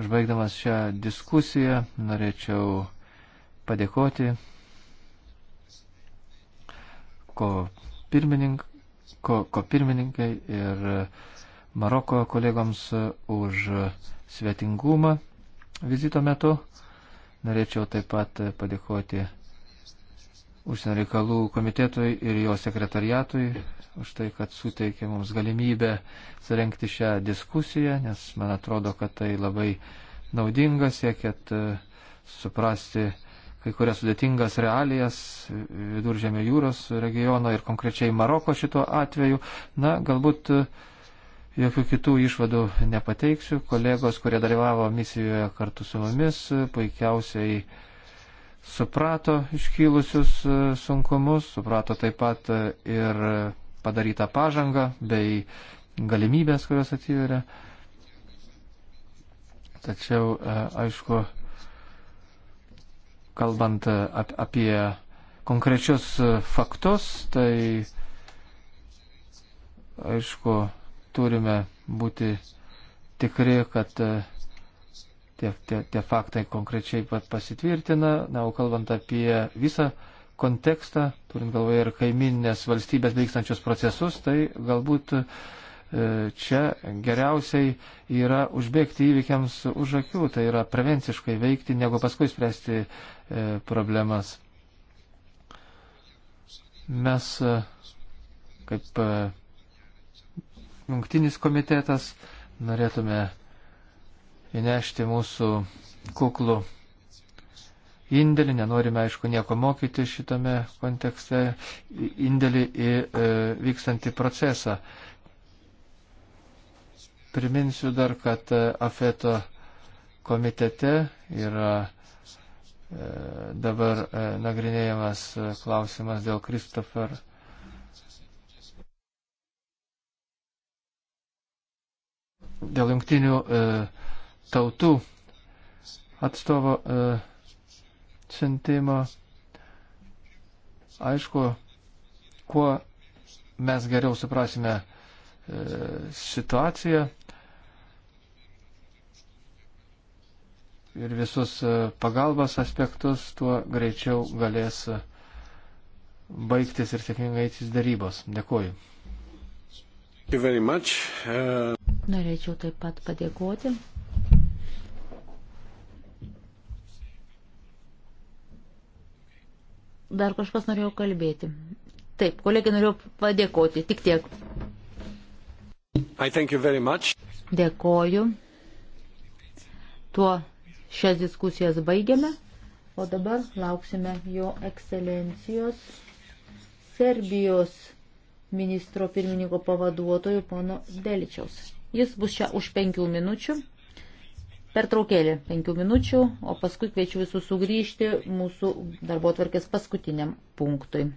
Užbaigdamas šią diskusiją norėčiau padėkoti ko, pirminink, ko, ko pirmininkai ir Maroko kolegoms už svetingumą vizito metu. Norėčiau taip pat padėkoti užsienio reikalų komitetui ir jo sekretariatui už tai, kad suteikė mums galimybę surenkti šią diskusiją, nes man atrodo, kad tai labai naudinga siekiat e, suprasti kai kurias sudėtingas realijas viduržėmio jūros regiono ir konkrečiai Maroko šito atveju. Na, galbūt e, jokių kitų išvadų nepateiksiu. Kolegos, kurie dalyvavo misijoje kartu su mumis, e, puikiausiai uh, suprato iškilusius e, sunkumus, suprato taip pat e, ir padarytą pažangą bei galimybės, kurios atsiveria. Tačiau, e, aišku, kalbant apie konkrečius faktus, tai aišku, turime būti tikri, kad tie, tie, tie faktai konkrečiai pat pasitvirtina. Na, o kalbant apie visą kontekstą, turint galvoje ir kaiminės valstybės vykstančius procesus, tai galbūt e, čia geriausiai yra užbėgti įvykiams už akių, tai yra prevenciškai veikti, negu paskui spręsti e, problemas. Mes e, kaip jungtinis komitetas norėtume įnešti mūsų kuklų indėlį, nenorime aišku nieko mokyti šitame kontekste, indėlį į e, vykstantį procesą. Priminsiu dar, kad e, AFETO komitete yra e, dabar e, nagrinėjamas e, klausimas dėl Kristofer. Dėl jungtinių e, tautų atstovo e, siuntimo. Aišku, kuo mes geriau suprasime e, situaciją ir visus e, pagalbos aspektus, tuo greičiau galės baigtis ir sėkmingai eitis darybos. Dėkuoju. Uh... Norėčiau taip pat padėkoti Dar kažkas norėjau kalbėti. Taip, kolegė norėjau padėkoti. Tik tiek. Dėkoju. Tuo šias diskusijas baigiame, o dabar lauksime jo ekscelencijos Serbijos ministro pirmininko pavaduotojų pono Deličiaus. Jis bus čia už penkių minučių. Pertraukėlė penkių minučių, o paskui kviečiu visus sugrįžti mūsų darbo tvarkės paskutiniam punktui.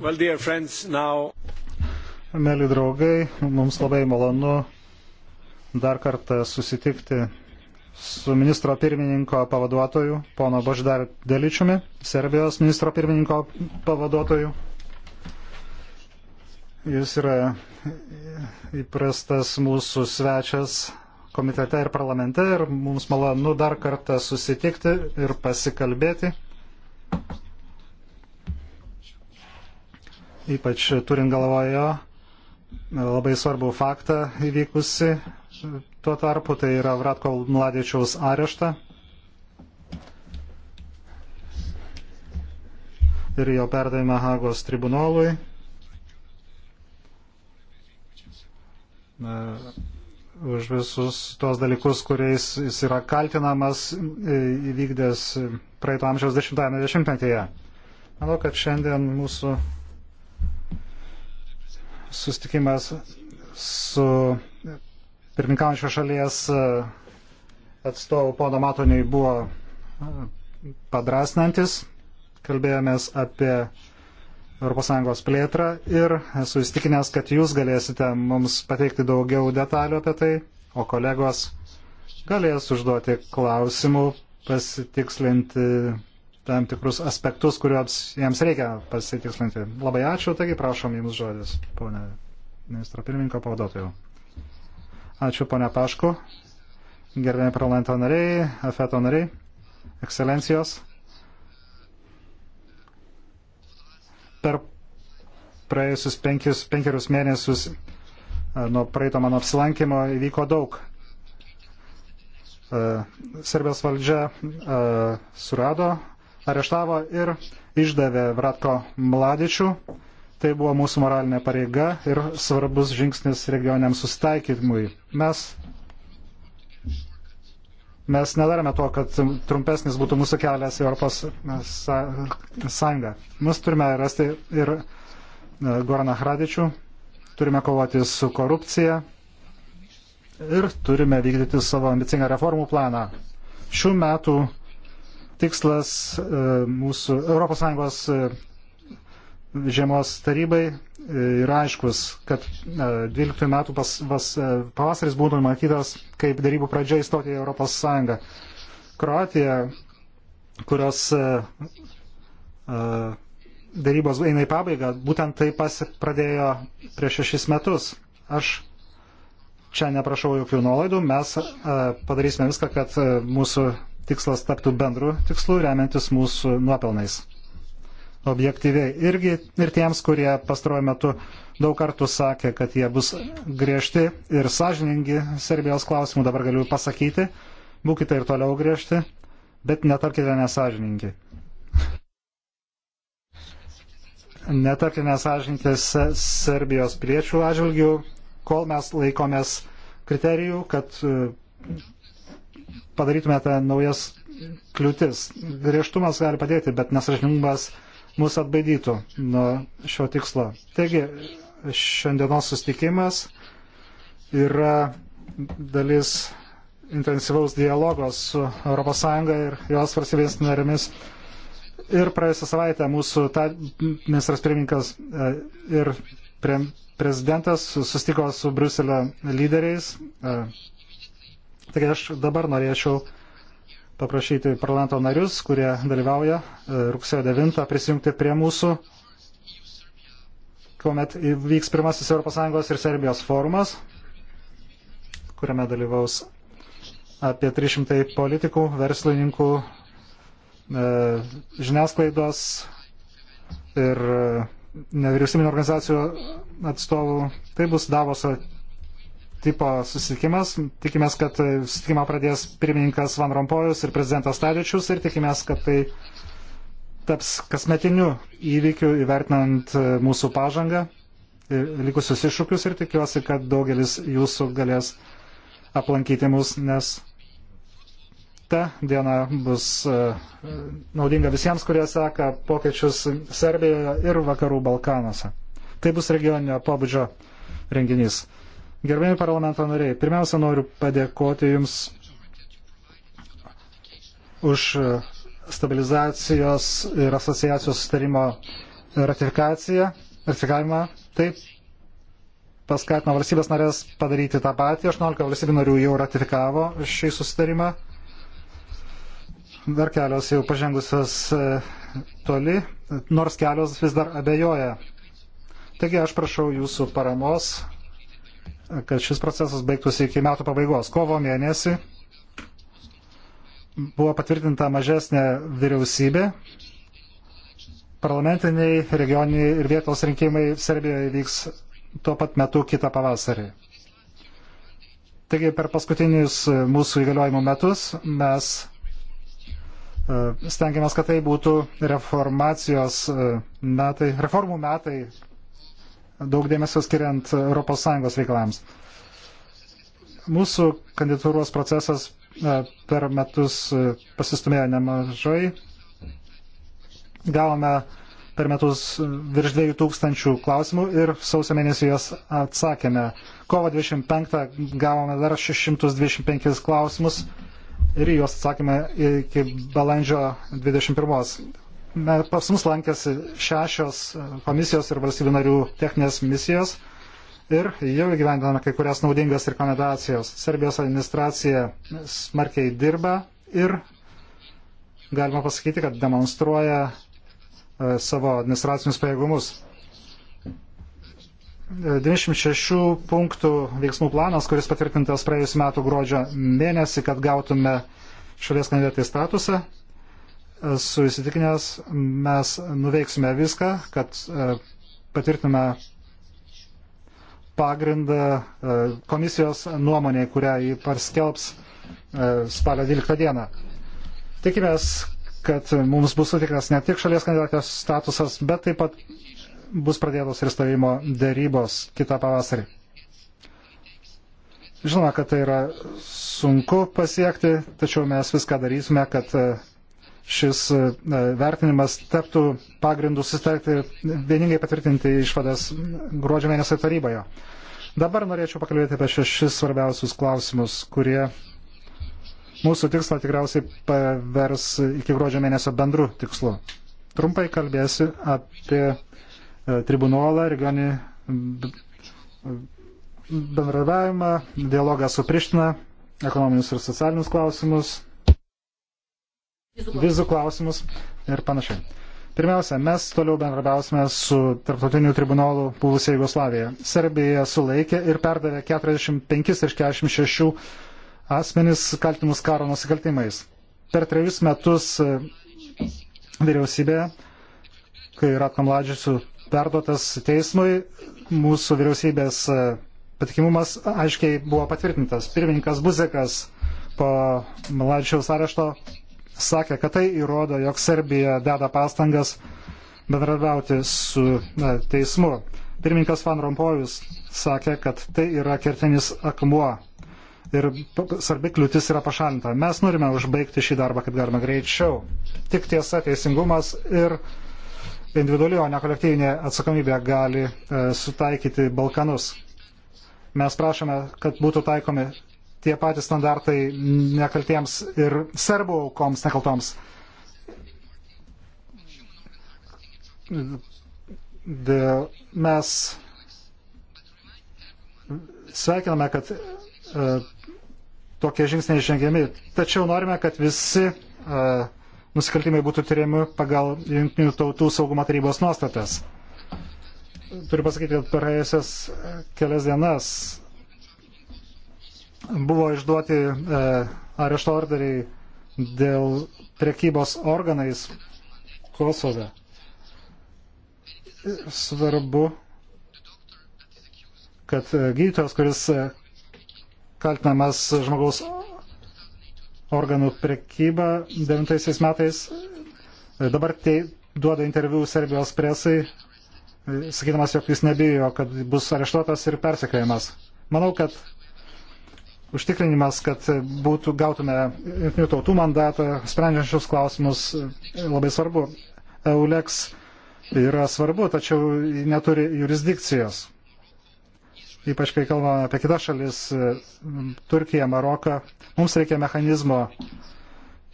Well, dear friends, now... Mėly draugai, mums labai malonu dar kartą susitikti su ministro pirmininko pavaduotoju, pono Boždar Deličiumi, Serbijos ministro pirmininko pavaduotoju. Jis yra įprastas mūsų svečias komitete ir parlamente ir mums malonu dar kartą susitikti ir pasikalbėti ypač turint galvoje e, labai svarbų faktą įvykusi tuo tarpu, tai yra Vratko Mladičiaus areštą ir jo perdavimą Hagos tribunolui. Už visus tos dalykus, kuriais jis yra kaltinamas e, įvykdęs praeito amžiaus 10-metyje. Manau, kad šiandien mūsų sustikimas su pirminkaujančio šalies e, atstovų pono Matoniai buvo e, padrasnantis. Kalbėjomės apie ES plėtrą ir esu įstikinęs, kad jūs galėsite mums pateikti daugiau detalių apie tai, o kolegos galės užduoti klausimų, pasitikslinti tam tikrus aspektus, kuriuos jiems reikia pasitikslinti. Labai ačiū, taigi prašom Jums žodis, ponė ministro pirmininko pavaduotojų. Ačiū, ponė Pašku, gerbėjai parlamento nariai, afeto nariai, ekscelencijos. Per praėjusius penkius, penkerius mėnesius e, nuo praeito mano apsilankimo įvyko daug e, Serbijos valdžia e, surado areštavo ir išdavė Vratko Mladičių. Tai buvo mūsų moralinė pareiga ir svarbus žingsnis regioniam susitaikymui. Mes, mes nedarėme to, kad trumpesnis būtų mūsų kelias į Europos sąjungą. Mes turime rasti ir Goraną Hradičių, turime kovoti su korupcija ir turime vykdyti savo ambicingą reformų planą. Šių metų tikslas e, mūsų ES e, žiemos tarybai e, yra aiškus, kad 12 metų pas, pas, pavasaris būtų numatytas kaip darybų pradžia įstoti į ES. Kroatija, kurios darybos eina į pabaigą, būtent tai pradėjo prieš šešis metus. Aš čia neprašau jokių nuolaidų, mes padarysime viską, kad mūsų tikslas taptų bendrų tikslų, remiantis mūsų nuopelnais. Objektyviai irgi ir tiems, kurie pastaruoju metu daug kartų sakė, kad jie bus griežti ir sąžiningi Serbijos klausimų, dabar galiu pasakyti, būkite ir toliau griežti, bet netapkite nesažiningi. Netapkite nesažiningi Serbijos priečių atžvilgių, kol mes laikomės kriterijų, kad padarytumėte naujas kliūtis. Griežtumas gali padėti, bet nesažiningumas mus atbaidytų nuo šio tikslo. Taigi, šiandienos sustikimas yra dalis intensyvaus dialogos su ES ir jos valstybės narėmis. Ir praėjusią savaitę mūsų ta, ministras pirmininkas e, ir pre, prezidentas sustiko su Bruselio lyderiais, e, Taigi aš dabar norėčiau paprašyti parlamento narius, kurie dalyvauja e, rugsėjo 9 prisijungti prie mūsų, kuomet vyks pirmasis ES ir Serbijos forumas, kuriame dalyvaus apie 300 politikų, verslininkų, e, žiniasklaidos ir e, nevyriausybinio organizacijų atstovų. Tai bus Davoso tipo susitikimas. Tikimės, kad susitikimą pradės pirmininkas Van Rompojus ir prezidentas Tadičius ir tikimės, kad tai taps kasmetiniu įvykiu įvertinant mūsų pažangą, e, likusius iššūkius ir tikiuosi, kad daugelis jūsų galės aplankyti mus, nes ta diena bus e, naudinga visiems, kurie seka pokyčius Serbijoje ir Vakarų Balkanuose. Tai bus regioninio pobūdžio renginys. Gerbėjai parlamento nariai, pirmiausia noriu padėkoti Jums už stabilizacijos ir asociacijos sustarimo ratifikaciją, ratifikavimą. Taip paskatino valstybės narės padaryti tą patį. 18 valstybių narių jau ratifikavo šį sustarimą. Dar kelios jau pažengusios e, toli, nors kelios vis dar abejoja. Taigi aš prašau jūsų paramos kad šis procesas baigtųsi iki metų pabaigos. Kovo mėnesį buvo patvirtinta mažesnė vyriausybė. Parlamentiniai, regioniniai ir vietos rinkimai Serbijoje vyks tuo pat metu kitą pavasarį. Taigi per paskutinius mūsų įgaliojimų metus mes e, stengiamės, kad tai būtų reformacijos e, metai, reformų metai daug dėmesio skiriant ES veiklams. Mūsų kandidatūros procesas e, per metus e, pasistumėjo nemažai. Gavome per metus e, virš 2000 klausimų ir sausio mėnesį juos atsakėme. Kovo 25 gavome dar 625 klausimus ir juos atsakėme iki balandžio 21 pas mus lankėsi šešios e, komisijos ir valstybių narių techninės misijos ir jau įgyvendiname kai kurias naudingas rekomendacijos. Serbijos administracija smarkiai dirba ir galima pasakyti, kad demonstruoja e, savo administracinius pajėgumus. 96 e, punktų veiksmų planas, kuris patvirtintas praėjusiu metu gruodžio mėnesį, kad gautume šalies kandidatai statusą, esu įsitikinęs, mes nuveiksime viską, kad e, patvirtume pagrindą e, komisijos nuomonėje, kurią jį paskelbs e, spalio 12 dieną. Tikimės, kad mums bus sutikęs ne tik šalies kandidatės statusas, bet taip pat bus pradėtos ir stojimo dėrybos kitą pavasarį. Žinoma, kad tai yra sunku pasiekti, tačiau mes viską darysime, kad šis e, vertinimas taptų pagrindų susitarti vieningai patvirtinti išvadas gruodžio mėnesio taryboje. Dabar norėčiau pakalbėti apie šešis svarbiausius klausimus, kurie mūsų tikslą tikriausiai pavers iki gruodžio mėnesio bendru tikslu. Trumpai kalbėsiu apie e, tribunolą, regionį bendradavimą, dialogą su Priština, ekonominius ir socialinius klausimus, vizų klausimus ir panašiai. Pirmiausia, mes toliau bendrabiausime su tarptautiniu tribunolu buvusia Jugoslavija. Serbija sulaikė ir perdavė 45 iš 46 asmenys kaltimus karo nusikaltimais. Per trejus metus e, vyriausybė, kai Ratkam Ladžiusiu perduotas teismui, mūsų vyriausybės e, patikimumas aiškiai buvo patvirtintas. Pirmininkas Buzekas po Mladžiaus arešto sakė, kad tai įrodo, jog Serbija deda pastangas bendradarbiauti su na, teismu. Pirmininkas Van Rompojus sakė, kad tai yra kertinis akmuo ir svarbi kliūtis yra pašalinta. Mes norime užbaigti šį darbą, kad galima greičiau. Tik tiesa, teisingumas ir individuali, o ne kolektyvinė atsakomybė gali e, sutaikyti Balkanus. Mes prašome, kad būtų taikomi tie patys standartai nekaltiems ir serbų aukoms nekaltoms. Mes sveikiname, kad e, tokie žingsniai žengiami, tačiau norime, kad visi e, nusikaltimai būtų tyriami pagal Junktinių tautų saugumo tarybos nuostatas. Turiu pasakyti, kad per kelias dienas buvo išduoti e, arešto orderiai dėl prekybos organais Kosove. Svarbu, kad e, gydytojas, kuris e, kaltinamas žmogaus organų prekyba 9 metais, e, dabar tai duoda interviu Serbijos presai, sakydamas, jog jis nebijo, kad bus areštuotas ir persekėjimas. Manau, kad užtikrinimas, kad būtų, gautume jungtinių tautų mandatą, sprendžiančius klausimus, labai svarbu. EULEX yra svarbu, tačiau neturi jurisdikcijos. Ypač kai kalbame apie kitas šalis, Turkiją, Maroką, mums reikia mechanizmo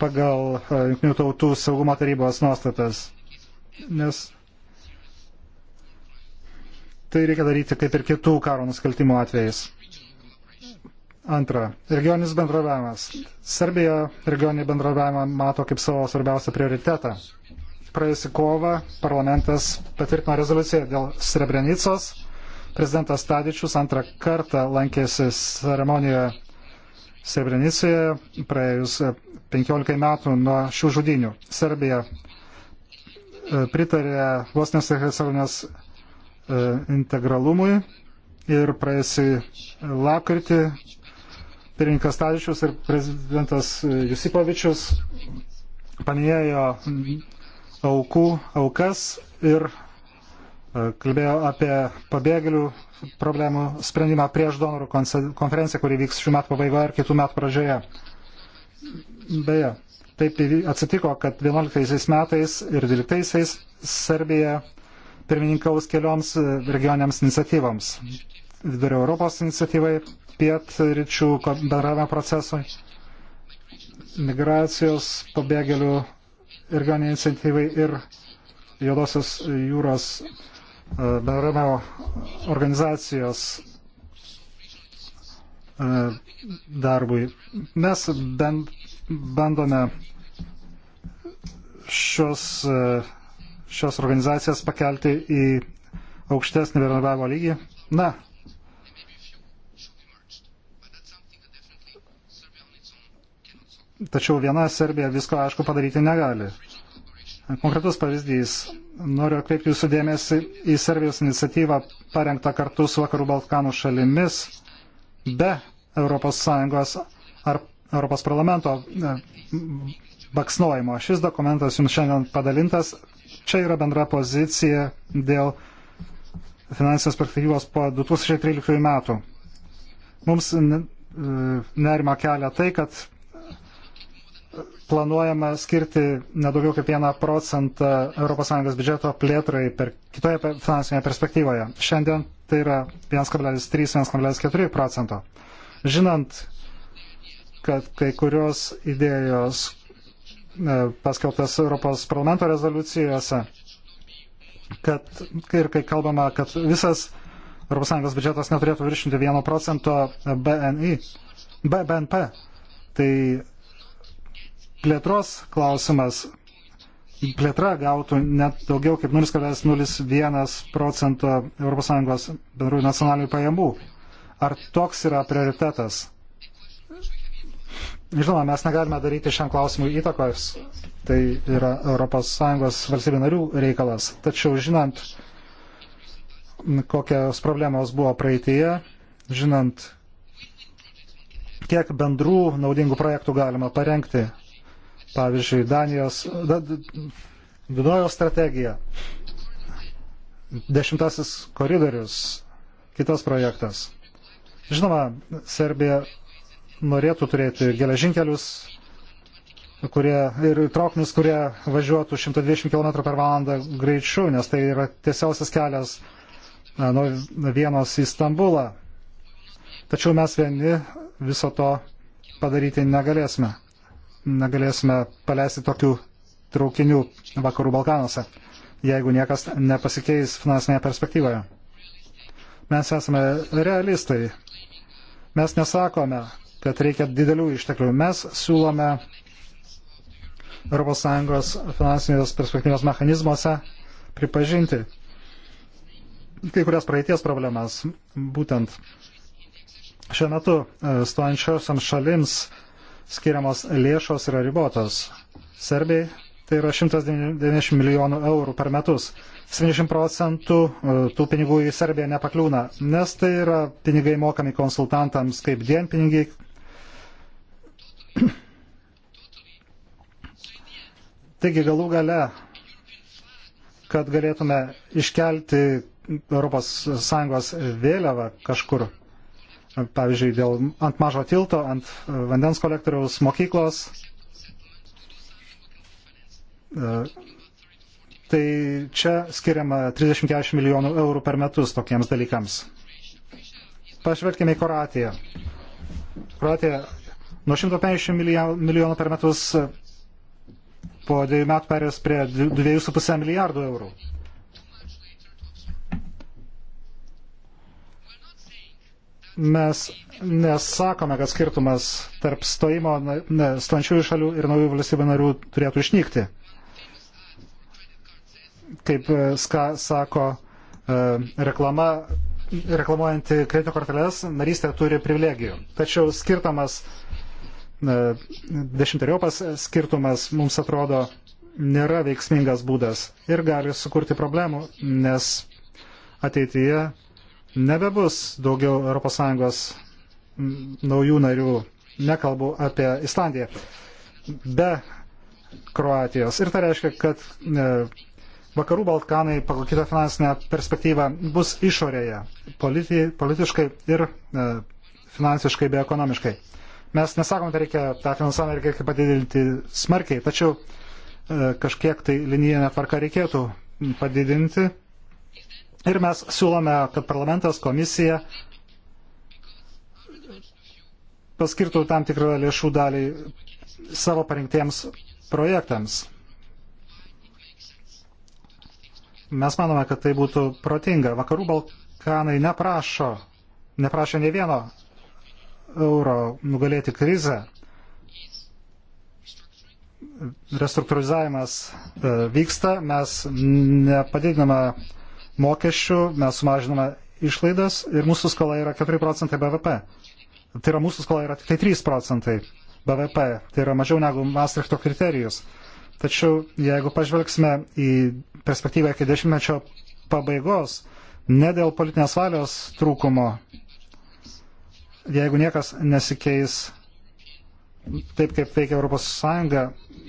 pagal e, jungtinių tautų saugumo tarybos nuostatas. Nes tai reikia daryti kaip ir kitų karo nusikaltimų atvejais. Antra, regioninis bendravimas. Serbija regioninį bendravimą mato kaip savo svarbiausią prioritetą. Praėjusi kova parlamentas patvirtino rezoliuciją dėl Srebrenicos. Prezidentas Stadičius antrą kartą lankėsi ceremonijoje Srebrenicoje praėjus 15 metų nuo šių žudinių. Serbija e, pritarė Bosnijos ir Hercegovinos e, integralumui ir praėjusį lapkritį Pirinkas Tadičius ir prezidentas Jusipovičius paminėjo aukų, aukas ir e, kalbėjo apie pabėgėlių problemų sprendimą prieš donorų konferenciją, kuri vyks šių metų pabaigoje ir kitų metų pradžioje. Beje, taip atsitiko, kad 11 metais ir 12 Serbija pirmininkaus kelioms e, regioniams iniciatyvams. Vidurio Europos iniciatyvai, pietryčių bendravimo procesui, migracijos, pabėgėlių ir ganė iniciatyvai ir Jodosios jūros e, bendravimo organizacijos e, darbui. Mes bent bandome šios, e, šios organizacijas pakelti į aukštesnį bendradarbiavimo lygį. Na, Tačiau viena Serbija visko, aišku, padaryti negali. Konkretus pavyzdys. Noriu atkreipti jūsų dėmesį į Serbijos iniciatyvą parengtą kartu su Vakarų Balkanų šalimis be ES ar Europos parlamento e, baksnojimo. Šis dokumentas jums šiandien padalintas. Čia yra bendra pozicija dėl finansinės perspektyvos po 2013 metų. Mums e, nerima kelia tai, kad planuojama skirti nedaugiau kaip 1 procentą ES biudžeto plėtrai per kitoje finansinėje perspektyvoje. Šiandien tai yra 1,3-1,4 procento. Žinant, kad kai kurios idėjos e, paskelbtas Europos parlamento rezoliucijose, kad ir kai kalbama, kad visas ES biudžetas neturėtų viršinti 1 procento BNI, BNP, tai plėtros klausimas. Plėtra gautų net daugiau kaip 0,01 procento ES bendrųjų nacionalinių pajamų. Ar toks yra prioritetas? Žinoma, mes negalime daryti šiam klausimui įtakos, tai yra ES valstybių narių reikalas. Tačiau žinant, kokios problemos buvo praeitėje, žinant, kiek bendrų naudingų projektų galima parengti, Pavyzdžiui, Danijos, da, Dunojo strategija, dešimtasis koridorius, kitas projektas. Žinoma, Serbija norėtų turėti geležinkelius kurie, ir troknis, kurie važiuotų 120 km per valandą greičiu, nes tai yra tiesiausias kelias nuo Vienos į Stambulą. Tačiau mes vieni viso to padaryti negalėsime negalėsime paleisti tokių traukinių vakarų Balkanuose, jeigu niekas nepasikeis finansinėje perspektyvoje. Mes esame realistai. Mes nesakome, kad reikia didelių išteklių. Mes siūlome ES finansinės perspektyvos mechanizmuose pripažinti kai kurias praeities problemas. Būtent šiuo metu e, stojančiosiams šalims skiriamos lėšos yra ribotos. Serbijai tai yra 190 milijonų eurų per metus. 70 procentų e, tų pinigų į Serbiją nepakliūna, nes tai yra pinigai mokami konsultantams kaip dienpinigiai. [clears throat] Taigi galų gale, kad galėtume iškelti ES vėliavą kažkur pavyzdžiui, dėl ant mažo tilto, ant e, vandens kolektoriaus mokyklos. E, tai čia skiriama 30-40 milijonų eurų per metus tokiems dalykams. Pažvelkime į Kroatiją. Kroatija nuo 150 milijonų per metus e, po dviejų metų perės prie 2,5 milijardų eurų. mes nesakome, kad skirtumas tarp stojimo ne, stančiųjų šalių ir naujų valstybių narių turėtų išnykti. Kaip e, ska, sako e, reklama, reklamuojanti kredito korteles, narystė turi privilegijų. Tačiau skirtumas, e, dešimteriopas skirtumas mums atrodo nėra veiksmingas būdas ir gali sukurti problemų, nes ateityje nebebus daugiau ES naujų narių, nekalbu apie Islandiją, be Kroatijos. Ir tai reiškia, kad e, Vakarų Balkanai pagal kitą finansinę perspektyvą bus išorėje politi, politiškai ir e, finansiškai bei ekonomiškai. Mes nesakom, kad reikia tą finansavimą reikia padidinti smarkiai, tačiau e, kažkiek tai linijinę tvarką reikėtų padidinti Ir mes siūlome, kad parlamentas, komisija paskirtų tam tikrą lėšų dalį savo parinktiems projektams. Mes manome, kad tai būtų protinga. Vakarų Balkanai neprašo, neprašo ne vieno euro nugalėti krizę. Restruktūrizavimas e, vyksta, mes nepadidiname mokesčių, mes sumažiname išlaidas ir mūsų skola yra 4 procentai BVP. Tai yra mūsų skola yra tik tai 3 procentai BVP, tai yra mažiau negu Maastrichto kriterijus. Tačiau jeigu pažvelgsime į perspektyvą iki dešimtmečio pabaigos, ne dėl politinės valios trūkumo, jeigu niekas nesikeis taip, kaip veikia ES,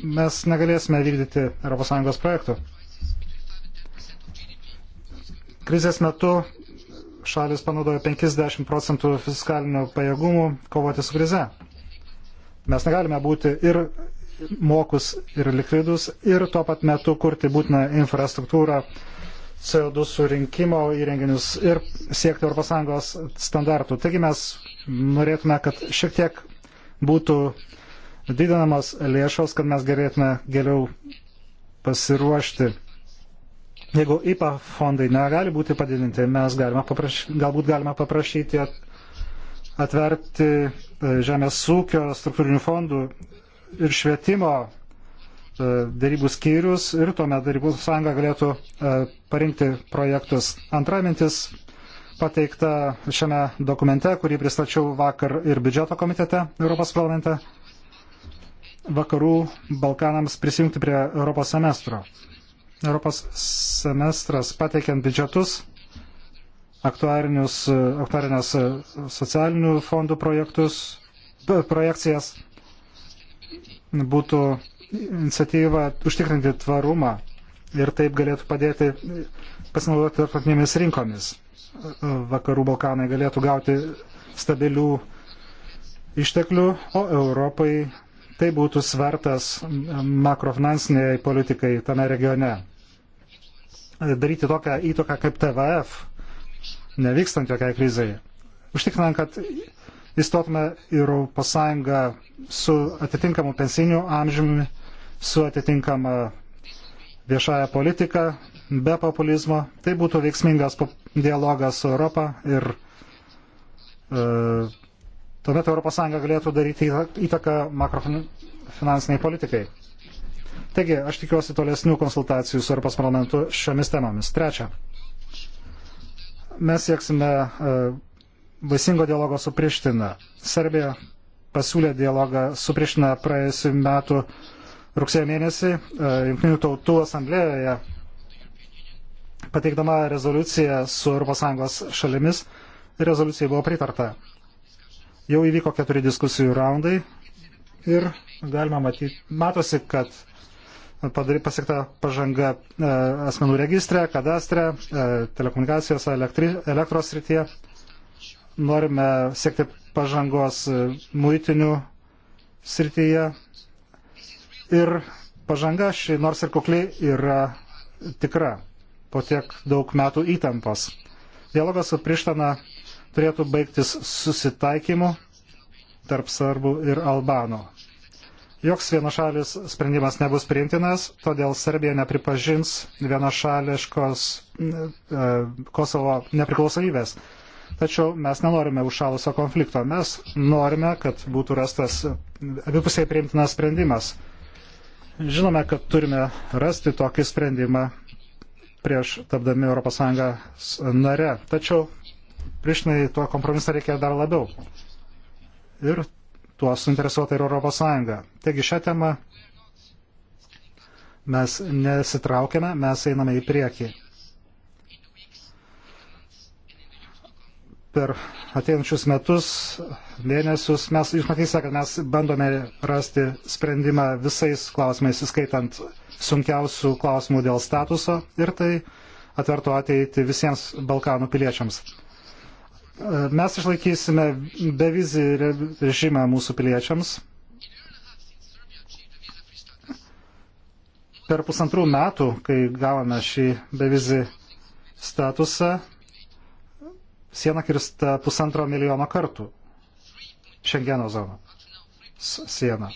mes negalėsime vykdyti ES projektų. Krizės metu šalis panaudojo 50 procentų fiskalinių pajėgumų kovoti su krize. Mes negalime būti ir mokus, ir likvidus, ir tuo pat metu kurti būtiną infrastruktūrą, CO2 surinkimo įrenginius ir siekti ES standartų. Taigi mes norėtume, kad šiek tiek būtų didinamos lėšos, kad mes galėtume geriau pasiruošti Jeigu IPA fondai negali būti padidinti, mes galime paprašy, galbūt galime paprašyti at, atverti e, žemės ūkio struktūrinių fondų ir švietimo e, darybų skyrius ir tuomet darybų sąjunga galėtų e, parinkti projektus. Antra mintis pateikta šiame dokumente, kurį pristačiau vakar ir biudžeto komitete Europos parlamente, vakarų Balkanams prisijungti prie Europos semestro. Europos semestras pateikiant biudžetus, aktuarinės socialinių fondų projektus, projekcijas būtų iniciatyva užtikrinti tvarumą ir taip galėtų padėti pasinaudoti tarptautinėmis rinkomis. Vakarų Balkanai galėtų gauti stabilių išteklių, o Europai tai būtų svertas makrofinansiniai politikai tame regione. Daryti tokią įtoką kaip TVF, nevykstant jokiai krizai. Užtikrinant, kad įstotume į Europos Sąjungą su atitinkamu pensiniu amžiumi, su atitinkama viešaja politika, be populizmo. Tai būtų veiksmingas dialogas su Europą ir e, Tuomet ES galėtų daryti įtaką makrofinansiniai politikai. Taigi, aš tikiuosi tolesnių konsultacijų su Europos parlamentu šiomis temomis. Trečia. Mes sieksime e, vaisingo dialogo su Priština. Serbija pasiūlė dialogą su Priština praėjusiu metu rugsėjo mėnesį e, Junktinių tautų asamblėjoje, pateikdama rezoliuciją su ES šalimis. Rezoliucijai buvo pritarta. Jau įvyko keturi diskusijų raundai ir galima matyti, matosi, kad pasiekta pažanga e, asmenų registre, kadastre, e, telekomunikacijos, elektri, elektros srityje. Norime siekti pažangos e, muitinių srityje. Ir pažanga ši, nors ir kukliai, yra tikra po tiek daug metų įtampos. Dialogas su Prištana turėtų baigtis susitaikymu tarp serbų ir albanų. Joks vienašalis sprendimas nebus priimtinas, todėl Serbija nepripažins vienašališkos e, Kosovo nepriklausomybės. Tačiau mes nenorime užšalusio konflikto, mes norime, kad būtų rastas abipusiai priimtinas sprendimas. Žinome, kad turime rasti tokį sprendimą prieš tapdami ES nare. Tačiau Prišnai tuo kompromisą reikia dar labiau. Ir tuo suinteresuota ir Europos Sąjunga. Taigi šią temą mes nesitraukiame, mes einame į priekį. Per ateinančius metus, mėnesius mes, jūs matysite, kad mes bandome rasti sprendimą visais klausimais, įskaitant sunkiausių klausimų dėl statuso ir tai atvertų ateitį visiems Balkanų piliečiams. Mes išlaikysime bevizį režimą mūsų piliečiams. Per pusantrų metų, kai gavome šį bevizį statusą, siena kirsta pusantro milijono kartų. Šengeno zona. Siena.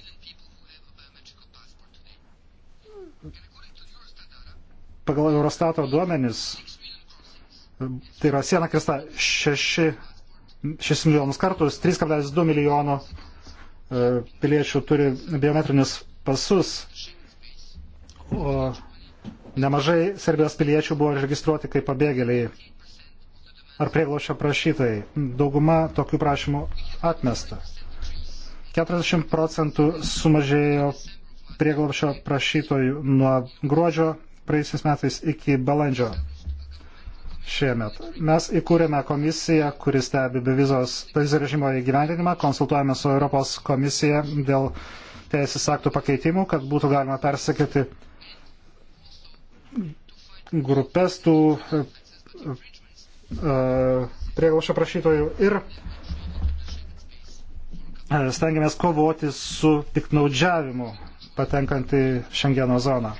Pagal Eurostato duomenis tai yra siena krista 6, 6 milijonus kartus, 3,2 milijono e, piliečių turi biometrinius pasus, o nemažai Serbijos piliečių buvo registruoti kaip pabėgėliai ar prieglošio prašytojai. Dauguma tokių prašymų atmesta. 40 procentų sumažėjo prieglobšio prašytojų nuo gruodžio praėjusiais metais iki balandžio šiemet. Mes įkūrėme komisiją, kuris stebi bevizos režimo įgyvendinimą, konsultuojame su Europos komisija dėl teisės aktų pakeitimų, kad būtų galima persekyti grupės tų e, e, prieglaušio prašytojų ir e, stengiamės kovoti su piknaudžiavimu patenkant į Šengeno zoną.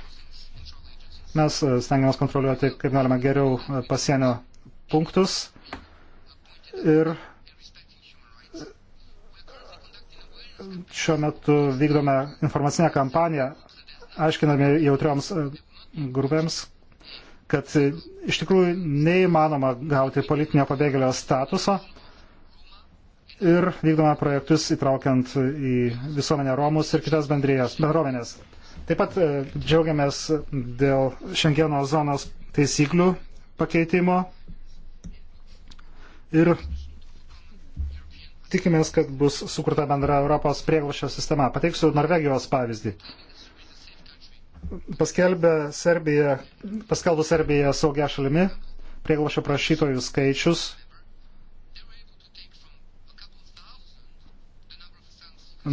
Mes e, stengiamės kontroliuoti, kaip galima geriau e, pasienio punktus ir e, šiuo metu vykdome informacinę kampaniją, aiškinami jautrioms grupėms, kad iš tikrųjų neįmanoma gauti politinio pabėgėlio statuso ir vykdome projektus įtraukiant į visuomenę Romus ir kitas bendrijas, bendruomenės. Taip pat e, džiaugiamės dėl Šengeno zonos taisyklių pakeitimo ir tikimės, kad bus sukurta bendra Europos prieglobščio sistema. Pateiksiu Norvegijos pavyzdį. Paskelbė Serbija, paskelbė Serbija saugia šalimi, prieglobščio prašytojų skaičius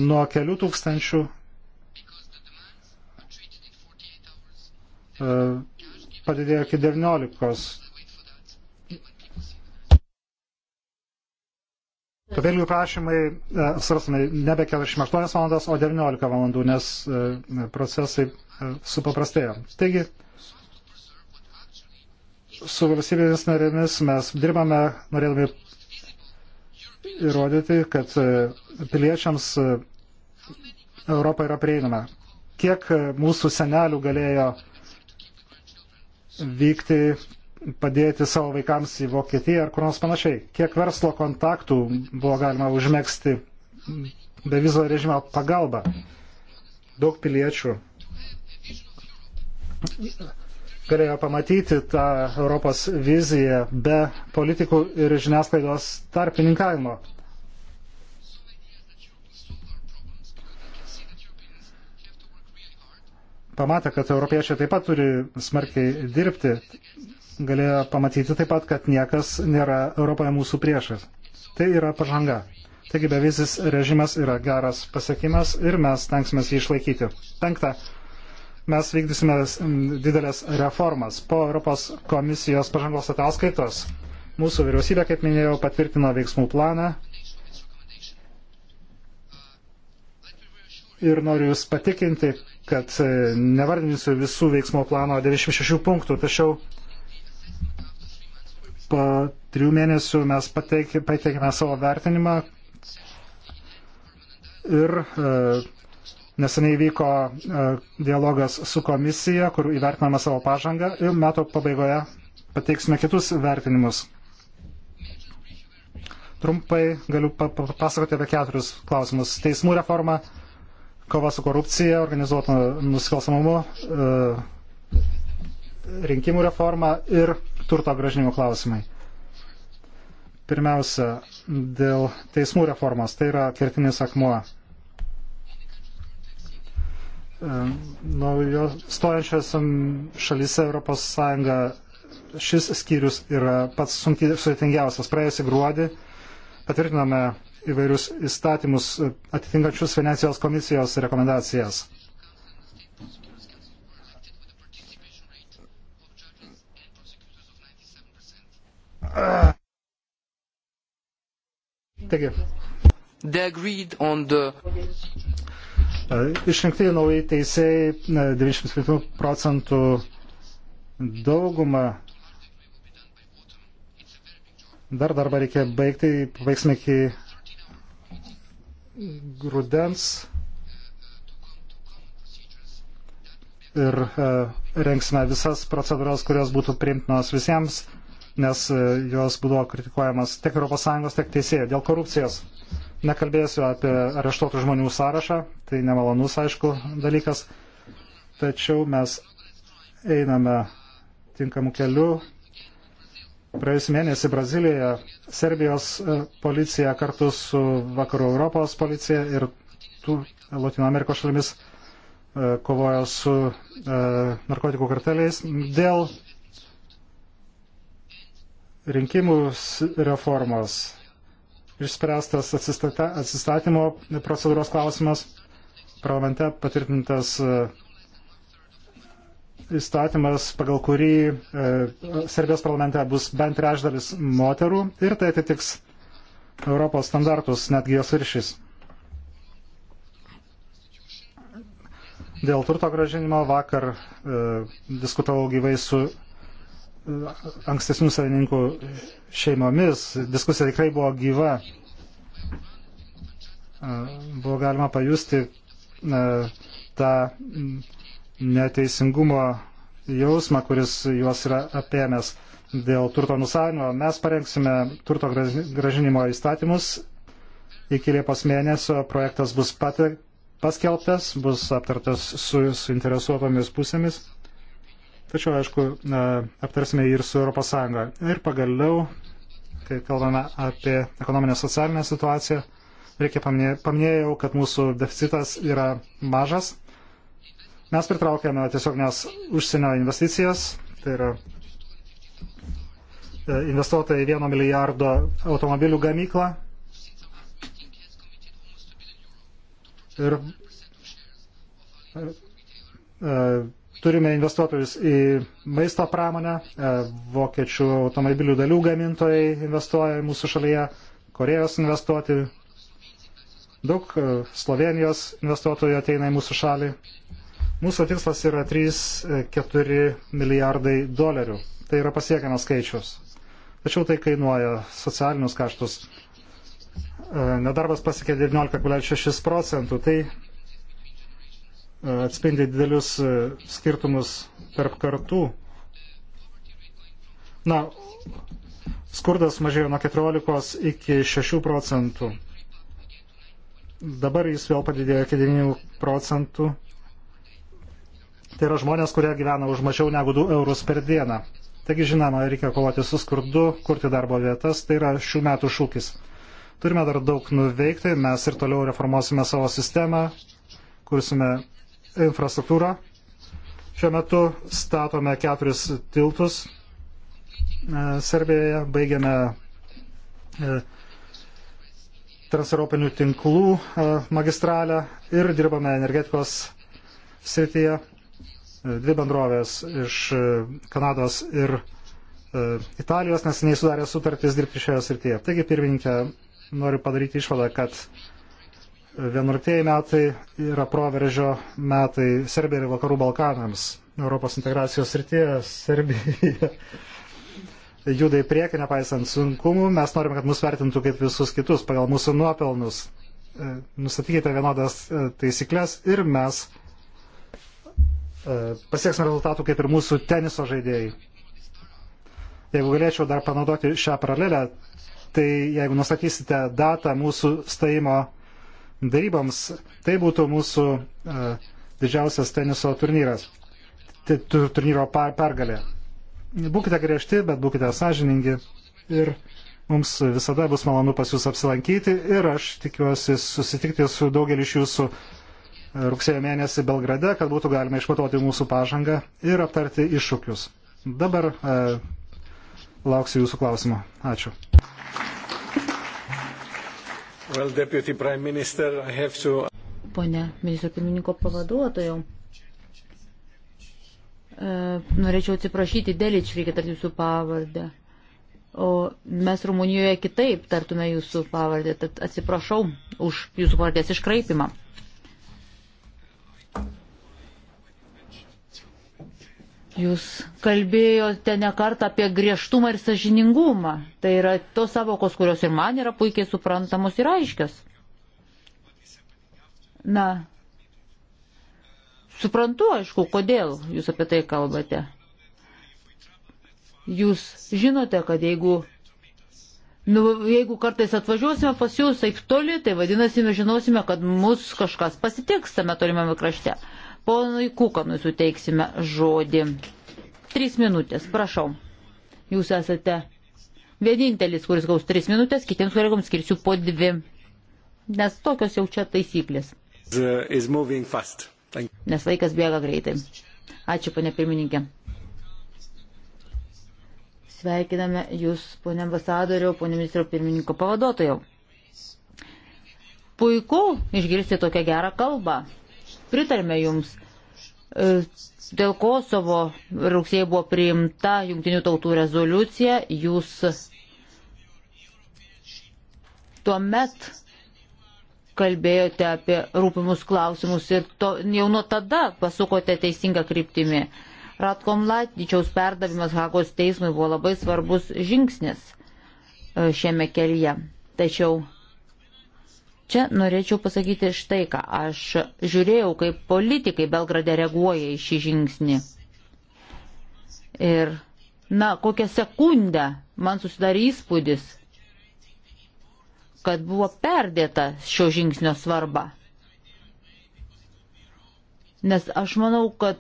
nuo kelių tūkstančių E, padidėjo iki 19. Pabėgėlių prašymai e, svarstami nebe 48 valandas, o 19 valandų, nes e, procesai supaprastėjo. Taigi, su valstybėmis narėmis mes dirbame, norėdami įrodyti, kad piliečiams Europa yra prieinama. Kiek mūsų senelių galėjo uh, vykti, padėti savo vaikams į Vokietiją ar kur nors panašiai. Kiek verslo kontaktų buvo galima užmėgsti be vizo režimo pagalba. Daug piliečių galėjo pamatyti tą Europos viziją be politikų ir žiniasklaidos tarpininkavimo. pamatė, kad europiečiai taip pat turi smarkiai dirbti, galėjo pamatyti taip pat, kad niekas nėra Europoje mūsų priešas. Tai yra pažanga. Taigi bevizis režimas yra geras pasiekimas ir mes tenksime jį išlaikyti. Penkta, mes vykdysime didelės reformas. Po Europos komisijos pažangos ataskaitos mūsų vyriausybė, kaip minėjau, patvirtino veiksmų planą ir noriu Jūs patikinti, kad e, nevardinsiu visų veiksmo plano 96 punktų, tačiau po trijų mėnesių mes pateikėme savo vertinimą ir e, neseniai vyko e, dialogas su komisija, kur įvertiname savo pažangą ir metų pabaigoje pateiksime kitus vertinimus. Trumpai galiu papasakoti apie keturis klausimus. Teismų reforma, kova su korupcija, organizuotų nusikalstamumu, e, rinkimų reforma ir turto gražinimo klausimai. Pirmiausia, dėl teismų reformos, tai yra kertinis akmuo. E, naujo stojančios šalyse Europos Sąjunga šis skyrius yra pats sudėtingiausias. Praėjusį gruodį patvirtinome įvairius įstatymus atitinkančius Venecijos komisijos rekomendacijas. Taigi. The... Išrinkti nauji teisėjai 95 procentų daugumą. Dar darbą reikia baigti, baigsime iki grudens ir e, rengsime visas procedūras, kurios būtų priimtinos visiems, nes e, jos buvo kritikuojamas tiek ES, tiek teisėjai dėl korupcijos. Nekalbėsiu apie areštuotų žmonių sąrašą, tai nemalonus, aišku, dalykas, tačiau mes einame tinkamu keliu Praėjusį mėnesį Brazilijoje Serbijos e, policija kartu su Vakarų Europos policija ir tų Latino Amerikos šalimis e, kovojo su e, narkotikų karteliais dėl rinkimų reformos išspręstas atsistatymo procedūros klausimas, parlamente patvirtintas įstatymas, pagal kurį e, Serbijos parlamente bus bent trečdalis moterų ir tai atitiks Europos standartus, netgi jos viršys. Dėl turto gražinimo vakar e, diskutavau gyvai su e, ankstesnių savininkų šeimomis. Diskusija tikrai buvo gyva. E, buvo galima pajusti e, tą. E, neteisingumo jausmą, kuris juos yra apėmęs dėl turto nusavinimo. Mes parengsime turto gražinimo įstatymus. Iki Liepos mėnesio projektas bus pate, paskelbtas, bus aptartas su suinteresuotomis pusėmis. Tačiau, aišku, aptarsime ir su ES. Ir pagaliau, kai kalbame apie ekonominę socialinę situaciją, reikia paminė, paminėjau, kad mūsų deficitas yra mažas Mes pritraukėme tiesiog nes užsienio investicijas, tai yra e, investuotojai vieno milijardo automobilių gamyklą. Ir e, e, turime investuotojus į maisto pramonę, vokiečių automobilių dalių gamintojai investuoja mūsų šalyje, Korejos investuoti, daug Slovenijos investuotojų ateina į mūsų šalį. Mūsų tikslas yra 3-4 e, milijardai dolerių. Tai yra pasiekiamas skaičius. Tačiau tai kainuoja socialinius kaštus. E, nedarbas pasiekė 19,6 procentų. Tai e, atspindi didelius skirtumus tarp kartų. Na, skurdas mažėjo nuo 14 iki 6 procentų. Dabar jis vėl padidėjo iki 9 procentų Tai yra žmonės, kurie gyvena už mažiau negu 2 eurus per dieną. Taigi, žinoma, reikia kovoti su skurdu, kurti darbo vietas, tai yra šių metų šūkis. Turime dar daug nuveikti, mes ir toliau reformuosime savo sistemą, kursime infrastruktūrą. Šiuo metu statome keturis tiltus e, Serbijoje, baigiame e, transeuropinių tinklų e, magistralę ir dirbame energetikos srityje. E, dvi bendrovės iš e, Kanados ir e, Italijos neseniai sudarė sutartis dirbti šioje srityje. Taigi, pirmininkė, noriu padaryti išvadą, kad 11 metai yra proveržio metai Serbijai ir Vakarų Balkanams. Europos integracijos srityje Serbija [laughs] juda į priekį, nepaisant sunkumų. Mes norime, kad mus vertintų kaip visus kitus pagal mūsų nuopelnus. Nustatykite vienodas taisyklės ir mes E, pasieksime rezultatų kaip ir mūsų teniso žaidėjai. Jeigu galėčiau dar panaudoti šią paralelę, tai jeigu nustatysite datą mūsų stojimo daryboms, tai būtų mūsų uh, didžiausias teniso turnyras, turnyro pergalė. Būkite griežti, bet būkite sąžiningi ir mums visada bus malonu pas jūs apsilankyti ir aš tikiuosi susitikti su daugeliu iš jūsų rugsėjo mėnesį Belgrade, kad būtų galima išmatuoti mūsų pažangą ir aptarti iššūkius. Dabar e, lauksiu jūsų klausimų. Ačiū. Well, Minister, to... Pone ministro pirmininko pavaduotojau, e, norėčiau atsiprašyti, Delič reikia tarti jūsų pavardę. O mes Rumunijoje kitaip tartume jūsų pavardę, tad atsiprašau už jūsų pavardės iškraipimą. Jūs kalbėjote ne kartą apie griežtumą ir sažiningumą. Tai yra tos savokos, kurios ir man yra puikiai suprantamos ir aiškios. Na, suprantu, aišku, kodėl jūs apie tai kalbate. Jūs žinote, kad jeigu, nu, jeigu kartais atvažiuosime pas jūs taip toli, tai vadinasi, mes žinosime, kad mus kažkas pasitiks tame tolimame krašte. Ponui Kukanui suteiksime žodį. Trys minutės, prašau. Jūs esate vienintelis, kuris gaus tris minutės, kitiems kolegoms skirsiu po dvi. Nes tokios jau čia taisyklės. Nes laikas bėga greitai. Ačiū, ponė pirmininkė. Sveikiname Jūs, ponė ambasadoriau, ponė ministro pirmininko pavaduotojau. Puiku išgirsti tokią gerą kalbą pritarėme jums. E, dėl Kosovo rugsėjai buvo priimta jungtinių tautų rezoliucija, jūs tuomet kalbėjote apie rūpimus klausimus ir to, jau nuo tada pasukote teisingą kryptimį. Ratkom Latničiaus perdavimas Hagos teismui buvo labai svarbus žingsnis e, šiame kelyje. Tačiau Čia norėčiau pasakyti štai ką. Aš žiūrėjau, kaip politikai Belgrade reaguoja į šį žingsnį. Ir, na, kokią sekundę man susidarė įspūdis, kad buvo perdėta šio žingsnio svarba. Nes aš manau, kad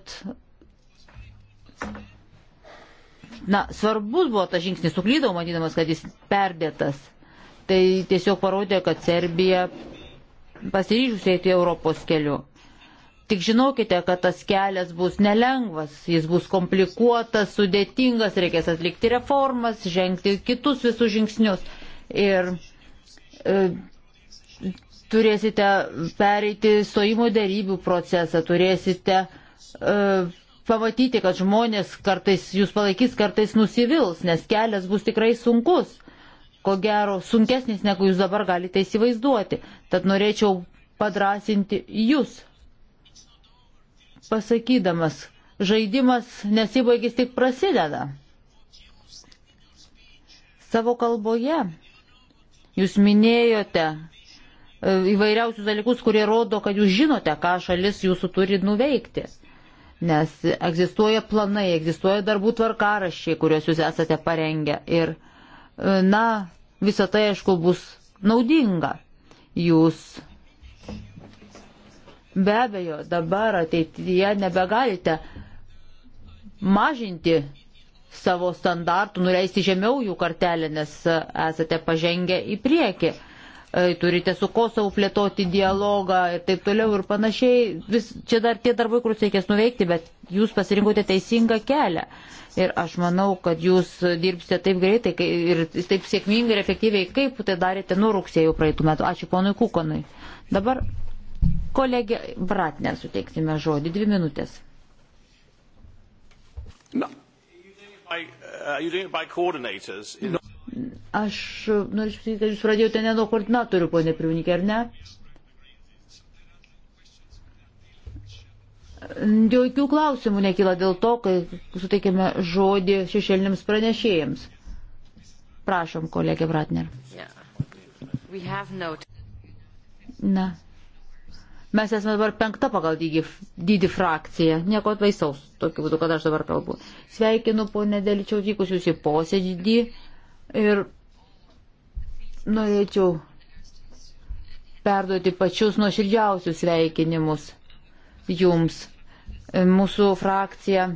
na, svarbus buvo tas žingsnis, suklydau matydamas, kad jis perdėtas. Tai tiesiog parodė, kad Serbija pasiryžusiai eiti Europos keliu. Tik žinokite, kad tas kelias bus nelengvas, jis bus komplikuotas, sudėtingas, reikės atlikti reformas, žengti kitus visus žingsnius. Ir e, turėsite pereiti stojimo dėrybių procesą, turėsite e, pamatyti, kad žmonės kartais jūs palaikys, kartais nusivils, nes kelias bus tikrai sunkus ko gero sunkesnis, negu jūs dabar galite įsivaizduoti. Tad norėčiau padrasinti jūs, pasakydamas, žaidimas nesibaigis tik prasideda. Savo kalboje jūs minėjote e, įvairiausius dalykus, kurie rodo, kad jūs žinote, ką šalis jūsų turi nuveikti. Nes egzistuoja planai, egzistuoja darbų tvarkaraščiai, kuriuos jūs esate parengę. Ir Na, visą tai aišku bus naudinga. Jūs be abejo dabar ateityje nebegalite mažinti savo standartų, nuleisti žemiau jų kartelę, nes esate pažengę į priekį. E, turite su Kosovu plėtoti dialogą ir taip toliau ir panašiai. Vis, čia dar tie darbai, kuriuos reikės nuveikti, bet jūs pasirinkote teisingą kelią. Ir aš manau, kad jūs dirbsite taip greitai ir taip sėkmingai ir efektyviai, kaip tai darėte nuo rugsėjo praeitų metų. Ačiū ponui Kukonui. Dabar kolegė Bratnė suteiksime žodį. Dvi minutės. No. By, uh, Aš norėčiau pasakyti, kad jūs pradėjote ne nuo koordinatorių, ponė Privinikė, ar ne? Jokių klausimų nekyla dėl to, kai suteikėme žodį šešėlinėms pranešėjams. Prašom, kolegė Bratner. Na. Mes esame dabar penkta pagal dydį, dydį frakciją. Nieko atvaisaus, tokiu būdu, kad aš dabar kalbu. Sveikinu, ponė Deličiau, vykusius į posėdį. Ir norėčiau perduoti pačius nuoširdžiausius sveikinimus jums. Mūsų frakcija,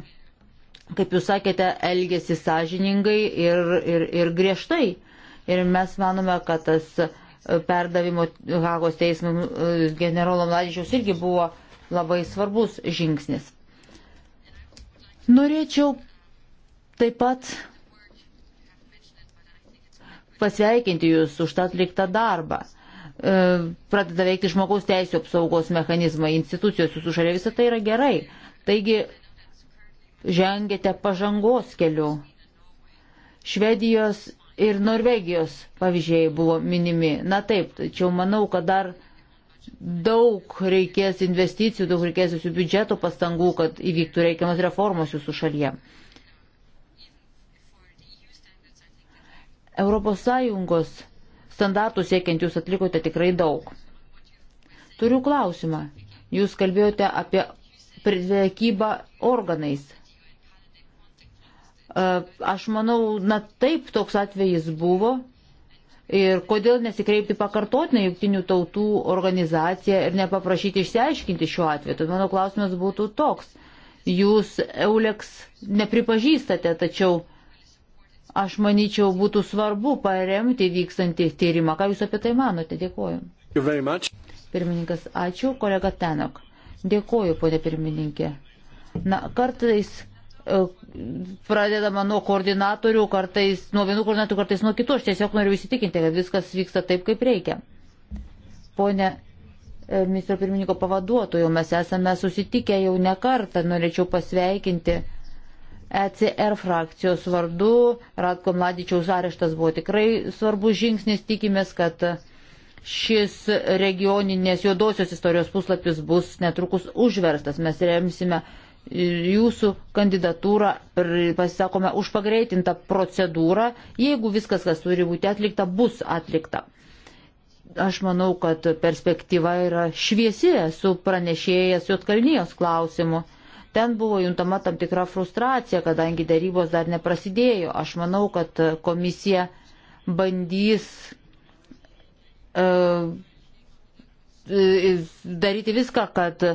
kaip jūs sakėte, elgėsi sąžiningai ir, ir, ir griežtai. Ir mes manome, kad tas perdavimo Hagos teismų e, generolo Mladičiaus irgi buvo labai svarbus žingsnis. Norėčiau taip pat pasveikinti Jūs už tą atliktą darbą. E, pradeda veikti žmogaus teisų apsaugos mechanizmai, institucijos Jūsų šalia, visą tai yra gerai. Taigi žengėte pažangos keliu. Švedijos ir Norvegijos pavyzdžiai buvo minimi. Na taip, tačiau manau, kad dar daug reikės investicijų, daug reikės jūsų biudžeto pastangų, kad įvyktų reikiamas reformos jūsų šalyje. ES standartų siekiant jūs atlikote tikrai daug. Turiu klausimą. Jūs kalbėjote apie prekybą organais. E, aš manau, na taip toks atvejis buvo. Ir kodėl nesikreipti pakartotinai jungtinių tautų organizaciją ir nepaprašyti išsiaiškinti šiuo atveju. Tad mano klausimas būtų toks. Jūs Euleks nepripažįstate, tačiau aš manyčiau, būtų svarbu paremti vykstantį tyrimą. Ką Jūs apie tai manote? Dėkuoju. Pirmininkas, ačiū, kolega Tenok. Dėkuoju, ponė pirmininkė. Na, kartais e, pradedama nuo koordinatorių, kartais nuo vienų koordinatorių, kartais nuo kitų. Aš tiesiog noriu įsitikinti, kad viskas vyksta taip, kaip reikia. Pone e, ministro pirmininko pavaduotojų, mes esame susitikę jau ne kartą. Norėčiau pasveikinti ECR frakcijos vardu. Ratko Mladičiaus areštas buvo tikrai svarbus žingsnis, tikimės, kad šis regioninės juodosios istorijos puslapis bus netrukus užverstas. Mes remsime jūsų kandidatūrą, pasisakome už pagreitintą procedūrą, jeigu viskas, kas turi būti atlikta, bus atlikta. Aš manau, kad perspektyva yra šviesi, esu pranešėjęs Jotkalnyjos klausimu. Ten buvo juntama tam tikra frustracija, kadangi darybos dar neprasidėjo. Aš manau, kad komisija bandys uh, daryti viską, kad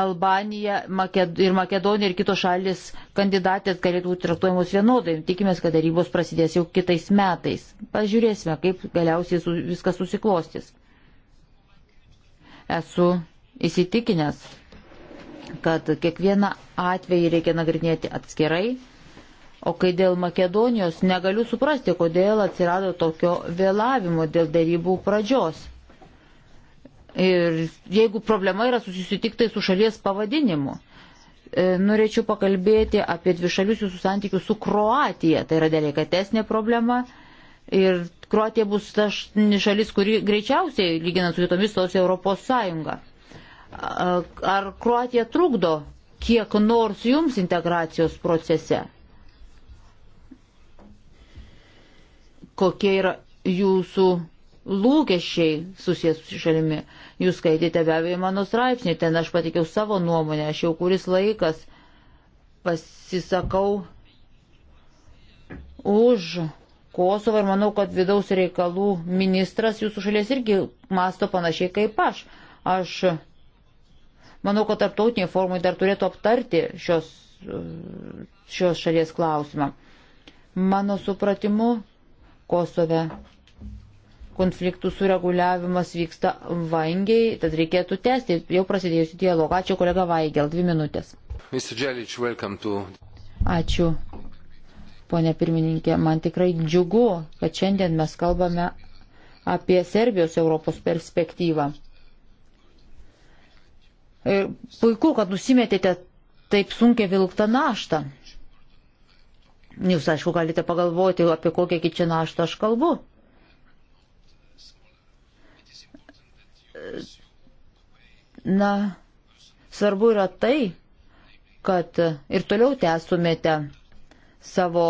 Albanija ir Makedonija ir kitos šalis kandidatės galėtų būti traktuojamos vienodai. Tikimės, kad darybos prasidės jau kitais metais. Pažiūrėsime, kaip galiausiai viskas susiklostys. Esu įsitikinęs, kad kiekvieną atvejį reikia nagrinėti atskirai. O kai dėl Makedonijos negaliu suprasti, kodėl atsirado tokio vėlavimo dėl darybų pradžios. Ir jeigu problema yra susijusi tik tai su šalies pavadinimu, e, norėčiau pakalbėti apie dvišalius jūsų santykius su Kroatija. Tai yra delikatesnė problema. Ir Kroatija bus ta šalis, kuri greičiausiai, lyginant su kitomis, stos Europos Sąjunga. Ar Kroatija trukdo kiek nors jums integracijos procese? Kokie yra jūsų lūkesčiai susijęs su šalimi? Jūs skaitėte be abejo mano straipsnį, ten aš patikiau savo nuomonę, aš jau kuris laikas pasisakau už Kosovą ir manau, kad vidaus reikalų ministras jūsų šalies irgi masto panašiai kaip aš. Aš Manau, kad tarptautiniai formai dar turėtų aptarti šios, šios šalies klausimą. Mano supratimu, Kosove konfliktų sureguliavimas vyksta vangiai, tad reikėtų tęsti jau prasidėjusi dialogą. Ačiū kolega Vaigel, dvi minutės. Dželič, to... Ačiū, ponė pirmininkė. Man tikrai džiugu, kad šiandien mes kalbame apie Serbijos Europos perspektyvą. E, puiku, kad nusimetėte taip sunkia vilktą naštą. Jūs, aišku, galite pagalvoti, apie kokią kičią naštą aš kalbu. Na, svarbu yra tai, kad ir toliau tęstumėte savo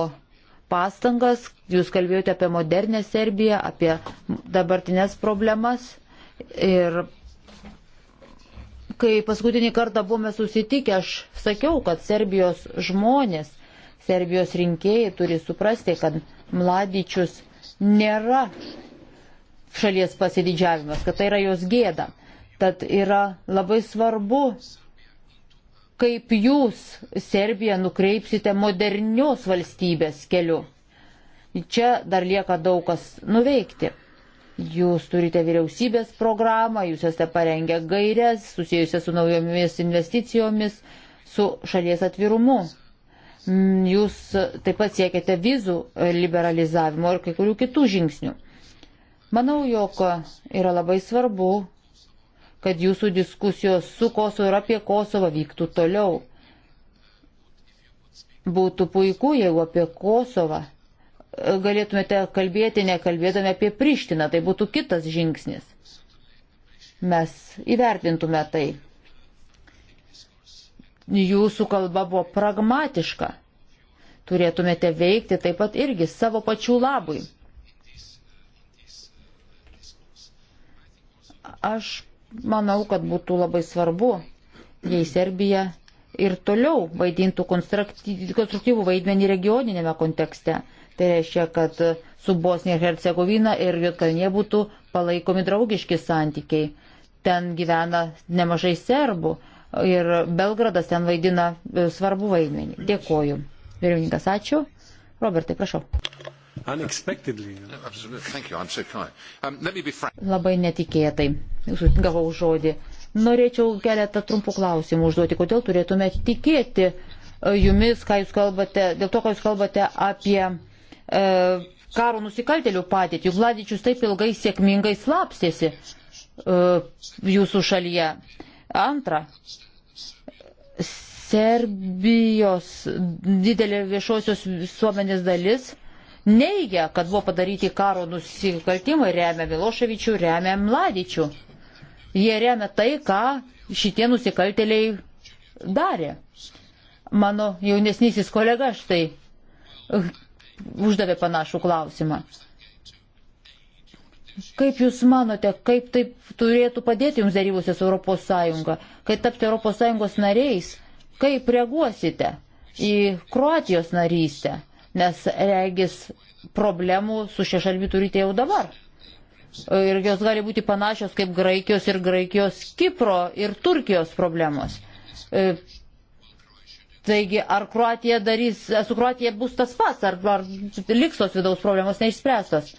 pastangas, jūs kalbėjote apie modernę Serbiją, apie dabartinės problemas ir Kai paskutinį kartą buvome susitikę, aš sakiau, kad Serbijos žmonės, Serbijos rinkėjai turi suprasti, kad Mladičius nėra šalies pasididžiavimas, kad tai yra jos gėda. Tad yra labai svarbu, kaip jūs Serbiją nukreipsite modernios valstybės keliu. Čia dar lieka daug kas nuveikti. Jūs turite vyriausybės programą, jūs esate parengę gairias susijusias su naujomis investicijomis, su šalies atvirumu. Mm, jūs taip pat siekiate vizų liberalizavimo ir kai kurių kitų žingsnių. Manau, jog yra labai svarbu, kad jūsų diskusijos su Kosovo ir apie Kosovą vyktų toliau. Būtų puiku, jeigu apie Kosovą galėtumėte kalbėti, nekalbėdami apie Prištiną, tai būtų kitas žingsnis. Mes įvertintume tai. Jūsų kalba buvo pragmatiška. Turėtumėte veikti taip pat irgi savo pačių labui. Aš manau, kad būtų labai svarbu, jei Serbija ir toliau vaidintų konstruktyvų vaidmenį regioninėme kontekste Tai reiškia, kad su Bosnija ir Hercegovina ir Jotkalnie būtų palaikomi draugiški santykiai. Ten gyvena nemažai serbų ir Belgradas ten vaidina e, svarbu vaidmenį. Dėkoju. Pirmininkas, ačiū. Robertai, prašau. Um, Labai netikėtai. Jūsų gavau žodį. Norėčiau keletą trumpų klausimų užduoti. Kodėl turėtume tikėti e, jumis, ką jūs kalbate, dėl to, ką jūs kalbate apie E, karo nusikaltelių padėtį. Juk Ladičius taip ilgai sėkmingai slapstėsi e, jūsų šalyje. Antra, Serbijos didelė viešosios visuomenės dalis neigia, kad buvo padaryti karo nusikaltimai, remia Miloševičių, remia Mladičių. Jie remia tai, ką šitie nusikalteliai darė. Mano jaunesnysis kolega štai uždavė panašų klausimą. Kaip Jūs manote, kaip tai turėtų padėti Jums darybose su Europos Sąjunga, kai tapti Europos Sąjungos nariais, kaip reaguosite į Kroatijos narystę, nes regis problemų su šia šalmi turite jau dabar. Ir jos gali būti panašios kaip Graikijos ir Graikijos, Kipro ir Turkijos problemos. E, Taigi, ar Kroatija darys, su Kroatija bus tas pats, ar, ar liks tos vidaus problemos neišspręstos?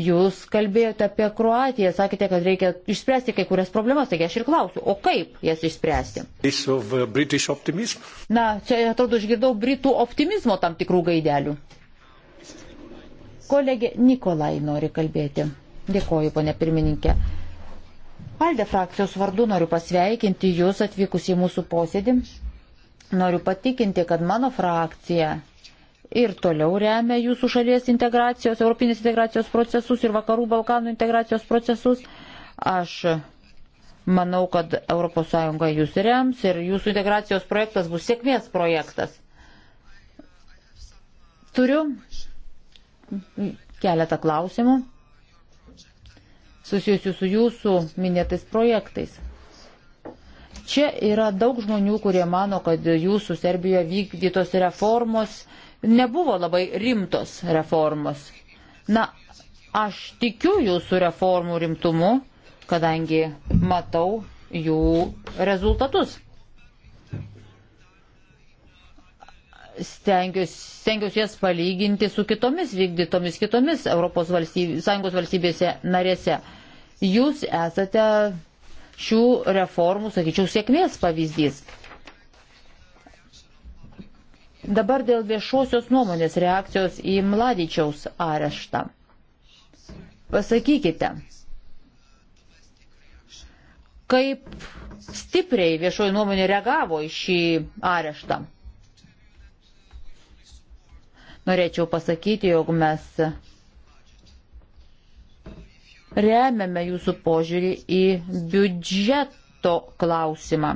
Jūs kalbėjote apie Kroatiją, sakėte, kad reikia išspręsti kai kurias problemas, taigi aš ir klausiu, o kaip jas išspręsti? Uh, Na, čia atrodo, išgirdau Britų optimizmo tam tikrų gaidelių. Kolegė Nikolai nori kalbėti. Dėkoju, ponė pirmininkė. Alde frakcijos vardu noriu pasveikinti Jūs atvykus į mūsų posėdį. Noriu patikinti, kad mano frakcija ir toliau remia jūsų šalies integracijos, europinės integracijos procesus ir vakarų Balkanų integracijos procesus. Aš manau, kad ES jūs rems ir jūsų integracijos projektas bus sėkmės projektas. Turiu keletą klausimų susijusių su jūsų minėtais projektais. Čia yra daug žmonių, kurie mano, kad jūsų Serbijoje vykdytos reformos nebuvo labai rimtos reformos. Na, aš tikiu jūsų reformų rimtumu, kadangi matau jų rezultatus. Stengiuosi stengius jas palyginti su kitomis vykdytomis, kitomis Europos valstybės, Sąjungos valstybėse narėse. Jūs esate šių reformų, sakyčiau, sėkmės pavyzdys. Dabar dėl viešosios nuomonės reakcijos į Mladičiaus areštą. Pasakykite, kaip stipriai viešoji nuomonė reagavo į šį areštą. Norėčiau pasakyti, jog mes remiame jūsų požiūrį į biudžeto klausimą.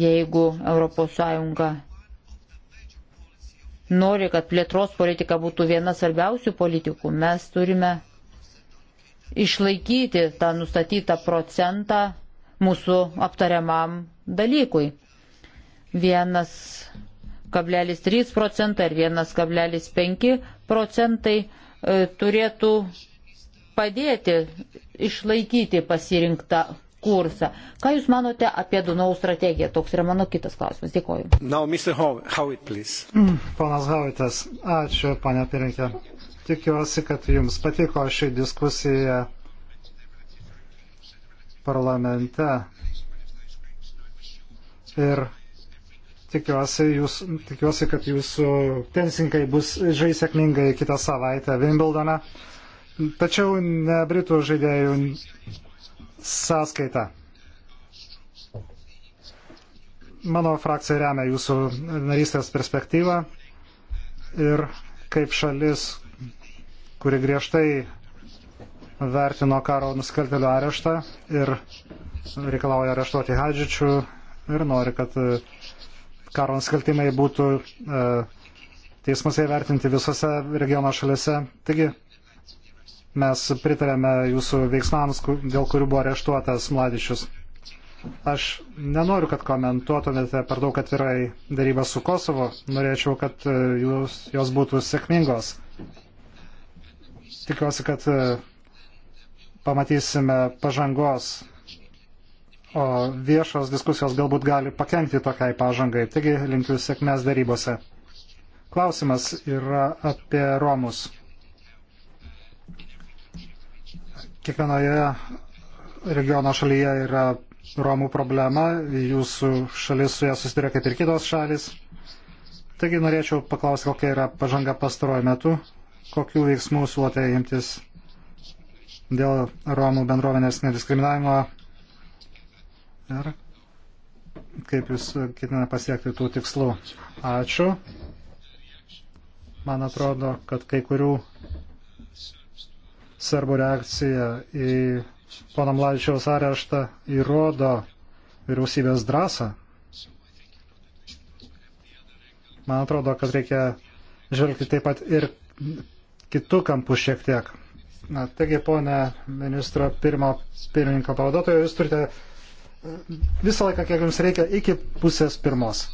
Jeigu ES nori, kad plėtros politika būtų viena svarbiausių politikų, mes turime išlaikyti tą nustatytą procentą mūsų aptariamam dalykui. 1,3 procentai ar 1,5 procentai e, turėtų padėti išlaikyti pasirinktą kursą. Ką Jūs manote apie Dunau strategiją? Toks yra mano kitas klausimas. Dėkoju. Now, Mr. Howitt, please. Mm, ponas Howitas, ačiū, ponia pirinkė. Tikiuosi, kad Jums patiko ši diskusija parlamente. Ir tikiuosi, jūs, tikiuosi kad Jūsų tensinkai bus žais sėkmingai kitą savaitę Vimbildone tačiau ne Britų žaidėjų sąskaita. Mano frakcija remia jūsų narystės perspektyvą ir kaip šalis, kuri griežtai vertino karo nusikaltelio areštą ir reikalauja areštuoti Hadžičių ir nori, kad e, karo nusikaltimai būtų e, teismuose įvertinti visose regiono šalise. Taigi, mes pritarėme jūsų veiksmams, dėl kurių buvo areštuotas Mladičius. Aš nenoriu, kad komentuotumėte per daug atvirai darybą su Kosovo. Norėčiau, kad e, jūs, jos būtų sėkmingos. Tikiuosi, kad e, pamatysime pažangos, o viešos diskusijos galbūt gali pakengti tokiai pažangai. Taigi linkiu sėkmės darybose. Klausimas yra apie Romus. kiekvienoje regiono šalyje yra Romų problema, jūsų šalis su ją susiduria kaip ir kitos šalis. Taigi norėčiau paklausti, kokia yra pažanga pastaruoju metu, kokių veiksmų suotė imtis dėl Romų bendruomenės nediskriminavimo ir kaip jūs ketinate pasiekti tų tikslų. Ačiū. Man atrodo, kad kai kurių serbų reakcija į pono Mladičiaus areštą įrodo vyriausybės drąsą. Man atrodo, kad reikia žvelgti taip pat ir kitų kampų šiek tiek. Na, taigi, ponė ministro pirmo pirmininko pavaduotojo, jūs turite e, visą laiką, kiek jums reikia, iki pusės pirmos.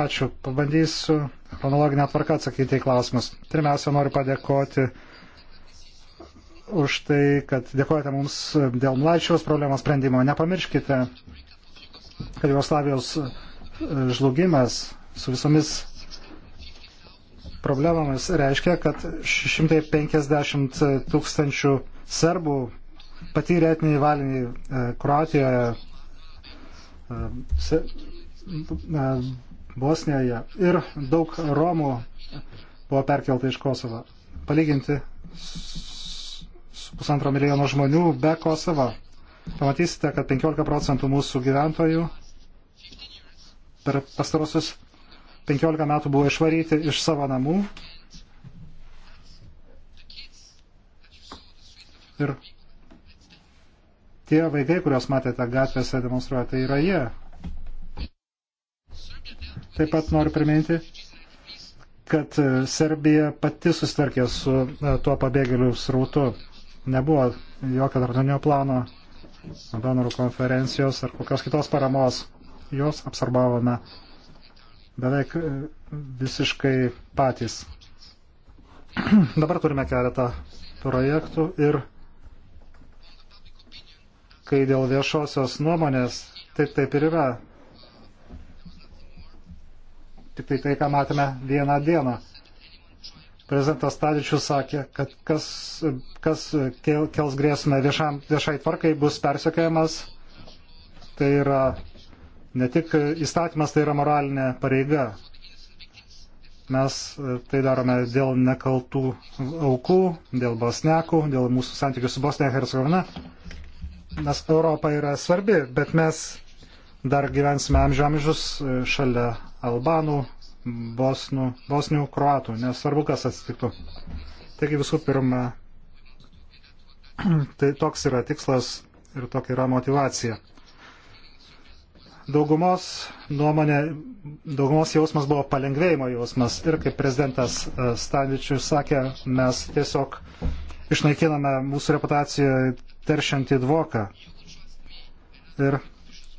Ačiū. Pabandysiu chronologinę tvarką atsakyti į klausimus. Pirmiausia, noriu padėkoti už tai, kad dėkojate mums dėl mlačios problemos sprendimo. Nepamirškite, kad Jugoslavijos e, žlugimas su visomis problemomis reiškia, kad 650 tūkstančių serbų patyrė etninį valinį e, Kroatijoje, e, Bosnijoje ir daug Romų buvo perkelta iš Kosovo. Palyginti pusantro milijono žmonių be Kosovo. Pamatysite, kad 15 procentų mūsų gyventojų per pastarosius 15 metų buvo išvaryti iš savo namų. Ir tie vaikai, kuriuos matėte gatvėse demonstruoja, tai yra jie. Taip pat noriu priminti, kad Serbija pati sustarkė su e, tuo pabėgėlių srautu nebuvo jokio tarptautinio plano, donorų konferencijos ar kokios kitos paramos. Jos absorbavome beveik e, visiškai patys. [clears throat] Dabar turime keletą projektų ir kai dėl viešosios nuomonės, taip taip ir yra. Tik tai tai, ką matome vieną dieną. Prezidentas Tadičius sakė, kad kas, kas kels grėsmę viešam, viešai tvarkai bus persiekėjamas. Tai yra ne tik įstatymas, tai yra moralinė pareiga. Mes e, tai darome dėl nekaltų aukų, dėl bosnekų, dėl mūsų santykių su Bosnija ir Hercegovina. Nes Europa yra svarbi, bet mes dar gyvensime amžiamžius e, šalia albanų, bosnių, bosnių kruatų, nesvarbu, kas atsitiktų. Taigi visų pirma, [clears throat] tai toks yra tikslas ir tokia yra motivacija. Daugumos nuomonė, daugumos jausmas buvo palengvėjimo jausmas ir kaip prezidentas e, Stavičius sakė, mes tiesiog išnaikiname mūsų reputaciją teršiantį dvoką. Ir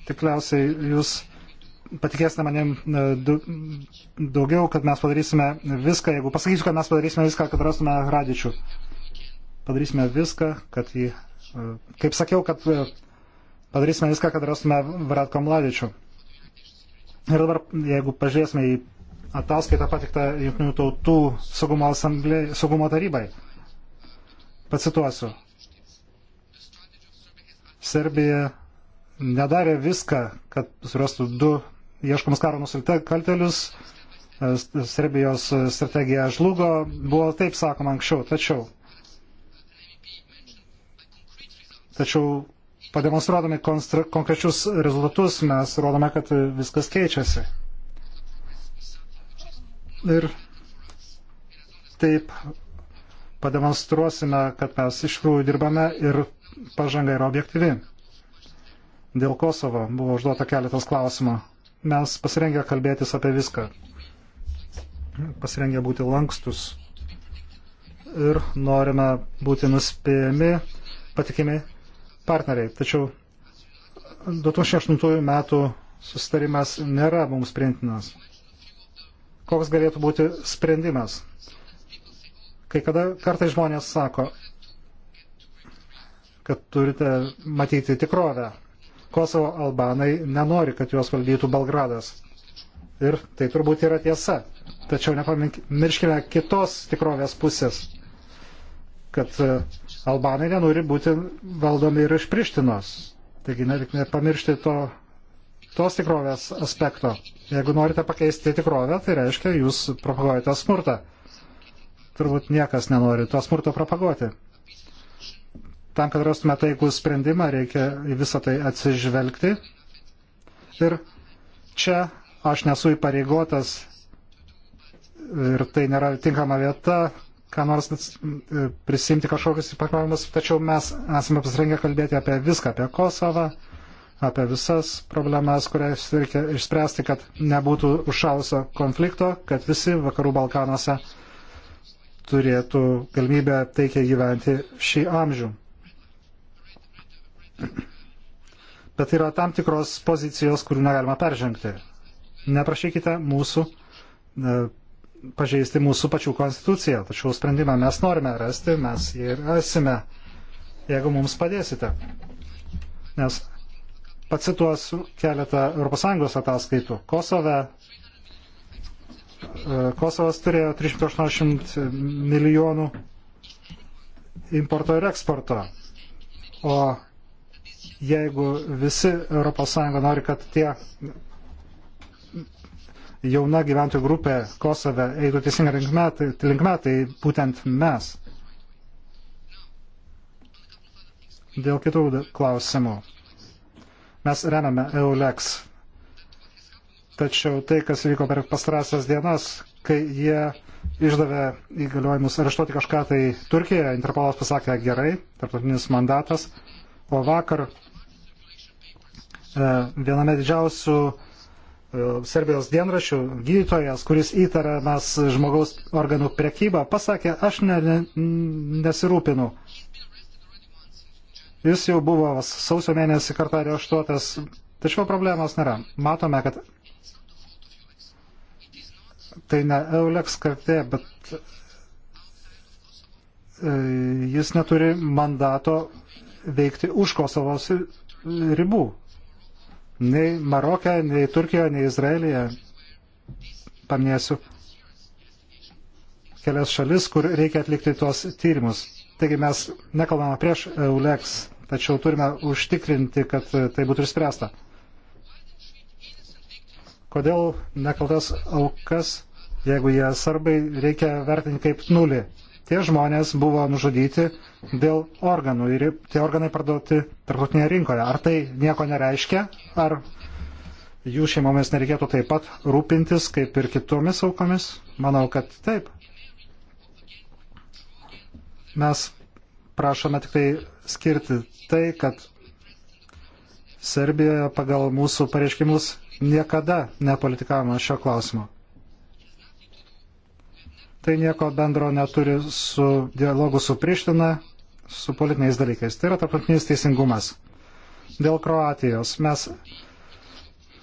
tikriausiai jūs patikėsite manim e, daugiau, kad mes padarysime viską, jeigu pasakysiu, kad mes padarysime viską, kad rastume Radičių. Padarysime viską, kad jį, e, kaip sakiau, kad e, padarysime viską, kad rastume Vratko Mladičių. Ir dabar, jeigu pažiūrėsime į ataskaitą patiktą Junktinių tautų saugumo, asamblė, saugumo tarybai, pacituosiu. Serbija nedarė viską, kad surastų du ieškomus karo nusikaltelius, e, Serbijos strategija žlugo, buvo taip sakoma anksčiau, tačiau, tačiau pademonstruodami konkrečius rezultatus mes rodome, kad viskas keičiasi. Ir taip pademonstruosime, kad mes iš tikrųjų dirbame ir pažanga yra objektyvi. Dėl Kosovo buvo užduota keletas klausimų mes pasirengę kalbėtis apie viską, pasirengę būti lankstus ir norime būti nuspėjami, patikimi partneriai. Tačiau 2008 metų sustarimas nėra mums priimtinas. Koks galėtų būti sprendimas? Kai kada kartai žmonės sako, kad turite matyti tikrovę. Kosovo albanai nenori, kad juos valdytų Belgradas. Ir tai turbūt yra tiesa. Tačiau nepamirškime kitos tikrovės pusės, kad e, albanai nenori būti valdomi ir iš Prištinos. Taigi nereikia nepamiršti to, tos tikrovės aspekto. Jeigu norite pakeisti tikrovę, tai reiškia, jūs propaguojate smurtą. Turbūt niekas nenori to smurto propaguoti tam, kad rastume taiklų sprendimą, reikia į visą tai atsižvelgti. Ir čia aš nesu įpareigotas ir tai nėra tinkama vieta, ką nors e, prisimti kažkokius įpakojimus, tačiau mes esame pasirengę kalbėti apie viską, apie Kosovą, apie visas problemas, kurias reikia išspręsti, kad nebūtų užšausio konflikto, kad visi vakarų Balkanuose turėtų galimybę taikiai gyventi šį amžių. Bet yra tam tikros pozicijos, kurių negalima peržengti. Neprašykite mūsų e, pažeisti mūsų pačių konstituciją, tačiau sprendimą mes norime rasti, mes jį ir rasime, jeigu mums padėsite. Nes pacituosiu keletą ES ataskaitų. Kosove, e, Kosovas turėjo 380 milijonų importo ir eksporto, o jeigu visi ES nori, kad tie jauna gyventojų grupė Kosove eitų teisingą linkme, tai, linkme, tai būtent mes. Dėl kitų klausimų. Mes remiame EULEX. Tačiau tai, kas vyko per pastarąsias dienas, kai jie išdavė įgaliojimus areštuoti kažką, tai Turkijoje Interpolas pasakė gerai, tarptautinis mandatas, o vakar E, viename didžiausių e, Serbijos dienrašių gydytojas, kuris įtariamas žmogaus organų prekybą, pasakė, aš ne, ne, nesirūpinu. Jis jau buvo sausio mėnesį kartą areštuotas, tačiau problemos nėra. Matome, kad tai ne Euleks kartė, bet e, jis neturi mandato veikti už Kosovos ribų nei Marokė, nei Turkijoje, nei Izraelija. Paminėsiu kelias šalis, kur reikia atlikti tuos tyrimus. Taigi mes nekalbame prieš EULEX, tačiau turime užtikrinti, kad tai būtų išspręsta. Kodėl nekaltas aukas, jeigu jie sarbai, reikia vertinti kaip nulį? Tie žmonės buvo nužudyti dėl organų ir tie organai parduoti tarptautinėje rinkoje. Ar tai nieko nereiškia, ar jų šeimomis nereikėtų taip pat rūpintis kaip ir kitomis aukomis? Manau, kad taip. Mes prašome tik tai skirti tai, kad Serbijoje pagal mūsų pareiškimus niekada nepolitikavome šio klausimo. Tai nieko bendro neturi su dialogu su Priština, su politiniais dalykais. Tai yra tarptautinis teisingumas. Dėl Kroatijos mes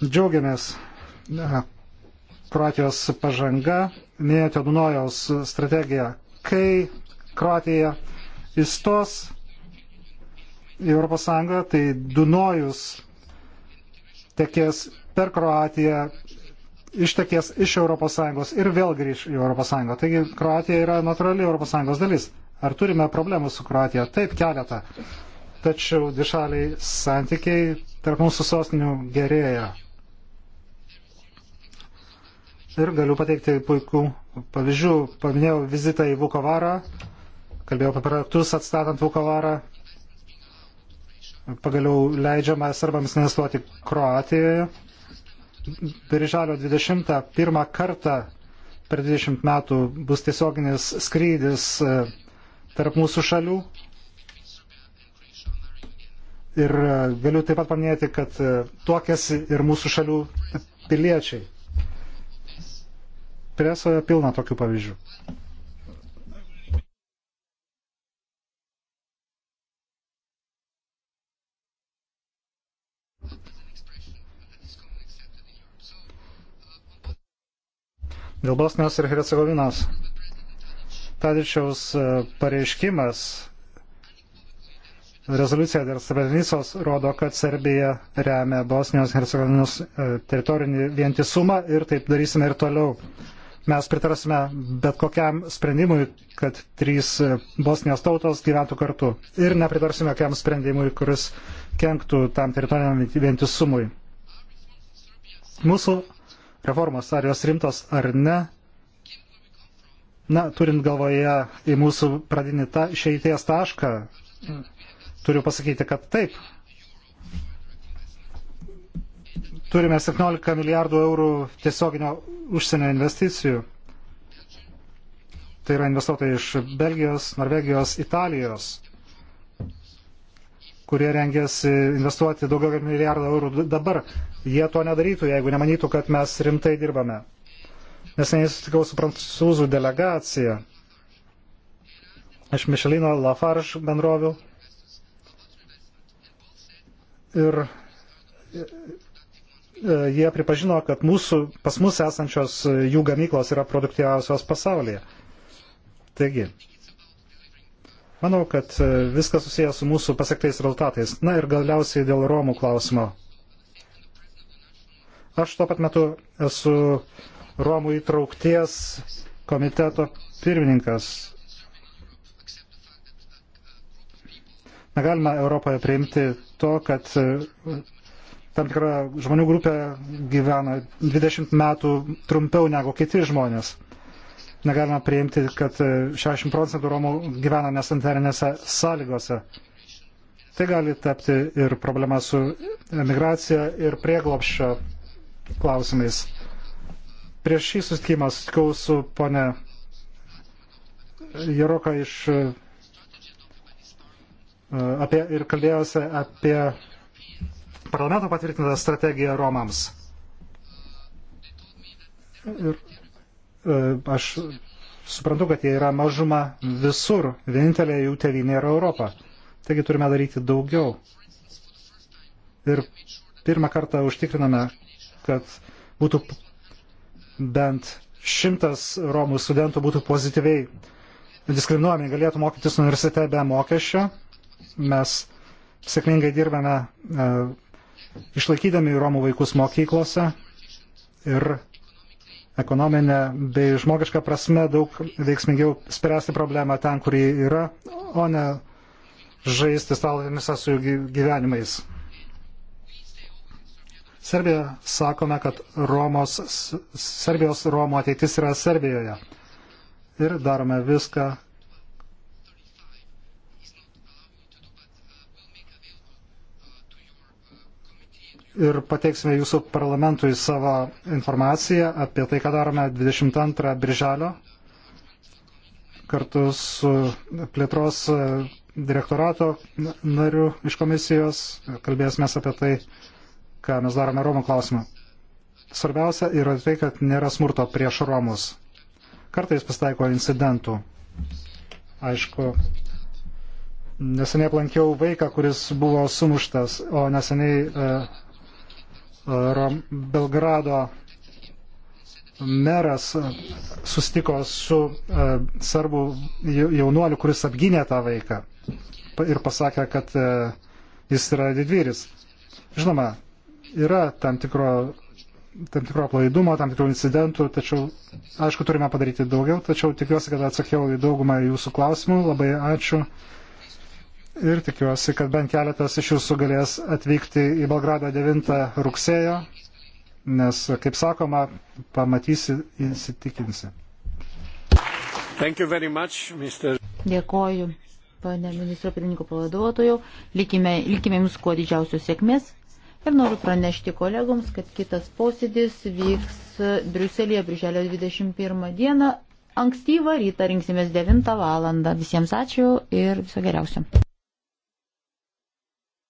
džiaugiamės ne, Kroatijos pažanga, minėjote Dunojaus strategiją. Kai Kroatija įstos į ES, tai Dunojus tekės per Kroatiją ištekės iš ES ir vėl grįž į ES. Taigi Kroatija yra natūrali ES dalis. Ar turime problemų su Kroatija? Taip, keletą. Tačiau dvišaliai santykiai tarp mūsų sostinių gerėja. Ir galiu pateikti puikų pavyzdžių. Paminėjau vizitą į Vukovarą, kalbėjau apie projektus atstatant Vukovarą. Pagaliau leidžiama serbams investuoti Kroatijoje birželio 20 pirmą kartą per 20 metų bus tiesioginis skrydis e, tarp mūsų šalių. Ir e, galiu taip pat paminėti, kad e, tuokėsi ir mūsų šalių piliečiai. Presoje pilna tokių pavyzdžių. Dėl Bosnijos ir Hercegovinos. Tadičiaus e, pareiškimas rezoliucija dėl Srebrenicos rodo, kad Serbija remia Bosnijos ir Hercegovinos e, teritorinį vientisumą ir taip darysime ir toliau. Mes pritarsime bet kokiam sprendimui, kad trys e, Bosnijos tautos gyventų kartu. Ir nepritarsime jokiam sprendimui, kuris kenktų tam teritoriniam vientisumui. Mūsų reformos, ar jos rimtos ar ne. Na, turint galvoje į mūsų pradinį ta, šeities tašką, turiu pasakyti, kad taip. Turime 17 milijardų eurų tiesioginio užsienio investicijų. Tai yra investuotojai iš Belgijos, Norvegijos, Italijos kurie rengėsi investuoti daugiau kaip milijardą eurų dabar, jie to nedarytų, jeigu nemanytų, kad mes rimtai dirbame. Neseniai susitikau su prancūzų delegacija iš Mišelino Lafarge bendrovių. Ir e, jie pripažino, kad mūsų, pas mus esančios jų gamyklos yra produktyviausios pasaulyje. Taigi, Manau, kad e, viskas susijęs su mūsų pasiektais rezultatais. Na ir galiausiai dėl Romų klausimo. Aš tuo pat metu esu Romų įtraukties komiteto pirmininkas. Negalime Europoje priimti to, kad e, tam tikra žmonių grupė gyvena 20 metų trumpiau negu kiti žmonės negalima priimti, kad 60 e, procentų Romų gyvena nesanitarinėse sąlygose. Tai gali tapti ir problema su migracija ir prieglopščio klausimais. Prieš šį susitikimą susitikau su ponė Jaroka iš e, apie, ir kalbėjosi apie parlamento patvirtintą strategiją Romams. Ir E, aš suprantu, kad jie yra mažuma visur, vienintelė jų tevinė yra Europa. Taigi turime daryti daugiau. Ir pirmą kartą užtikriname, kad būtų bent šimtas Romų studentų būtų pozityviai diskriminuojami, galėtų mokytis universitete be mokesčio. Mes sėkmingai dirbame e, išlaikydami Romų vaikus mokyklose ir ekonominę bei žmogišką prasme daug veiksmingiau spręsti problemą ten, kur ji yra, o ne žaisti stalvėmis su jų gyvenimais. Serbija sakome, kad Romos, Serbijos Romo ateitis yra Serbijoje. Ir darome viską, ir pateiksime jūsų parlamentui savo informaciją apie tai, ką darome 22 birželio kartu su plėtros e, direktorato nariu iš komisijos. Kalbėsime apie tai, ką mes darome Romų klausimą. Svarbiausia yra tai, kad nėra smurto prieš Romus. Kartais pasitaiko incidentų. Aišku, neseniai aplankiau vaiką, kuris buvo sumuštas, o neseniai e, Belgrado meras sustiko su e, serbų jaunuoliu, kuris apgynė tą vaiką ir pasakė, kad e, jis yra didvyris. Žinoma, yra tam tikro, tam tikro klaidumo, tam tikrų incidentų, tačiau, aišku, turime padaryti daugiau, tačiau tikiuosi, kad atsakiau į daugumą jūsų klausimų. Labai ačiū ir tikiuosi, kad bent keletas iš jūsų galės atvykti į Belgradą 9 rugsėjo, nes, kaip sakoma, pamatysi, įsitikinsi. Much, Mr. Dėkoju, pane ministro pirmininko pavaduotojų. Likime, likime jums kuo didžiausios sėkmės. Ir noriu pranešti kolegoms, kad kitas posėdis vyks Briuselėje birželio 21 dieną ankstyvą rytą rinksimės 9 valandą. Visiems ačiū ir viso geriausio.